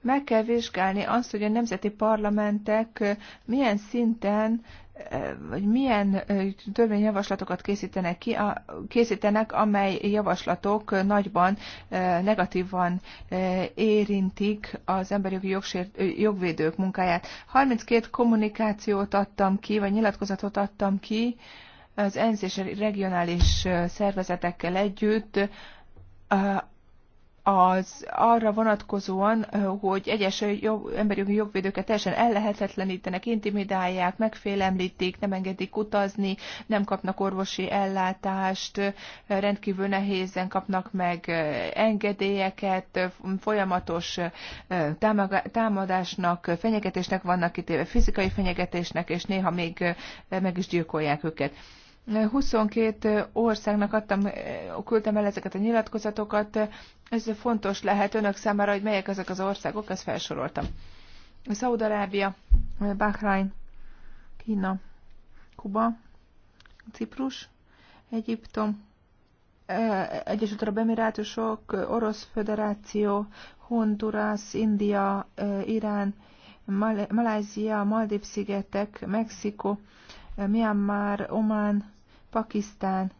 Speaker 1: meg kell vizsgálni azt, hogy a nemzeti parlamentek milyen szinten vagy milyen törvényjavaslatokat készítenek ki, készítenek, amely javaslatok nagyban negatívan érintik az emberi jogi jogsért, jogvédők munkáját. 32 kommunikációt adtam ki, vagy nyilatkozatot adtam ki az ENSZ és regionális szervezetekkel együtt, az arra vonatkozóan, hogy egyes jog, jogi jogvédőket teljesen ellehetetlenítenek, intimidálják, megfélemlítik, nem engedik utazni, nem kapnak orvosi ellátást, rendkívül nehézen kapnak meg engedélyeket, folyamatos támadásnak, fenyegetésnek vannak kitéve, fizikai fenyegetésnek, és néha még meg is gyilkolják őket. 22 országnak adtam, küldtem el ezeket a nyilatkozatokat. Ez fontos lehet önök számára, hogy melyek ezek az országok, ezt felsoroltam. Szaudarábia, Bahrain, Kína, Kuba, Ciprus, Egyiptom, eh, Egyesült Arab Emirátusok, Orosz Föderáció, Honduras, India, eh, Irán, Malázia, Maldív-szigetek, Mexikó, eh, Myanmar, Oman, Pakisztán,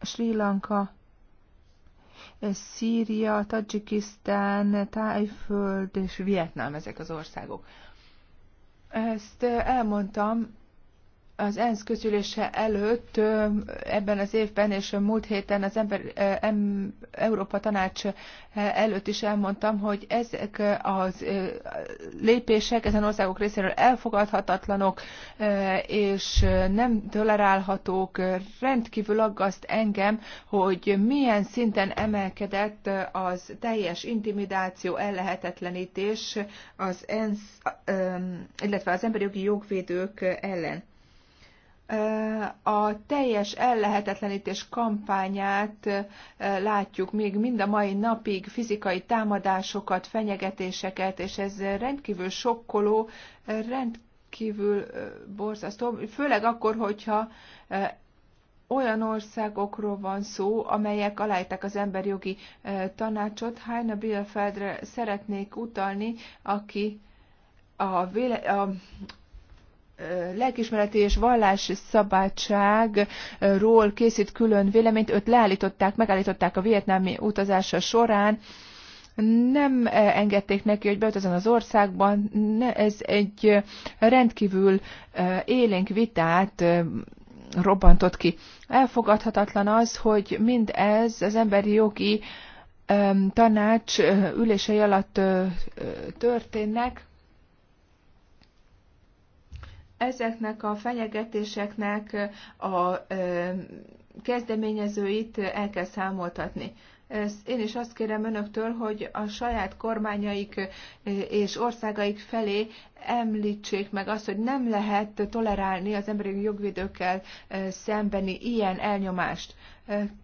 Speaker 1: Sri Lanka, Szíria, Tajikisztán, Tájföld és Vietnám ezek az országok. Ezt eh, elmondtam az ENSZ közülése előtt ebben az évben és múlt héten az ember, em, Európa Tanács előtt is elmondtam, hogy ezek az lépések ezen országok részéről elfogadhatatlanok és nem tolerálhatók. Rendkívül aggaszt engem, hogy milyen szinten emelkedett az teljes intimidáció, ellehetetlenítés az ENSZ, illetve az emberi jogi jogvédők ellen a teljes ellehetetlenítés kampányát látjuk még mind a mai napig fizikai támadásokat, fenyegetéseket, és ez rendkívül sokkoló, rendkívül borzasztó, főleg akkor, hogyha olyan országokról van szó, amelyek aláírták az emberjogi tanácsot. Heine Bielfeldre szeretnék utalni, aki a, véle, a lelkismereti és vallási szabadságról készít külön véleményt, őt leállították, megállították a vietnámi utazása során, nem engedték neki, hogy beutazon az országban, ez egy rendkívül élénk vitát robbantott ki. Elfogadhatatlan az, hogy mindez az emberi jogi tanács ülései alatt történnek, ezeknek a fenyegetéseknek a kezdeményezőit el kell számoltatni. Én is azt kérem önöktől, hogy a saját kormányaik és országaik felé említsék meg azt, hogy nem lehet tolerálni az emberi jogvédőkkel szembeni ilyen elnyomást.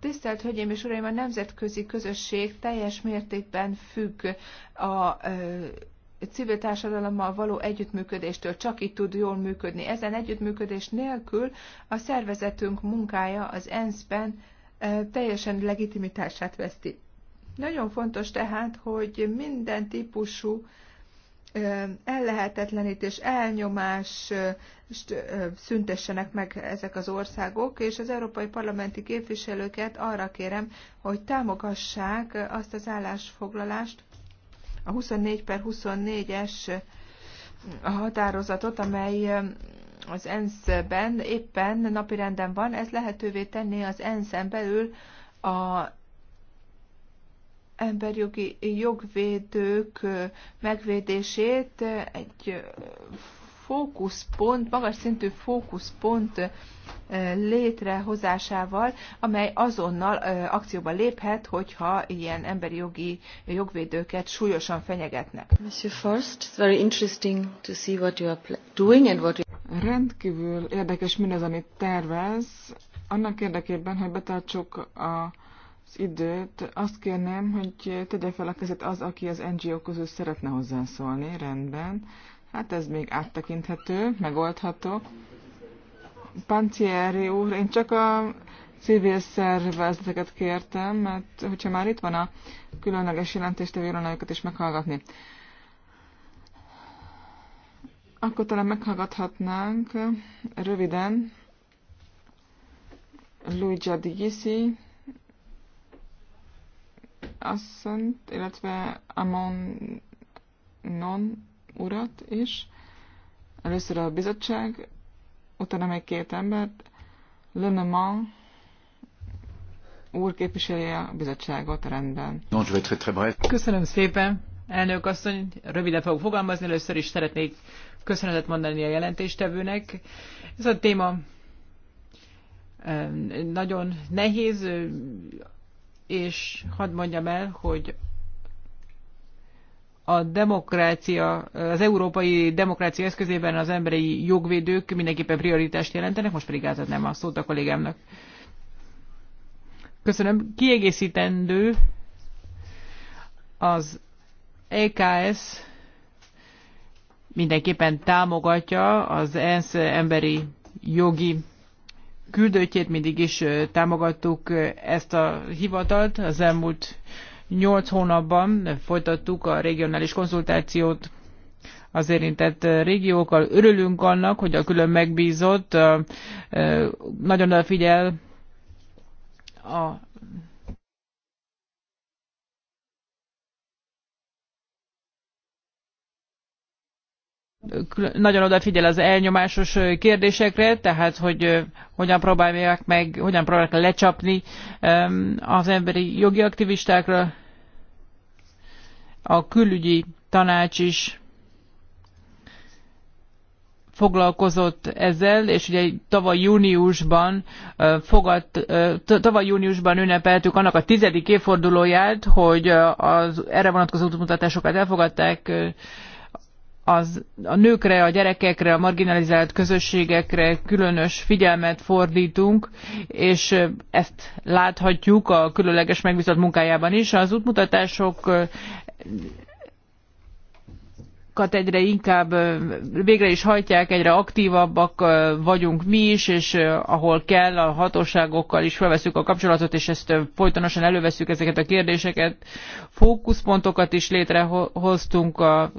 Speaker 1: Tisztelt Hölgyeim és Uraim, a nemzetközi közösség teljes mértékben függ a civil társadalommal való együttműködéstől csak így tud jól működni. Ezen együttműködés nélkül a szervezetünk munkája az ENSZ-ben teljesen legitimitását veszti. Nagyon fontos tehát, hogy minden típusú ellehetetlenítés, elnyomás szüntessenek meg ezek az országok, és az európai parlamenti képviselőket arra kérem, hogy támogassák azt az állásfoglalást, a 24 per 24-es határozatot, amely um, az ENSZ-ben éppen napirenden van, ez lehetővé tenné az ENSZ-en belül a emberjogi jogvédők uh, megvédését egy uh, fókuszpont, magas szintű fókuszpont létrehozásával, amely azonnal akcióba léphet, hogyha ilyen emberi jogi jogvédőket súlyosan fenyegetnek. Monsieur Forst, it's
Speaker 4: very interesting to see what you are doing and what you... Rendkívül érdekes mindez, amit tervez. Annak érdekében, hogy betartsuk a az időt, azt kérném, hogy tegye fel a kezet az, aki az NGO közül szeretne hozzászólni, rendben. Hát ez még áttekinthető, megoldható. Pancieri úr, én csak a civil szervezeteket kértem, mert hogyha már itt van a különleges jelentéstevőről, őket is meghallgatni. Akkor talán meghallgathatnánk röviden Luigi Digisi asszonyt, illetve Amon Non urat is. Először a bizottság, utána még két embert. Lenemant
Speaker 2: úr képviseli a bizottságot rendben. Köszönöm szépen, elnök asszony. Röviden fogok fogalmazni. Először is szeretnék köszönetet mondani a jelentéstevőnek. Ez a téma nagyon nehéz, és hadd mondjam el, hogy a demokrácia, az európai demokrácia eszközében az emberi jogvédők mindenképpen prioritást jelentenek, most pedig átadnám a szót a kollégámnak. Köszönöm. Kiegészítendő az EKS mindenképpen támogatja az ENSZ emberi jogi küldöttjét, mindig is támogattuk ezt a hivatalt az elmúlt Nyolc hónapban folytattuk a regionális konzultációt az érintett régiókkal. Örülünk annak, hogy a külön megbízott nagyon odafigyel a nagyon odafigyel az elnyomásos kérdésekre, tehát hogy hogyan próbálják meg, hogyan próbálják lecsapni az emberi jogi aktivistákra. A külügyi tanács is foglalkozott ezzel, és ugye tavaly júniusban fogadt, tavaly júniusban ünnepeltük annak a tizedik évfordulóját, hogy az erre vonatkozó útmutatásokat elfogadták az, a nőkre, a gyerekekre, a marginalizált közösségekre különös figyelmet fordítunk, és ezt láthatjuk a különleges megbízott munkájában is. Az útmutatások egyre inkább végre is hajtják, egyre aktívabbak vagyunk mi is, és ahol kell, a hatóságokkal is felveszünk a kapcsolatot, és ezt folytonosan előveszük ezeket a kérdéseket. Fókuszpontokat is létrehoztunk a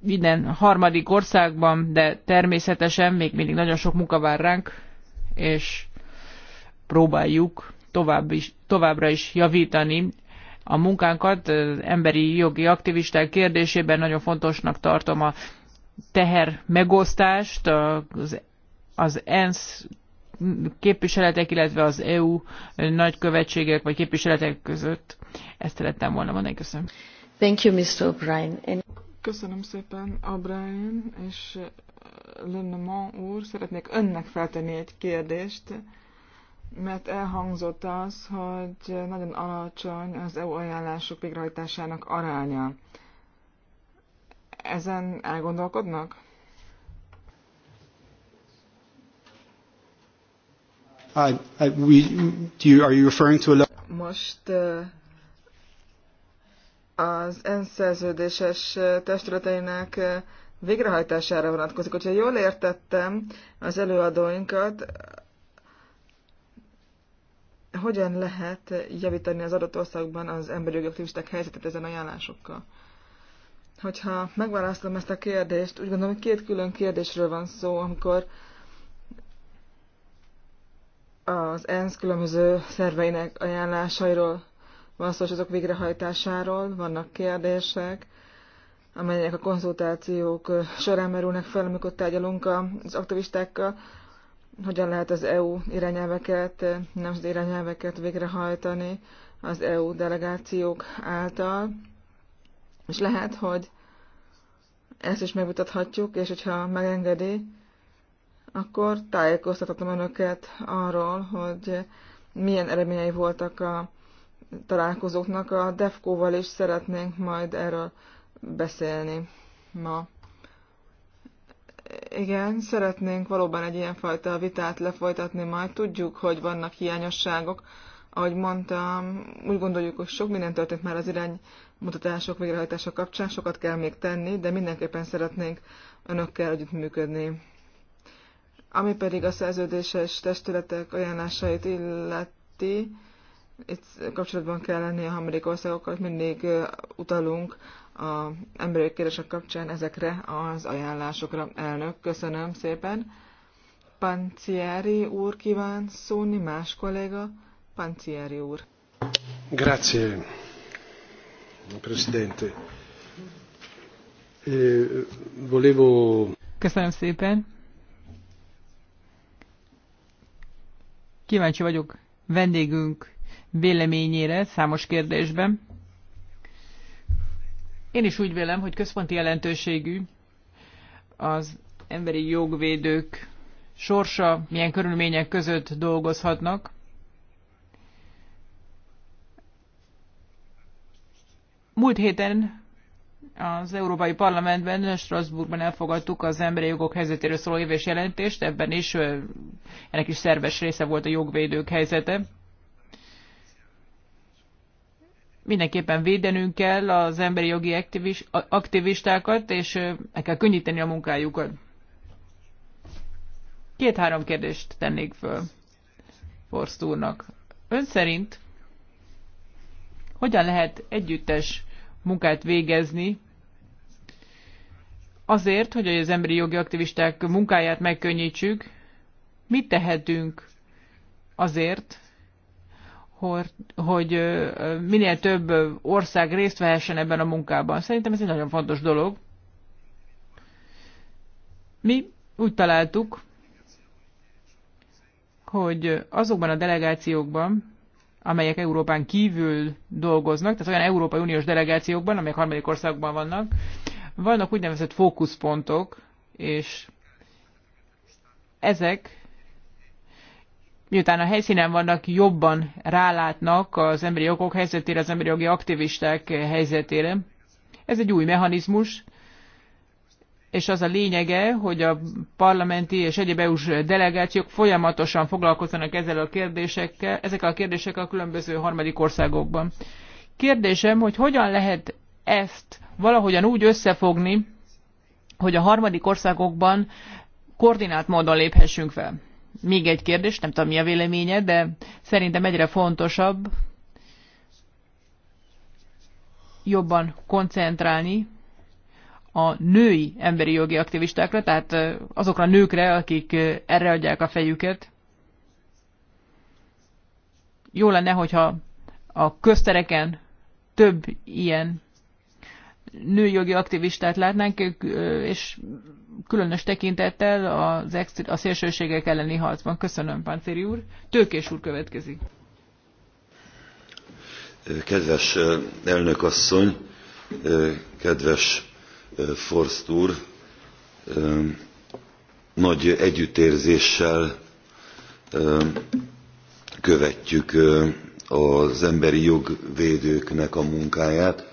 Speaker 2: minden harmadik országban, de természetesen még mindig nagyon sok munka vár ránk, és próbáljuk tovább is, továbbra is javítani a munkánkat. Emberi jogi aktivisták kérdésében nagyon fontosnak tartom a teher megosztást, az, az ENSZ képviseletek, illetve az EU nagykövetségek vagy képviseletek között. Ezt szerettem volna mondani. Köszönöm.
Speaker 3: Thank you, Mr. O'Brien. And...
Speaker 4: Köszönöm szépen, O'Brien, és uh, Lennemont úr, szeretnék önnek feltenni egy kérdést, mert elhangzott az, hogy nagyon alacsony az EU ajánlások végrehajtásának aránya. Ezen elgondolkodnak?
Speaker 3: I, we, do you, are you referring to a...
Speaker 4: Most uh, az ENSZ testületeinek végrehajtására vonatkozik. Hogyha jól értettem az előadóinkat, hogyan lehet javítani az adott országban az emberi jogi aktivisták helyzetet ezen ajánlásokkal? Hogyha megválasztom ezt a kérdést, úgy gondolom, hogy két külön kérdésről van szó, amikor az ENSZ különböző szerveinek ajánlásairól van szó, azok végrehajtásáról vannak kérdések, amelyek a konzultációk során merülnek fel, amikor tárgyalunk az aktivistákkal, hogyan lehet az EU irányelveket, nemzeti irányelveket végrehajtani az EU delegációk által. És lehet, hogy ezt is megmutathatjuk, és hogyha megengedi, akkor tájékoztathatom önöket arról, hogy milyen eredményei voltak a találkozóknak. A DEFCO-val is szeretnénk majd erről beszélni ma. Igen, szeretnénk valóban egy ilyenfajta vitát lefolytatni majd. Tudjuk, hogy vannak hiányosságok. Ahogy mondtam, úgy gondoljuk, hogy sok minden történt már az iránymutatások végrehajtása kapcsán, sokat kell még tenni, de mindenképpen szeretnénk önökkel együttműködni. Ami pedig a szerződéses testületek ajánlásait illeti, itt kapcsolatban kell lenni a harmadik országokkal, mindig utalunk az emberi kérdések kapcsán ezekre az ajánlásokra. Elnök, köszönöm szépen. Pancieri úr kíván szólni, más kolléga. Pancieri úr.
Speaker 3: Grazie, Presidente. Eh, volevo... Köszönöm
Speaker 2: szépen. Kíváncsi vagyok vendégünk véleményére számos kérdésben. Én is úgy vélem, hogy központi jelentőségű az emberi jogvédők sorsa, milyen körülmények között dolgozhatnak. Múlt héten az Európai Parlamentben, Strasbourgban elfogadtuk az emberi jogok helyzetéről szóló éves jelentést, ebben is, ennek is szerves része volt a jogvédők helyzete mindenképpen védenünk kell az emberi jogi aktivistákat, és meg kell könnyíteni a munkájukat. Két-három kérdést tennék föl Forst úrnak. Ön szerint hogyan lehet együttes munkát végezni azért, hogy az emberi jogi aktivisták munkáját megkönnyítsük, mit tehetünk azért, hogy minél több ország részt vehessen ebben a munkában. Szerintem ez egy nagyon fontos dolog. Mi úgy találtuk, hogy azokban a delegációkban, amelyek Európán kívül dolgoznak, tehát olyan Európai Uniós delegációkban, amelyek harmadik országban vannak, vannak úgynevezett fókuszpontok, és ezek miután a helyszínen vannak, jobban rálátnak az emberi jogok helyzetére, az emberi jogi aktivisták helyzetére. Ez egy új mechanizmus, és az a lényege, hogy a parlamenti és egyéb EU-s delegációk folyamatosan foglalkozzanak ezzel a kérdésekkel, ezekkel a kérdések a különböző harmadik országokban. Kérdésem, hogy hogyan lehet ezt valahogyan úgy összefogni, hogy a harmadik országokban koordinált módon léphessünk fel még egy kérdés, nem tudom mi a véleménye, de szerintem egyre fontosabb jobban koncentrálni a női emberi jogi aktivistákra, tehát azokra a nőkre, akik erre adják a fejüket. Jó lenne, hogyha a köztereken több ilyen nőjogi aktivistát látnánk, és különös tekintettel az extra, a szélsőségek elleni harcban. Köszönöm, Páncéri úr. Tőkés úr következik.
Speaker 3: Kedves elnökasszony, kedves Forst úr, nagy együttérzéssel követjük az emberi jogvédőknek a munkáját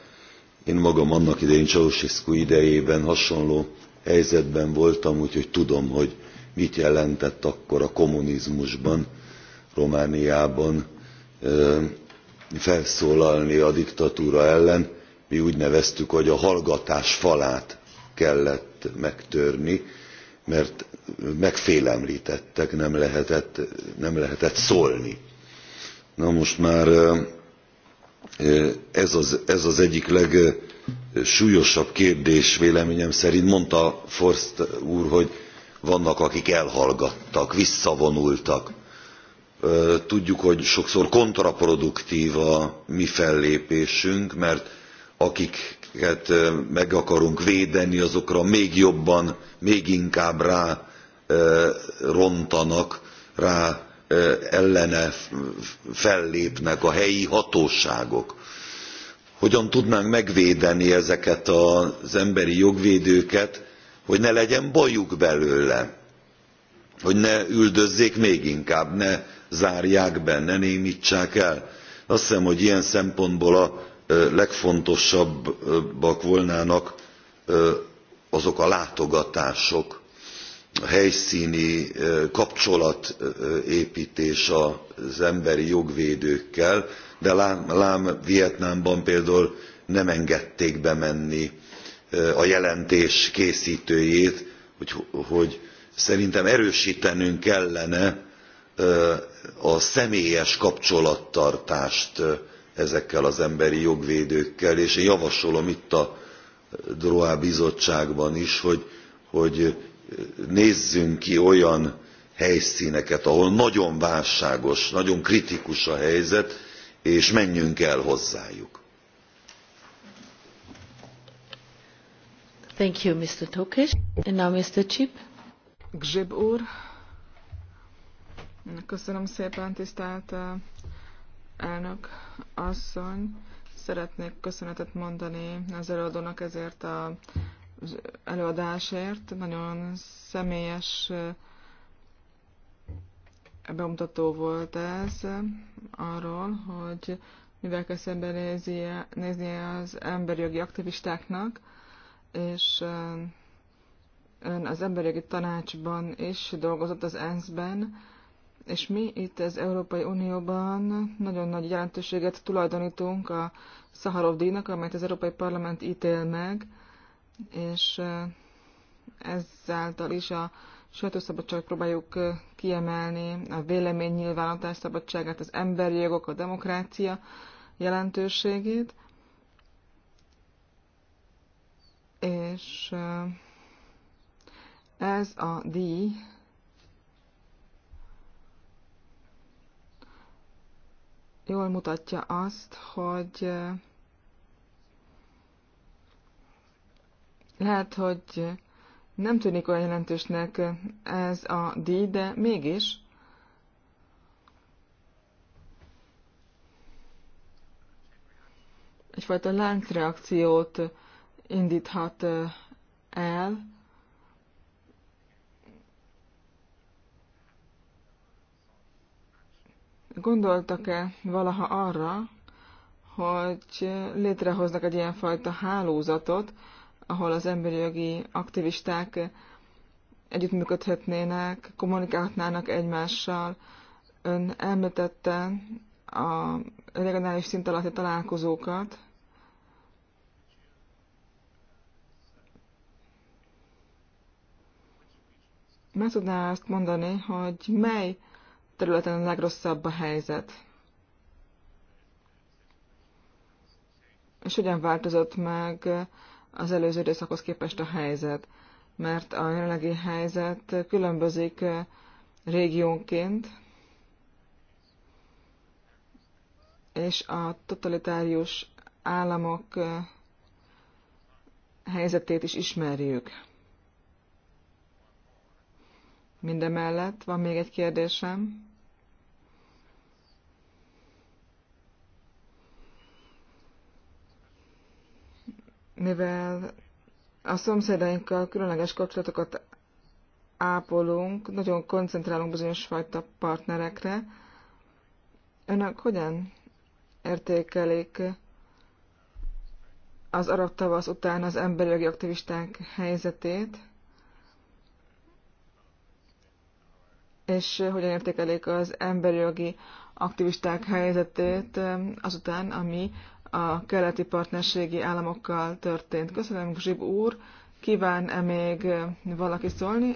Speaker 3: én magam annak idején Csaușescu idejében hasonló helyzetben voltam, úgyhogy tudom, hogy mit jelentett akkor a kommunizmusban, Romániában felszólalni a diktatúra ellen. Mi úgy neveztük, hogy a hallgatás falát kellett megtörni, mert megfélemlítettek, nem lehetett, nem lehetett szólni. Na most már Eh, ez az, ez az egyik legsúlyosabb kérdés véleményem szerint. Mondta Forst úr, hogy vannak, akik elhallgattak, visszavonultak. Eh, tudjuk, hogy sokszor kontraproduktív a mi fellépésünk, mert akiket eh, meg akarunk védeni, azokra még jobban, még inkább rá rontanak, rá ellene fellépnek a helyi hatóságok. Hogyan tudnánk megvédeni ezeket az emberi jogvédőket, hogy ne legyen bajuk belőle, hogy ne üldözzék még inkább, ne zárják be, ne némítsák el. Azt hiszem, hogy ilyen szempontból a legfontosabbak volnának azok a látogatások, helyszíni kapcsolatéptés az emberi jogvédőkkel de lám, vietnámban például nem engedték bemenni a jelentés késztőjét hogy, szerintem erőstenünk kellene a személyes kapcsolattartást ezekkel az emberi jogvédőkkel és én javasolom itt a droit bizottságban is hogy nézzünk ki olyan helyszíneket, ahol nagyon válságos, nagyon kritikus a helyzet, és menjünk el hozzájuk. Thank you, Mr. Tokes. And now Mr. Chip.
Speaker 4: Gzsib úr. Köszönöm szépen, tisztelt eh, elnök asszony. Szeretnék köszönetet mondani az előadónak ezért a előadásért. Nagyon személyes bemutató volt ez arról, hogy mivel kell szembenéznie néznie az emberi jogi aktivistáknak, és ön az jogi tanácsban is dolgozott az ENSZ-ben, és mi itt az Európai Unióban nagyon nagy jelentőséget tulajdonítunk a Szaharov díjnak, amelyet az Európai Parlament ítél meg, és eh, ezáltal is a sajtószabadságot próbáljuk eh, kiemelni, a véleménynyilvánítás szabadságát, az emberi jogok, a demokrácia jelentőségét, és eh, ez a díj jól mutatja azt, hogy Lehet, hogy nem tűnik olyan jelentősnek ez a díj, de mégis egyfajta láncreakciót indíthat el, Gondoltak-e valaha arra, hogy létrehoznak egy ilyenfajta hálózatot, ahol az emberi jogi aktivisták együttműködhetnének, kommunikálhatnának egymással. Ön említette a regionális szint alatti találkozókat. Meg tudná azt mondani, hogy mely területen a legrosszabb a helyzet? És hogyan változott meg az előző időszakhoz képest a helyzet, mert a jelenlegi helyzet különbözik eh, régiónként, és a totalitárius államok eh, helyzetét is ismerjük. Mindemellett van még egy kérdésem. mivel a szomszédainkkal különleges kapcsolatokat ápolunk, nagyon koncentrálunk bizonyos fajta partnerekre. Önök hogyan értékelik az arab tavasz után az emberi jogi aktivisták helyzetét, és hogyan értékelik az emberi jogi aktivisták helyzetét azután, ami a keleti partnerségi államokkal történt. Köszönöm, Zsib úr. Kíván-e még valaki szólni?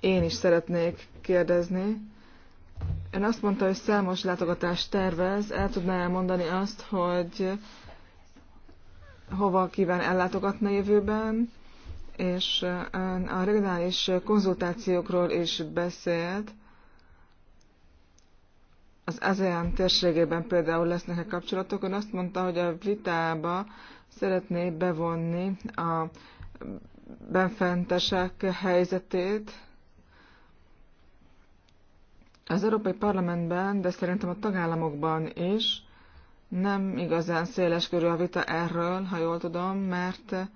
Speaker 4: Én is szeretnék kérdezni. Ön azt mondta, hogy számos látogatást tervez. El tudná elmondani azt, hogy hova kíván ellátogatni a jövőben? És a regionális konzultációkról is beszélt az ASEAN térségében például lesznek a kapcsolatok. Ön azt mondta, hogy a vitába szeretné bevonni a benfentesek helyzetét az Európai Parlamentben, de szerintem a tagállamokban is nem igazán széles körű a vita erről, ha jól tudom, mert nem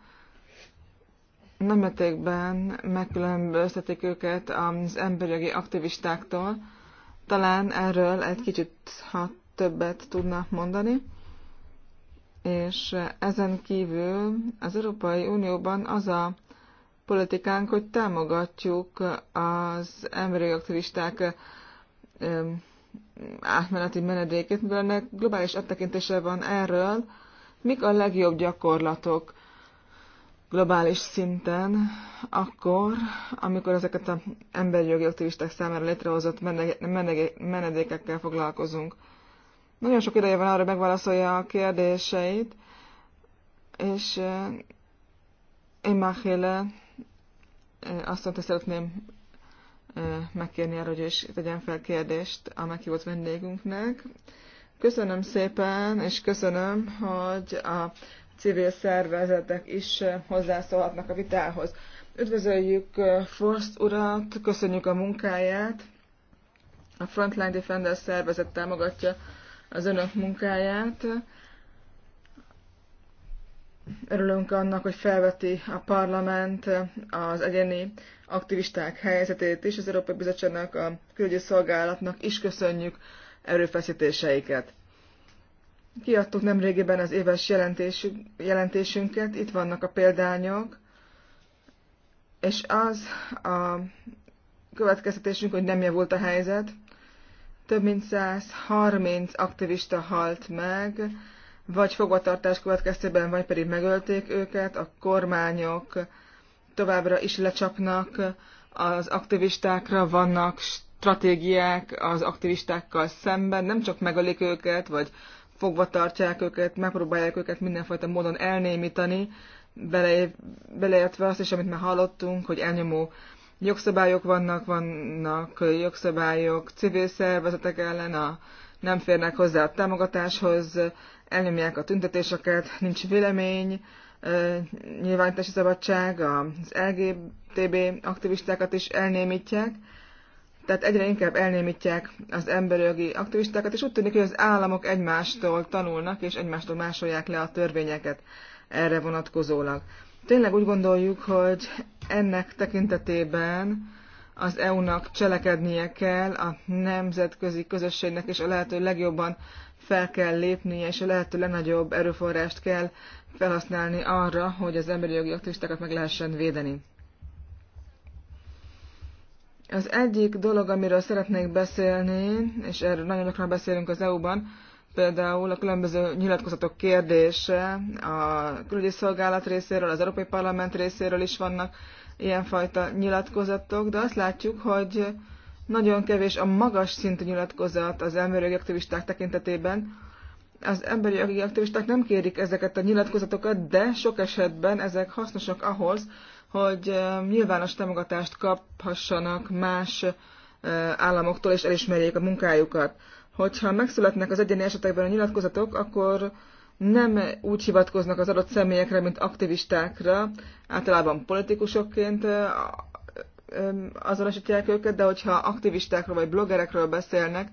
Speaker 4: nemetékben megkülönböztetik őket az emberjogi aktivistáktól, talán erről egy kicsit, ha többet tudna mondani. És ezen kívül az Európai Unióban az a politikánk, hogy támogatjuk az emberi aktivisták átmeneti menedékét, mivel ennek globális áttekintése van erről, mik a legjobb gyakorlatok, globális szinten, akkor, amikor ezeket az emberi jogi aktivisták számára létrehozott menedékekkel foglalkozunk. Nagyon sok ideje van arra, hogy megválaszolja a kérdéseit, és eh, én Máhéle eh, azt mondta, szeretném eh, megkérni arra, hogy is tegyen fel kérdést a meghívott vendégünknek. Köszönöm szépen, és köszönöm, hogy a civil szervezetek is hozzászólhatnak a vitához. Üdvözöljük Forst urat, köszönjük a munkáját. A Frontline Defender szervezet támogatja az önök munkáját. Örülünk annak, hogy felveti a parlament az egyéni aktivisták helyzetét is. Az Európai Bizottságnak, a külügyi szolgálatnak is köszönjük erőfeszítéseiket. Kiadtuk nemrégiben az éves jelentésünk, jelentésünket, itt vannak a példányok, és az a következtetésünk, hogy nem javult a helyzet. Több mint 130 aktivista halt meg, vagy fogvatartás következtében, vagy pedig megölték őket, a kormányok továbbra is lecsapnak az aktivistákra, vannak stratégiák az aktivistákkal szemben, nem csak megölik őket, vagy fogva tartják őket, megpróbálják őket mindenfajta módon elnémítani, bele, beleértve azt is, amit már hallottunk, hogy elnyomó jogszabályok vannak, vannak jogszabályok civil szervezetek ellen, a, nem férnek hozzá a támogatáshoz, elnyomják a tüntetéseket, nincs vélemény, nyilvánítási szabadság, az LGTB aktivistákat is elnémítják, tehát egyre inkább elnémítják az emberjogi aktivistákat, és úgy tűnik, hogy az államok egymástól tanulnak, és egymástól másolják le a törvényeket erre vonatkozólag. Tényleg úgy gondoljuk, hogy ennek tekintetében az EU-nak cselekednie kell, a nemzetközi közösségnek, és a lehető legjobban fel kell lépnie, és a lehető legnagyobb erőforrást kell felhasználni arra, hogy az emberi jogi aktivistákat meg lehessen védeni. Az egyik dolog, amiről szeretnék beszélni, és erről nagyon gyakran beszélünk az EU-ban, például a különböző nyilatkozatok kérdése, a külügyi szolgálat részéről, az Európai Parlament részéről is vannak ilyenfajta nyilatkozatok, de azt látjuk, hogy nagyon kevés a magas szintű nyilatkozat az emberi jogi aktivisták tekintetében. Az emberi jogi aktivisták nem kérik ezeket a nyilatkozatokat, de sok esetben ezek hasznosak ahhoz, hogy nyilvános támogatást kaphassanak más államoktól, és elismerjék a munkájukat. Hogyha megszületnek az egyéni esetekben a nyilatkozatok, akkor nem úgy hivatkoznak az adott személyekre, mint aktivistákra, általában politikusokként azonosítják őket, de hogyha aktivistákról vagy bloggerekről beszélnek,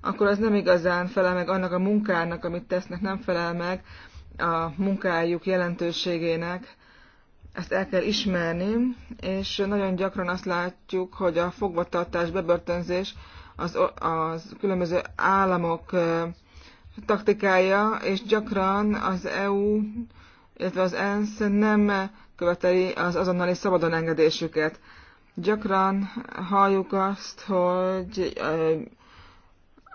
Speaker 4: akkor az nem igazán felel meg annak a munkának, amit tesznek, nem felel meg a munkájuk jelentőségének, ezt el kell ismerni, és nagyon gyakran azt látjuk, hogy a fogvatartás, bebörtönzés az, az különböző államok taktikája, és gyakran az EU, illetve az ENSZ nem követeli az azonnali szabadon engedésüket. Gyakran halljuk azt, hogy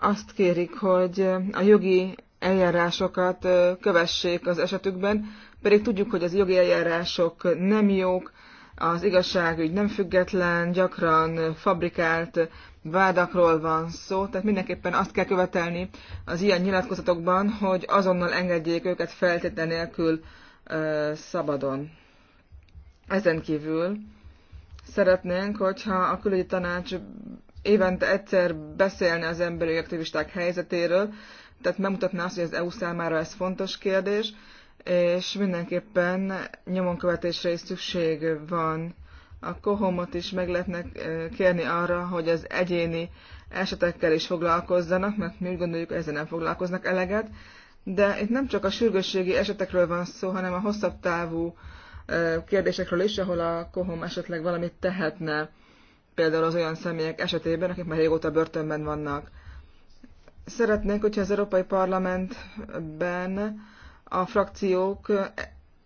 Speaker 4: azt kérik, hogy a jogi eljárásokat kövessék az esetükben, pedig tudjuk, hogy az jogi eljárások nem jók, az igazságügy nem független, gyakran fabrikált vádakról van szó, tehát mindenképpen azt kell követelni az ilyen nyilatkozatokban, hogy azonnal engedjék őket feltétlen nélkül ö, szabadon. Ezen kívül szeretnénk, hogyha a külügyi tanács évente egyszer beszélne az emberi aktivisták helyzetéről, tehát megmutatná azt, hogy az EU számára ez fontos kérdés, és mindenképpen nyomonkövetésre is szükség van. A kohomot is meg lehetne kérni arra, hogy az egyéni esetekkel is foglalkozzanak, mert mi úgy gondoljuk, ezzel nem foglalkoznak eleget. De itt nem csak a sürgősségi esetekről van szó, hanem a hosszabb távú kérdésekről is, ahol a kohom esetleg valamit tehetne, például az olyan személyek esetében, akik már régóta börtönben vannak. Szeretnék, hogyha az Európai Parlamentben a frakciók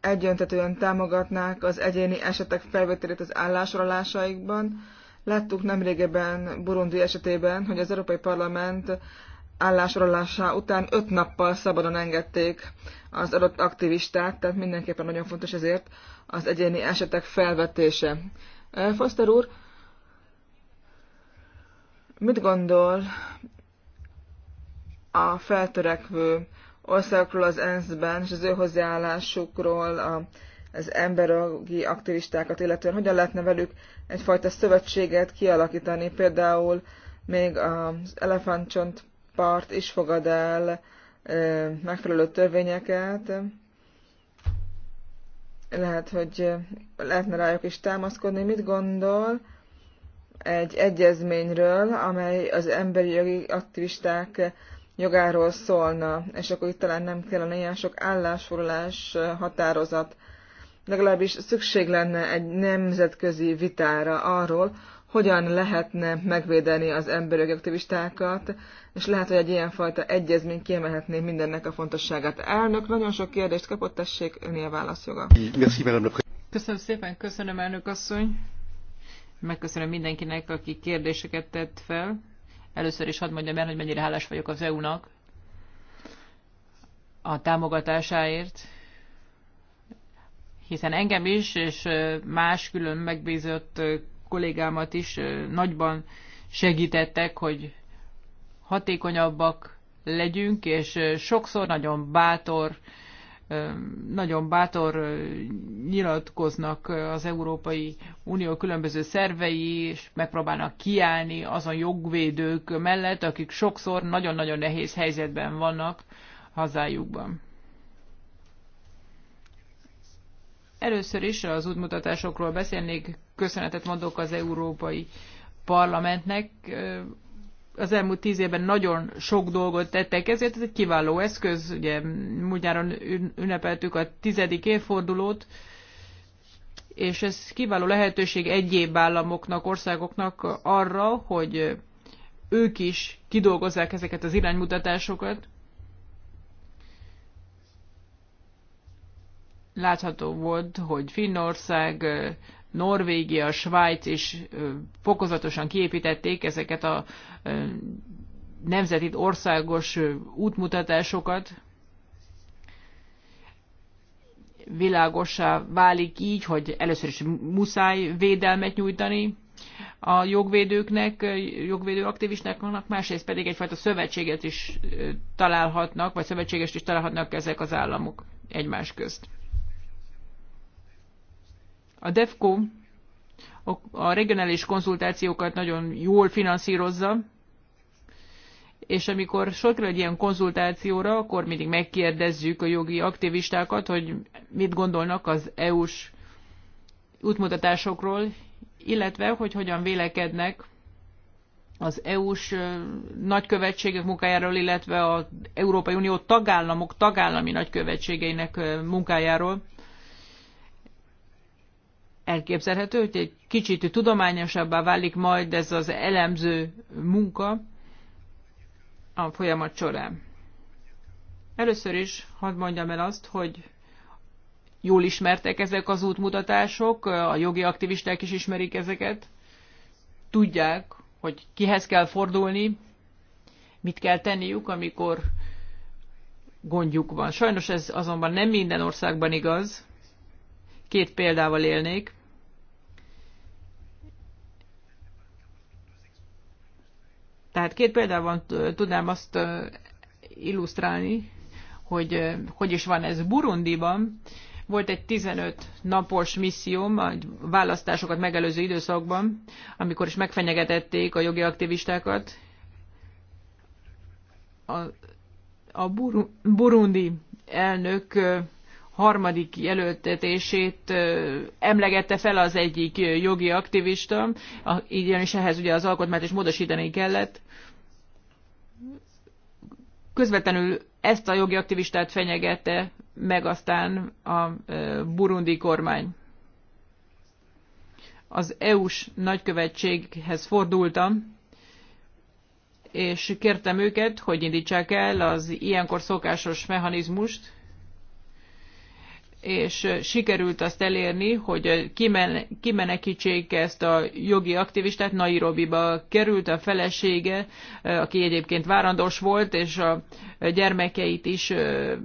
Speaker 4: egyöntetően támogatnák az egyéni esetek felvételét az állásolásaikban. Láttuk régebben Burundi esetében, hogy az Európai Parlament állásolása után öt nappal szabadon engedték az adott aktivistát, tehát mindenképpen nagyon fontos ezért az egyéni esetek felvetése. Foster úr, mit gondol a feltörekvő országokról az ENSZ-ben, és az ő hozzáállásukról, a, az emberi aktivistákat, illetően hogyan lehetne velük egyfajta szövetséget kialakítani. Például még az elefántcsont part is fogad el e, megfelelő törvényeket. Lehet, hogy lehetne rájuk is támaszkodni. Mit gondol egy egyezményről, amely az emberi jogi aktivisták jogáról szólna, és akkor itt talán nem kellene ilyen sok állásfoglalás határozat. Legalábbis szükség lenne egy nemzetközi vitára arról, hogyan lehetne megvédeni az emberi aktivistákat, és lehet, hogy egy ilyenfajta egyezmény kiemelhetné mindennek a fontosságát. Elnök, nagyon sok kérdést kapott, tessék, öné a válaszjoga.
Speaker 2: Köszönöm szépen, köszönöm elnök asszony. Megköszönöm mindenkinek, aki kérdéseket tett fel. Először is hadd mondjam el, hogy mennyire hálás vagyok az EU-nak a támogatásáért, hiszen engem is, és más külön megbízott kollégámat is nagyban segítettek, hogy hatékonyabbak legyünk, és sokszor nagyon bátor nagyon bátor nyilatkoznak az Európai Unió különböző szervei, és megpróbálnak kiállni azon jogvédők mellett, akik sokszor nagyon-nagyon nehéz helyzetben vannak hazájukban. Először is az útmutatásokról beszélnék, köszönetet mondok az Európai Parlamentnek az elmúlt tíz évben nagyon sok dolgot tettek, ezért ez egy kiváló eszköz. Ugye múltjáron ünnepeltük a tizedik évfordulót, és ez kiváló lehetőség egyéb államoknak, országoknak arra, hogy ők is kidolgozzák ezeket az iránymutatásokat. Látható volt, hogy Finnország, Norvégia, Svájc is fokozatosan kiépítették ezeket a nemzeti országos útmutatásokat. Világosá válik így, hogy először is muszáj védelmet nyújtani a jogvédőknek, jogvédő aktivistáknak, másrészt pedig egyfajta szövetséget is találhatnak, vagy szövetségest is találhatnak ezek az államok egymás közt. A DEFCO a regionális konzultációkat nagyon jól finanszírozza, és amikor sor kerül egy ilyen konzultációra, akkor mindig megkérdezzük a jogi aktivistákat, hogy mit gondolnak az EU-s útmutatásokról, illetve hogy hogyan vélekednek az EU-s nagykövetségek munkájáról, illetve az Európai Unió tagállamok tagállami nagykövetségeinek munkájáról elképzelhető, hogy egy kicsit tudományosabbá válik majd ez az elemző munka a folyamat során. Először is hadd mondjam el azt, hogy jól ismertek ezek az útmutatások, a jogi aktivisták is ismerik ezeket, tudják, hogy kihez kell fordulni, mit kell tenniük, amikor gondjuk van. Sajnos ez azonban nem minden országban igaz. Két példával élnék. Tehát két példában tudnám azt illusztrálni, hogy hogy is van ez Burundiban. Volt egy 15 napos misszióm a választásokat megelőző időszakban, amikor is megfenyegetették a jogi aktivistákat. A, a Burundi elnök harmadik jelöltetését emlegette fel az egyik jogi aktivista, így is ehhez ugye az alkotmányt is módosítani kellett. Közvetlenül ezt a jogi aktivistát fenyegette meg aztán a burundi kormány. Az EU-s nagykövetséghez fordultam, és kértem őket, hogy indítsák el az ilyenkor szokásos mechanizmust, és sikerült azt elérni, hogy kimen, kimenekítsék ezt a jogi aktivistát, Nairobiba került a felesége, aki egyébként várandós volt, és a gyermekeit is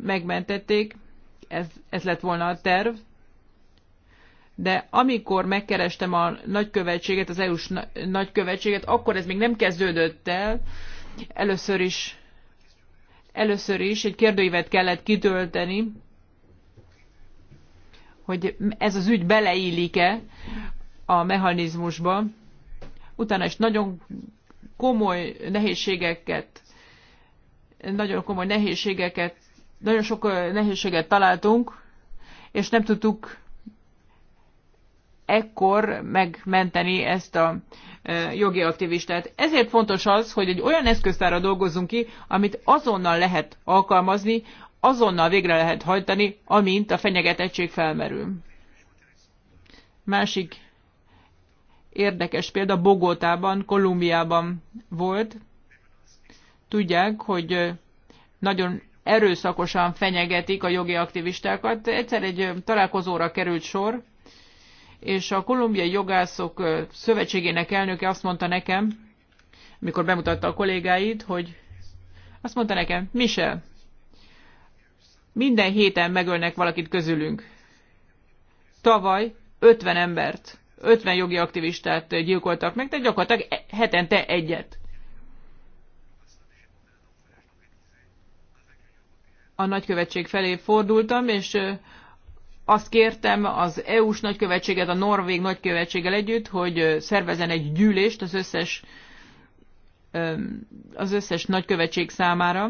Speaker 2: megmentették. Ez, ez lett volna a terv. De amikor megkerestem a nagykövetséget, az EU-s nagykövetséget, akkor ez még nem kezdődött el. Először is, először is egy kérdőívet kellett kitölteni, hogy ez az ügy beleillik-e a mechanizmusba. Utána is nagyon komoly nehézségeket, nagyon komoly nehézségeket, nagyon sok nehézséget találtunk, és nem tudtuk ekkor megmenteni ezt a jogi aktivistát. Ezért fontos az, hogy egy olyan eszköztára dolgozzunk ki, amit azonnal lehet alkalmazni, azonnal végre lehet hajtani, amint a fenyegetettség felmerül. Másik érdekes példa Bogotában, Kolumbiában volt. Tudják, hogy nagyon erőszakosan fenyegetik a jogi aktivistákat. Egyszer egy találkozóra került sor, és a kolumbiai jogászok szövetségének elnöke azt mondta nekem, mikor bemutatta a kollégáit, hogy azt mondta nekem, Michel, minden héten megölnek valakit közülünk. Tavaly 50 embert, 50 jogi aktivistát gyilkoltak meg, de gyakorlatilag e- hetente egyet. A nagykövetség felé fordultam, és azt kértem az EU-s nagykövetséget, a Norvég nagykövetséggel együtt, hogy szervezen egy gyűlést az összes, az összes nagykövetség számára.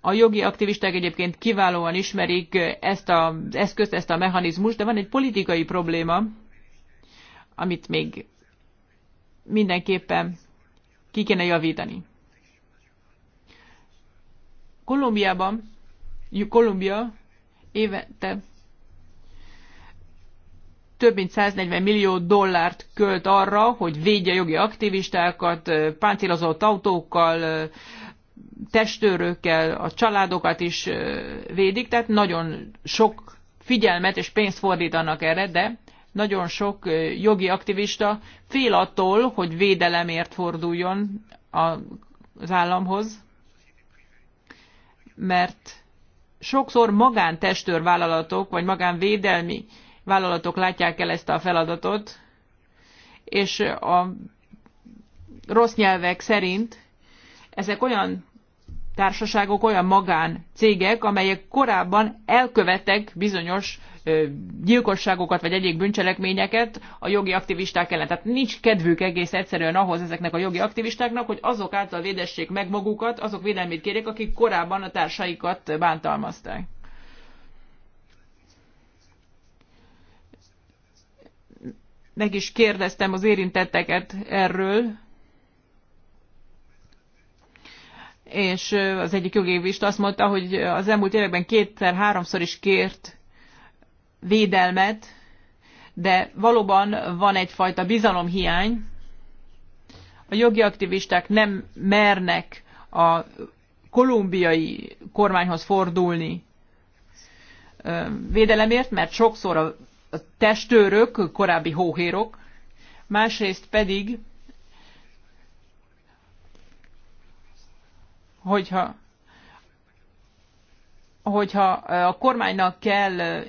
Speaker 2: A jogi aktivisták egyébként kiválóan ismerik ezt az eszközt, ezt a mechanizmust, de van egy politikai probléma, amit még mindenképpen ki kéne javítani. Kolumbiában, Kolumbia évente több mint 140 millió dollárt költ arra, hogy védje jogi aktivistákat, páncélozott autókkal, testőrökkel, a családokat is védik, tehát nagyon sok figyelmet és pénzt fordítanak erre, de nagyon sok jogi aktivista fél attól, hogy védelemért forduljon az államhoz, mert sokszor magántestőrvállalatok vagy magánvédelmi vállalatok látják el ezt a feladatot, és a rossz nyelvek szerint ezek olyan társaságok olyan magán cégek, amelyek korábban elkövettek bizonyos gyilkosságokat vagy egyéb bűncselekményeket a jogi aktivisták ellen. Tehát nincs kedvük egész egyszerűen ahhoz ezeknek a jogi aktivistáknak, hogy azok által védessék meg magukat, azok védelmét kérjék, akik korábban a társaikat bántalmazták. Meg is kérdeztem az érintetteket erről, és az egyik jogévista azt mondta, hogy az elmúlt években kétszer-háromszor is kért védelmet, de valóban van egyfajta bizalomhiány. A jogi aktivisták nem mernek a kolumbiai kormányhoz fordulni védelemért, mert sokszor a testőrök korábbi hóhérok, másrészt pedig hogyha, hogyha a kormánynak kell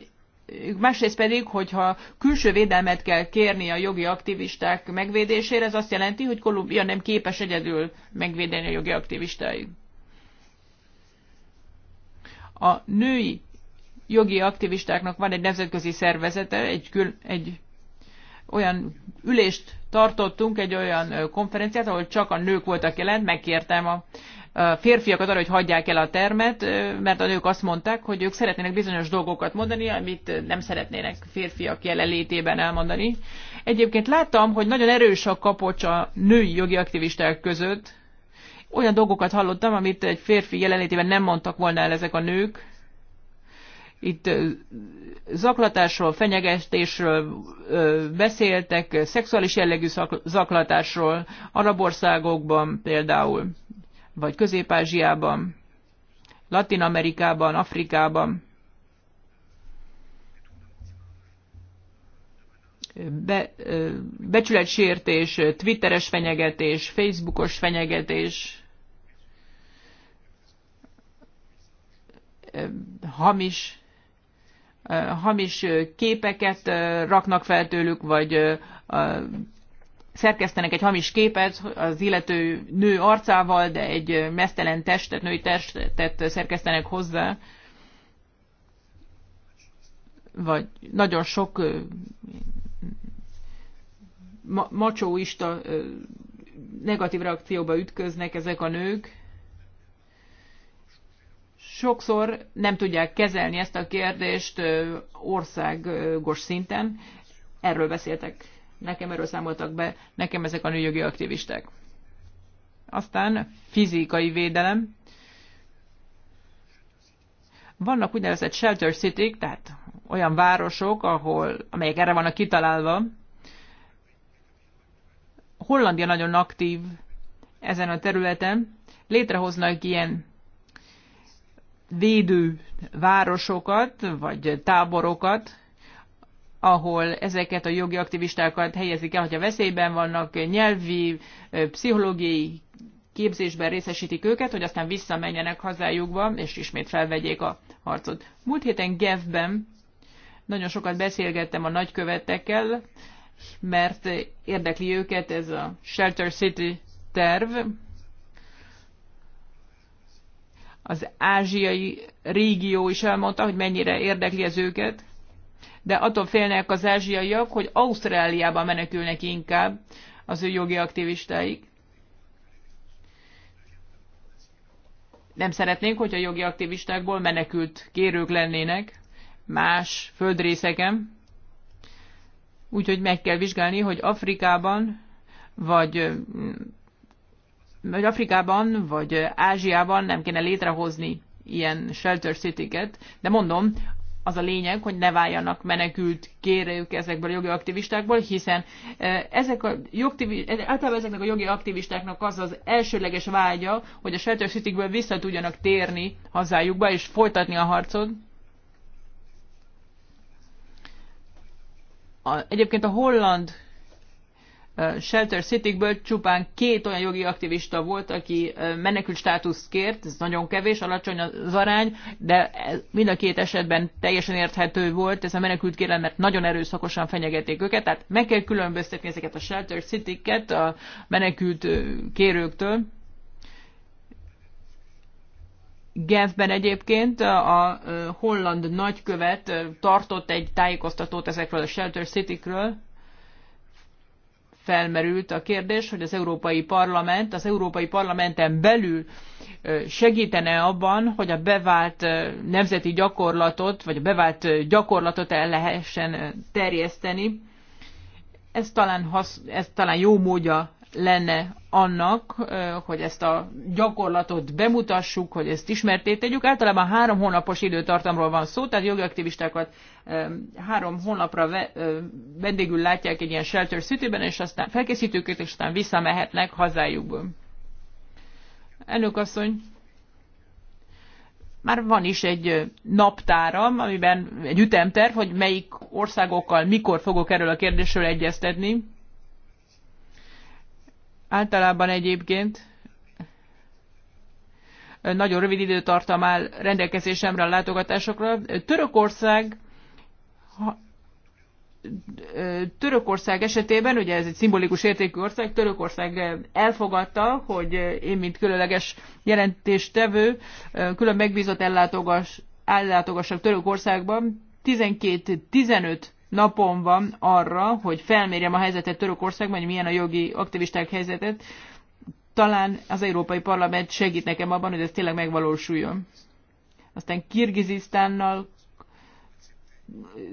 Speaker 2: Másrészt pedig, hogyha külső védelmet kell kérni a jogi aktivisták megvédésére, ez azt jelenti, hogy Kolumbia nem képes egyedül megvédeni a jogi aktivistáit. A női jogi aktivistáknak van egy nemzetközi szervezete, egy, kül, egy olyan ülést tartottunk, egy olyan konferenciát, ahol csak a nők voltak jelent, megkértem a a férfiakat arra, hogy hagyják el a termet, mert a nők azt mondták, hogy ők szeretnének bizonyos dolgokat mondani, amit nem szeretnének férfiak jelenlétében elmondani. Egyébként láttam, hogy nagyon erős a kapocs a női jogi aktivisták között. Olyan dolgokat hallottam, amit egy férfi jelenlétében nem mondtak volna el ezek a nők. Itt zaklatásról, fenyegetésről beszéltek, szexuális jellegű zaklatásról, arab országokban például vagy Közép-Ázsiában, Latin-Amerikában, Afrikában be, becsületsértés, twitteres fenyegetés, facebookos fenyegetés, hamis hamis képeket raknak fel tőlük, vagy szerkesztenek egy hamis képet az illető nő arcával, de egy mesztelen testet, női testet szerkesztenek hozzá, vagy nagyon sok ma macsóista negatív reakcióba ütköznek ezek a nők. Sokszor nem tudják kezelni ezt a kérdést országos szinten. Erről beszéltek Nekem erről számoltak be, nekem ezek a nőjogi aktivisták. Aztán fizikai védelem. Vannak úgynevezett shelter city tehát olyan városok, ahol, amelyek erre vannak kitalálva. Hollandia nagyon aktív ezen a területen. Létrehoznak ilyen védő városokat, vagy táborokat, ahol ezeket a jogi aktivistákat helyezik el, hogyha veszélyben vannak, nyelvi, pszichológiai képzésben részesítik őket, hogy aztán visszamenjenek hazájukba, és ismét felvegyék a harcot. Múlt héten Gevben nagyon sokat beszélgettem a nagykövetekkel, mert érdekli őket ez a Shelter City terv, az ázsiai régió is elmondta, hogy mennyire érdekli ez őket de attól félnek az ázsiaiak, hogy Ausztráliába menekülnek inkább az ő jogi aktivistáik. Nem szeretnénk, hogy a jogi aktivistákból menekült kérők lennének más földrészeken. Úgyhogy meg kell vizsgálni, hogy Afrikában, vagy, vagy Afrikában, vagy Ázsiában nem kéne létrehozni ilyen shelter city-ket, de mondom, az a lényeg, hogy ne váljanak menekült kérők ezekből a jogi aktivistákból, hiszen e, ezek a jogtivi, e, általában ezeknek a jogi aktivistáknak az az elsőleges vágya, hogy a shelter city vissza tudjanak térni hazájukba és folytatni a harcot. A, egyébként a holland Shelter City-ből csupán két olyan jogi aktivista volt, aki menekült státuszt kért, ez nagyon kevés, alacsony az arány, de mind a két esetben teljesen érthető volt ez a menekült kérelem, mert nagyon erőszakosan fenyegették őket, tehát meg kell különböztetni ezeket a Shelter City-ket a menekült kérőktől. Genfben egyébként a holland nagykövet tartott egy tájékoztatót ezekről a Shelter City-kről, felmerült a kérdés, hogy az Európai Parlament, az Európai Parlamenten belül segítene abban, hogy a bevált nemzeti gyakorlatot, vagy a bevált gyakorlatot el lehessen terjeszteni. Ez talán, hasz, ez talán jó módja lenne annak, hogy ezt a gyakorlatot bemutassuk, hogy ezt ismerté tegyük. Általában három hónapos időtartamról van szó, tehát jogaktivistákat három hónapra vendégül látják egy ilyen shelter szütőben, és aztán felkészítőket, és aztán visszamehetnek hazájukból. Elnök asszony, már van is egy naptáram, amiben egy ütemterv, hogy melyik országokkal mikor fogok erről a kérdésről egyeztetni Általában egyébként nagyon rövid időtartam áll rendelkezésemre a látogatásokra. Törökország Törökország esetében, ugye ez egy szimbolikus értékű ország, Törökország elfogadta, hogy én, mint különleges jelentéstevő, külön megbízott ellátogas, ellátogassak Törökországban. 12-15 napom van arra, hogy felmérjem a helyzetet Törökországban, hogy milyen a jogi aktivisták helyzetet. Talán az Európai Parlament segít nekem abban, hogy ez tényleg megvalósuljon. Aztán Kirgizisztánnal,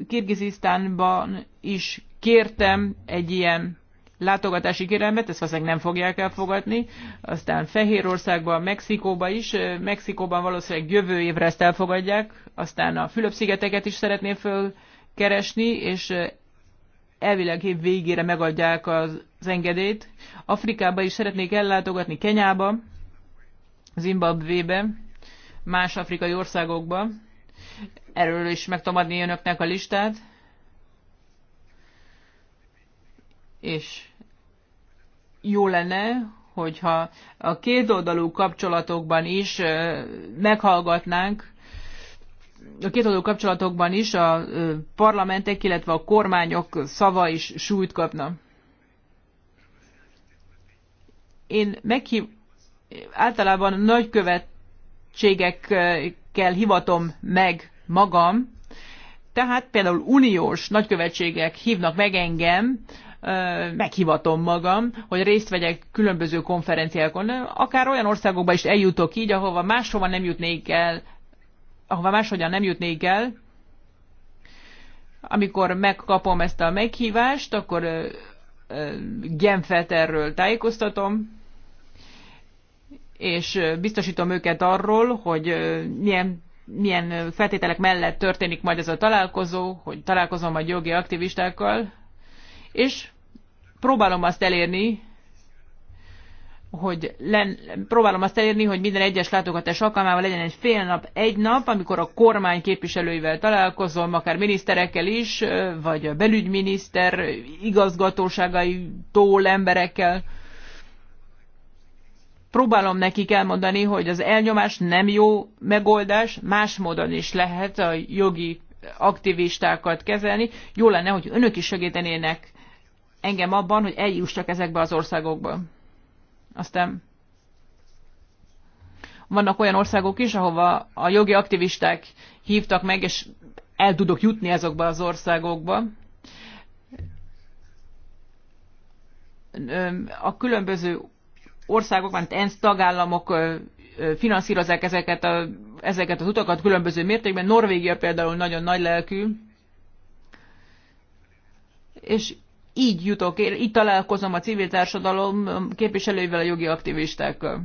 Speaker 2: Kirgizisztánban is kértem egy ilyen látogatási kérelmet, ezt valószínűleg nem fogják elfogadni. Aztán Fehérországban, Mexikóban is, Mexikóban valószínűleg jövő évre ezt elfogadják. Aztán a Fülöp-szigeteket is szeretném föl keresni, és elvileg év végére megadják az, engedélyt. Afrikába is szeretnék ellátogatni, Kenyába, Zimbabvébe, más afrikai országokba. Erről is meg tudom adni önöknek a listát. És jó lenne, hogyha a kétoldalú kapcsolatokban is meghallgatnánk a kétoldalú kapcsolatokban is a parlamentek, illetve a kormányok szava is súlyt kapna. Én meghív, általában nagykövetségekkel hivatom meg magam, tehát például uniós nagykövetségek hívnak meg engem, meghivatom magam, hogy részt vegyek különböző konferenciákon. Akár olyan országokba is eljutok így, ahova máshova nem jutnék el ahova máshogyan nem jutnék el, amikor megkapom ezt a meghívást, akkor Genfet erről tájékoztatom, és biztosítom őket arról, hogy milyen, milyen feltételek mellett történik majd ez a találkozó, hogy találkozom a jogi aktivistákkal, és próbálom azt elérni, hogy len, próbálom azt elérni, hogy minden egyes látogatás alkalmával legyen egy fél nap, egy nap, amikor a kormány képviselőivel találkozom, akár miniszterekkel is, vagy a belügyminiszter igazgatóságaitól emberekkel. Próbálom nekik elmondani, hogy az elnyomás nem jó megoldás, más módon is lehet a jogi aktivistákat kezelni. Jó lenne, hogy önök is segítenének engem abban, hogy eljussak ezekbe az országokba. Aztán vannak olyan országok is, ahova a jogi aktivisták hívtak meg, és el tudok jutni ezokba az országokba. A különböző országok, mint ENSZ tagállamok finanszírozzák ezeket, a, ezeket az utakat különböző mértékben. Norvégia például nagyon nagy lelkű, és így jutok, így találkozom a civil társadalom képviselőivel, a jogi aktivistákkal.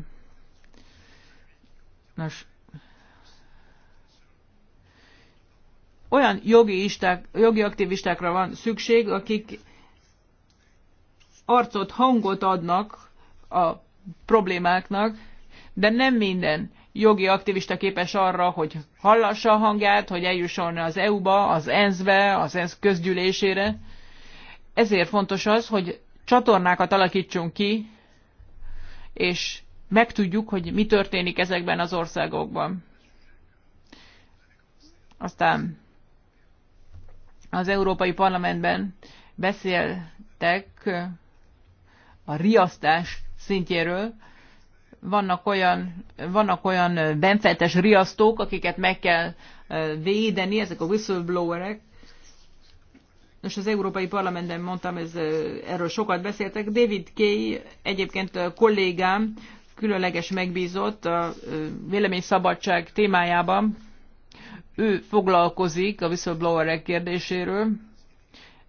Speaker 2: Nos, olyan jogi, isták, jogi aktivistákra van szükség, akik arcot, hangot adnak a problémáknak, de nem minden jogi aktivista képes arra, hogy hallassa a hangját, hogy eljusson az EU-ba, az ENSZ-be, az ENSZ közgyűlésére ezért fontos az, hogy csatornákat alakítsunk ki, és megtudjuk, hogy mi történik ezekben az országokban. Aztán az Európai Parlamentben beszéltek a riasztás szintjéről. Vannak olyan, vannak olyan benfentes riasztók, akiket meg kell eh, védeni, ezek a whistleblowerek, Nos, az Európai Parlamentben mondtam, ez, erről sokat beszéltek. David Kay egyébként kollégám, különleges megbízott a véleményszabadság témájában. Ő foglalkozik a whistleblowerek kérdéséről.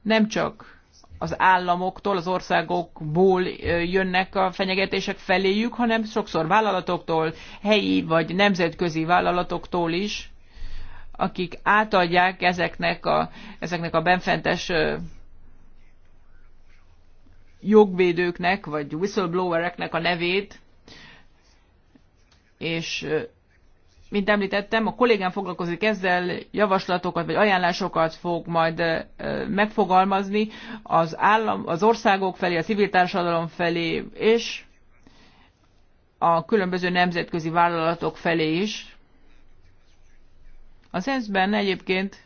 Speaker 2: Nem csak az államoktól, az országokból jönnek a fenyegetések feléjük, hanem sokszor vállalatoktól, helyi vagy nemzetközi vállalatoktól is akik átadják ezeknek a, ezeknek a benfentes jogvédőknek, vagy whistleblowereknek a nevét, és mint említettem, a kollégám foglalkozik ezzel, javaslatokat vagy ajánlásokat fog majd megfogalmazni az, állam, az országok felé, a civil társadalom felé, és a különböző nemzetközi vállalatok felé is, az ENSZ-ben egyébként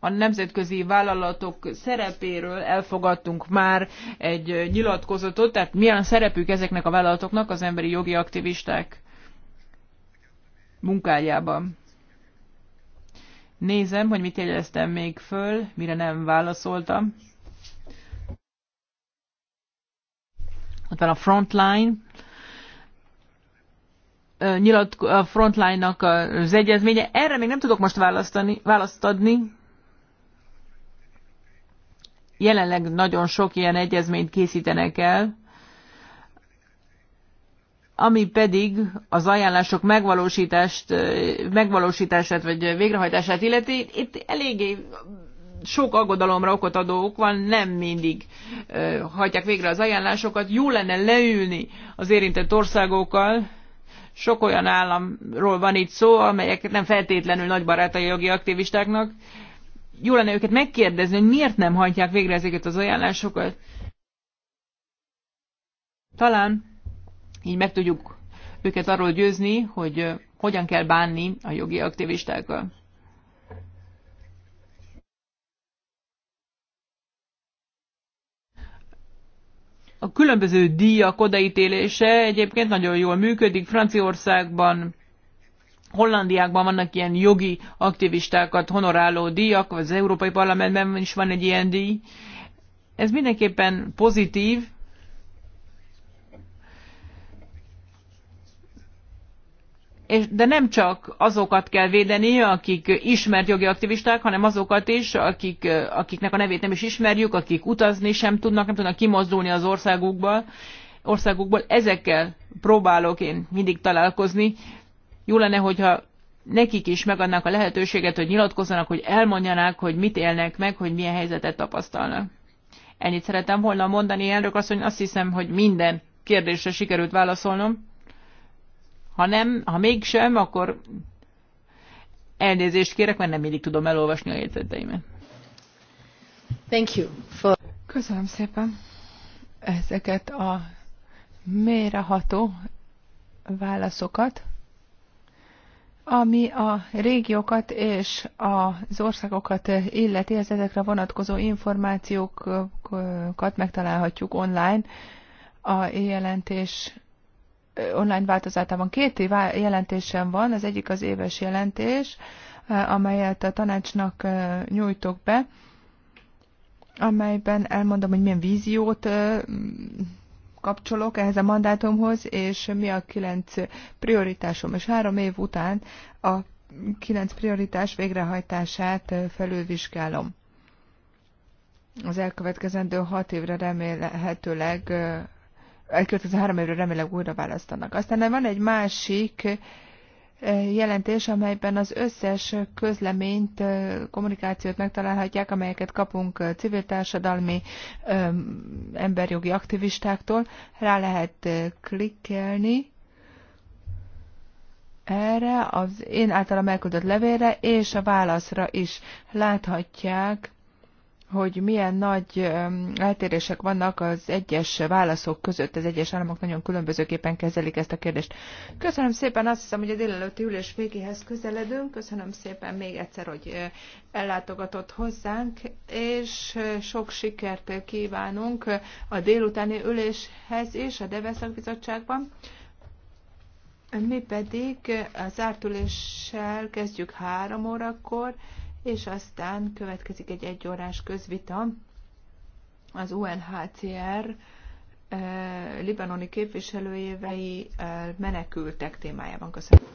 Speaker 2: a nemzetközi vállalatok szerepéről elfogadtunk már egy nyilatkozatot, tehát milyen szerepük ezeknek a vállalatoknak az emberi jogi aktivisták munkájában. Nézem, hogy mit jegyeztem még föl, mire nem válaszoltam. Ott van a frontline, nyilat, a frontline-nak az egyezménye. Erre még nem tudok most választani, választ adni. Jelenleg nagyon sok ilyen egyezményt készítenek el, ami pedig az ajánlások megvalósítást, megvalósítását vagy végrehajtását illeti. Itt eléggé sok aggodalomra okot adó ok van, nem mindig ö, hajtják végre az ajánlásokat. Jó lenne leülni az érintett országokkal, sok olyan államról van itt szó, amelyek nem feltétlenül nagy barátai jogi aktivistáknak. Jó lenne őket megkérdezni, hogy miért nem hagyják végre ezeket az ajánlásokat. Talán így meg tudjuk őket arról győzni, hogy eh, hogyan kell bánni a jogi aktivistákkal. A különböző díjak odaítélése egyébként nagyon jól működik. Franciaországban, Hollandiákban vannak ilyen jogi aktivistákat honoráló díjak, az Európai Parlamentben is van egy ilyen díj. Ez mindenképpen pozitív, de nem csak azokat kell védeni, akik ismert jogi aktivisták, hanem azokat is, akik, akiknek a nevét nem is ismerjük, akik utazni sem tudnak, nem tudnak kimozdulni az országukból. országukból. Ezekkel próbálok én mindig találkozni. Jó lenne, hogyha nekik is megadnák a lehetőséget, hogy nyilatkozzanak, hogy elmondjanák, hogy mit élnek meg, hogy milyen helyzetet tapasztalnak. Ennyit szeretem volna mondani, elnök hogy azt hiszem, hogy minden kérdésre sikerült válaszolnom. Ha nem, ha mégsem, akkor elnézést kérek, mert nem mindig tudom elolvasni a jegyzeteimet.
Speaker 1: Thank you for... Köszönöm szépen ezeket a mélyreható válaszokat, ami a régiókat és az országokat illeti, az ezekre vonatkozó információkat megtalálhatjuk online a jelentés online változatában két év jelentésem van, az egyik az éves jelentés, amelyet a tanácsnak nyújtok be, amelyben elmondom, hogy milyen víziót kapcsolok ehhez a mandátumhoz, és mi a kilenc prioritásom. És három év után a kilenc prioritás végrehajtását felülvizsgálom. Az elkövetkezendő hat évre remélhetőleg elkövetkező három évre remélem újra választanak. Aztán van egy másik eh, jelentés, amelyben az összes közleményt, eh, kommunikációt megtalálhatják, amelyeket kapunk eh, civil társadalmi emberjogi aktivistáktól. Rá lehet klikkelni erre, az én általam elküldött levélre és a válaszra is láthatják hogy milyen nagy eltérések vannak az egyes válaszok között. Az egyes államok nagyon különbözőképpen kezelik ezt a kérdést. Köszönöm szépen, azt hiszem, hogy a délelőtti ülés végéhez közeledünk. Köszönöm szépen még egyszer, hogy ellátogatott hozzánk, és sok sikert kívánunk a délutáni üléshez is a Deveszak Bizottságban. Mi pedig az ártüléssel kezdjük három órakor, és aztán következik egy egyórás közvita az UNHCR libanoni képviselőjévei menekültek témájában. Köszönöm.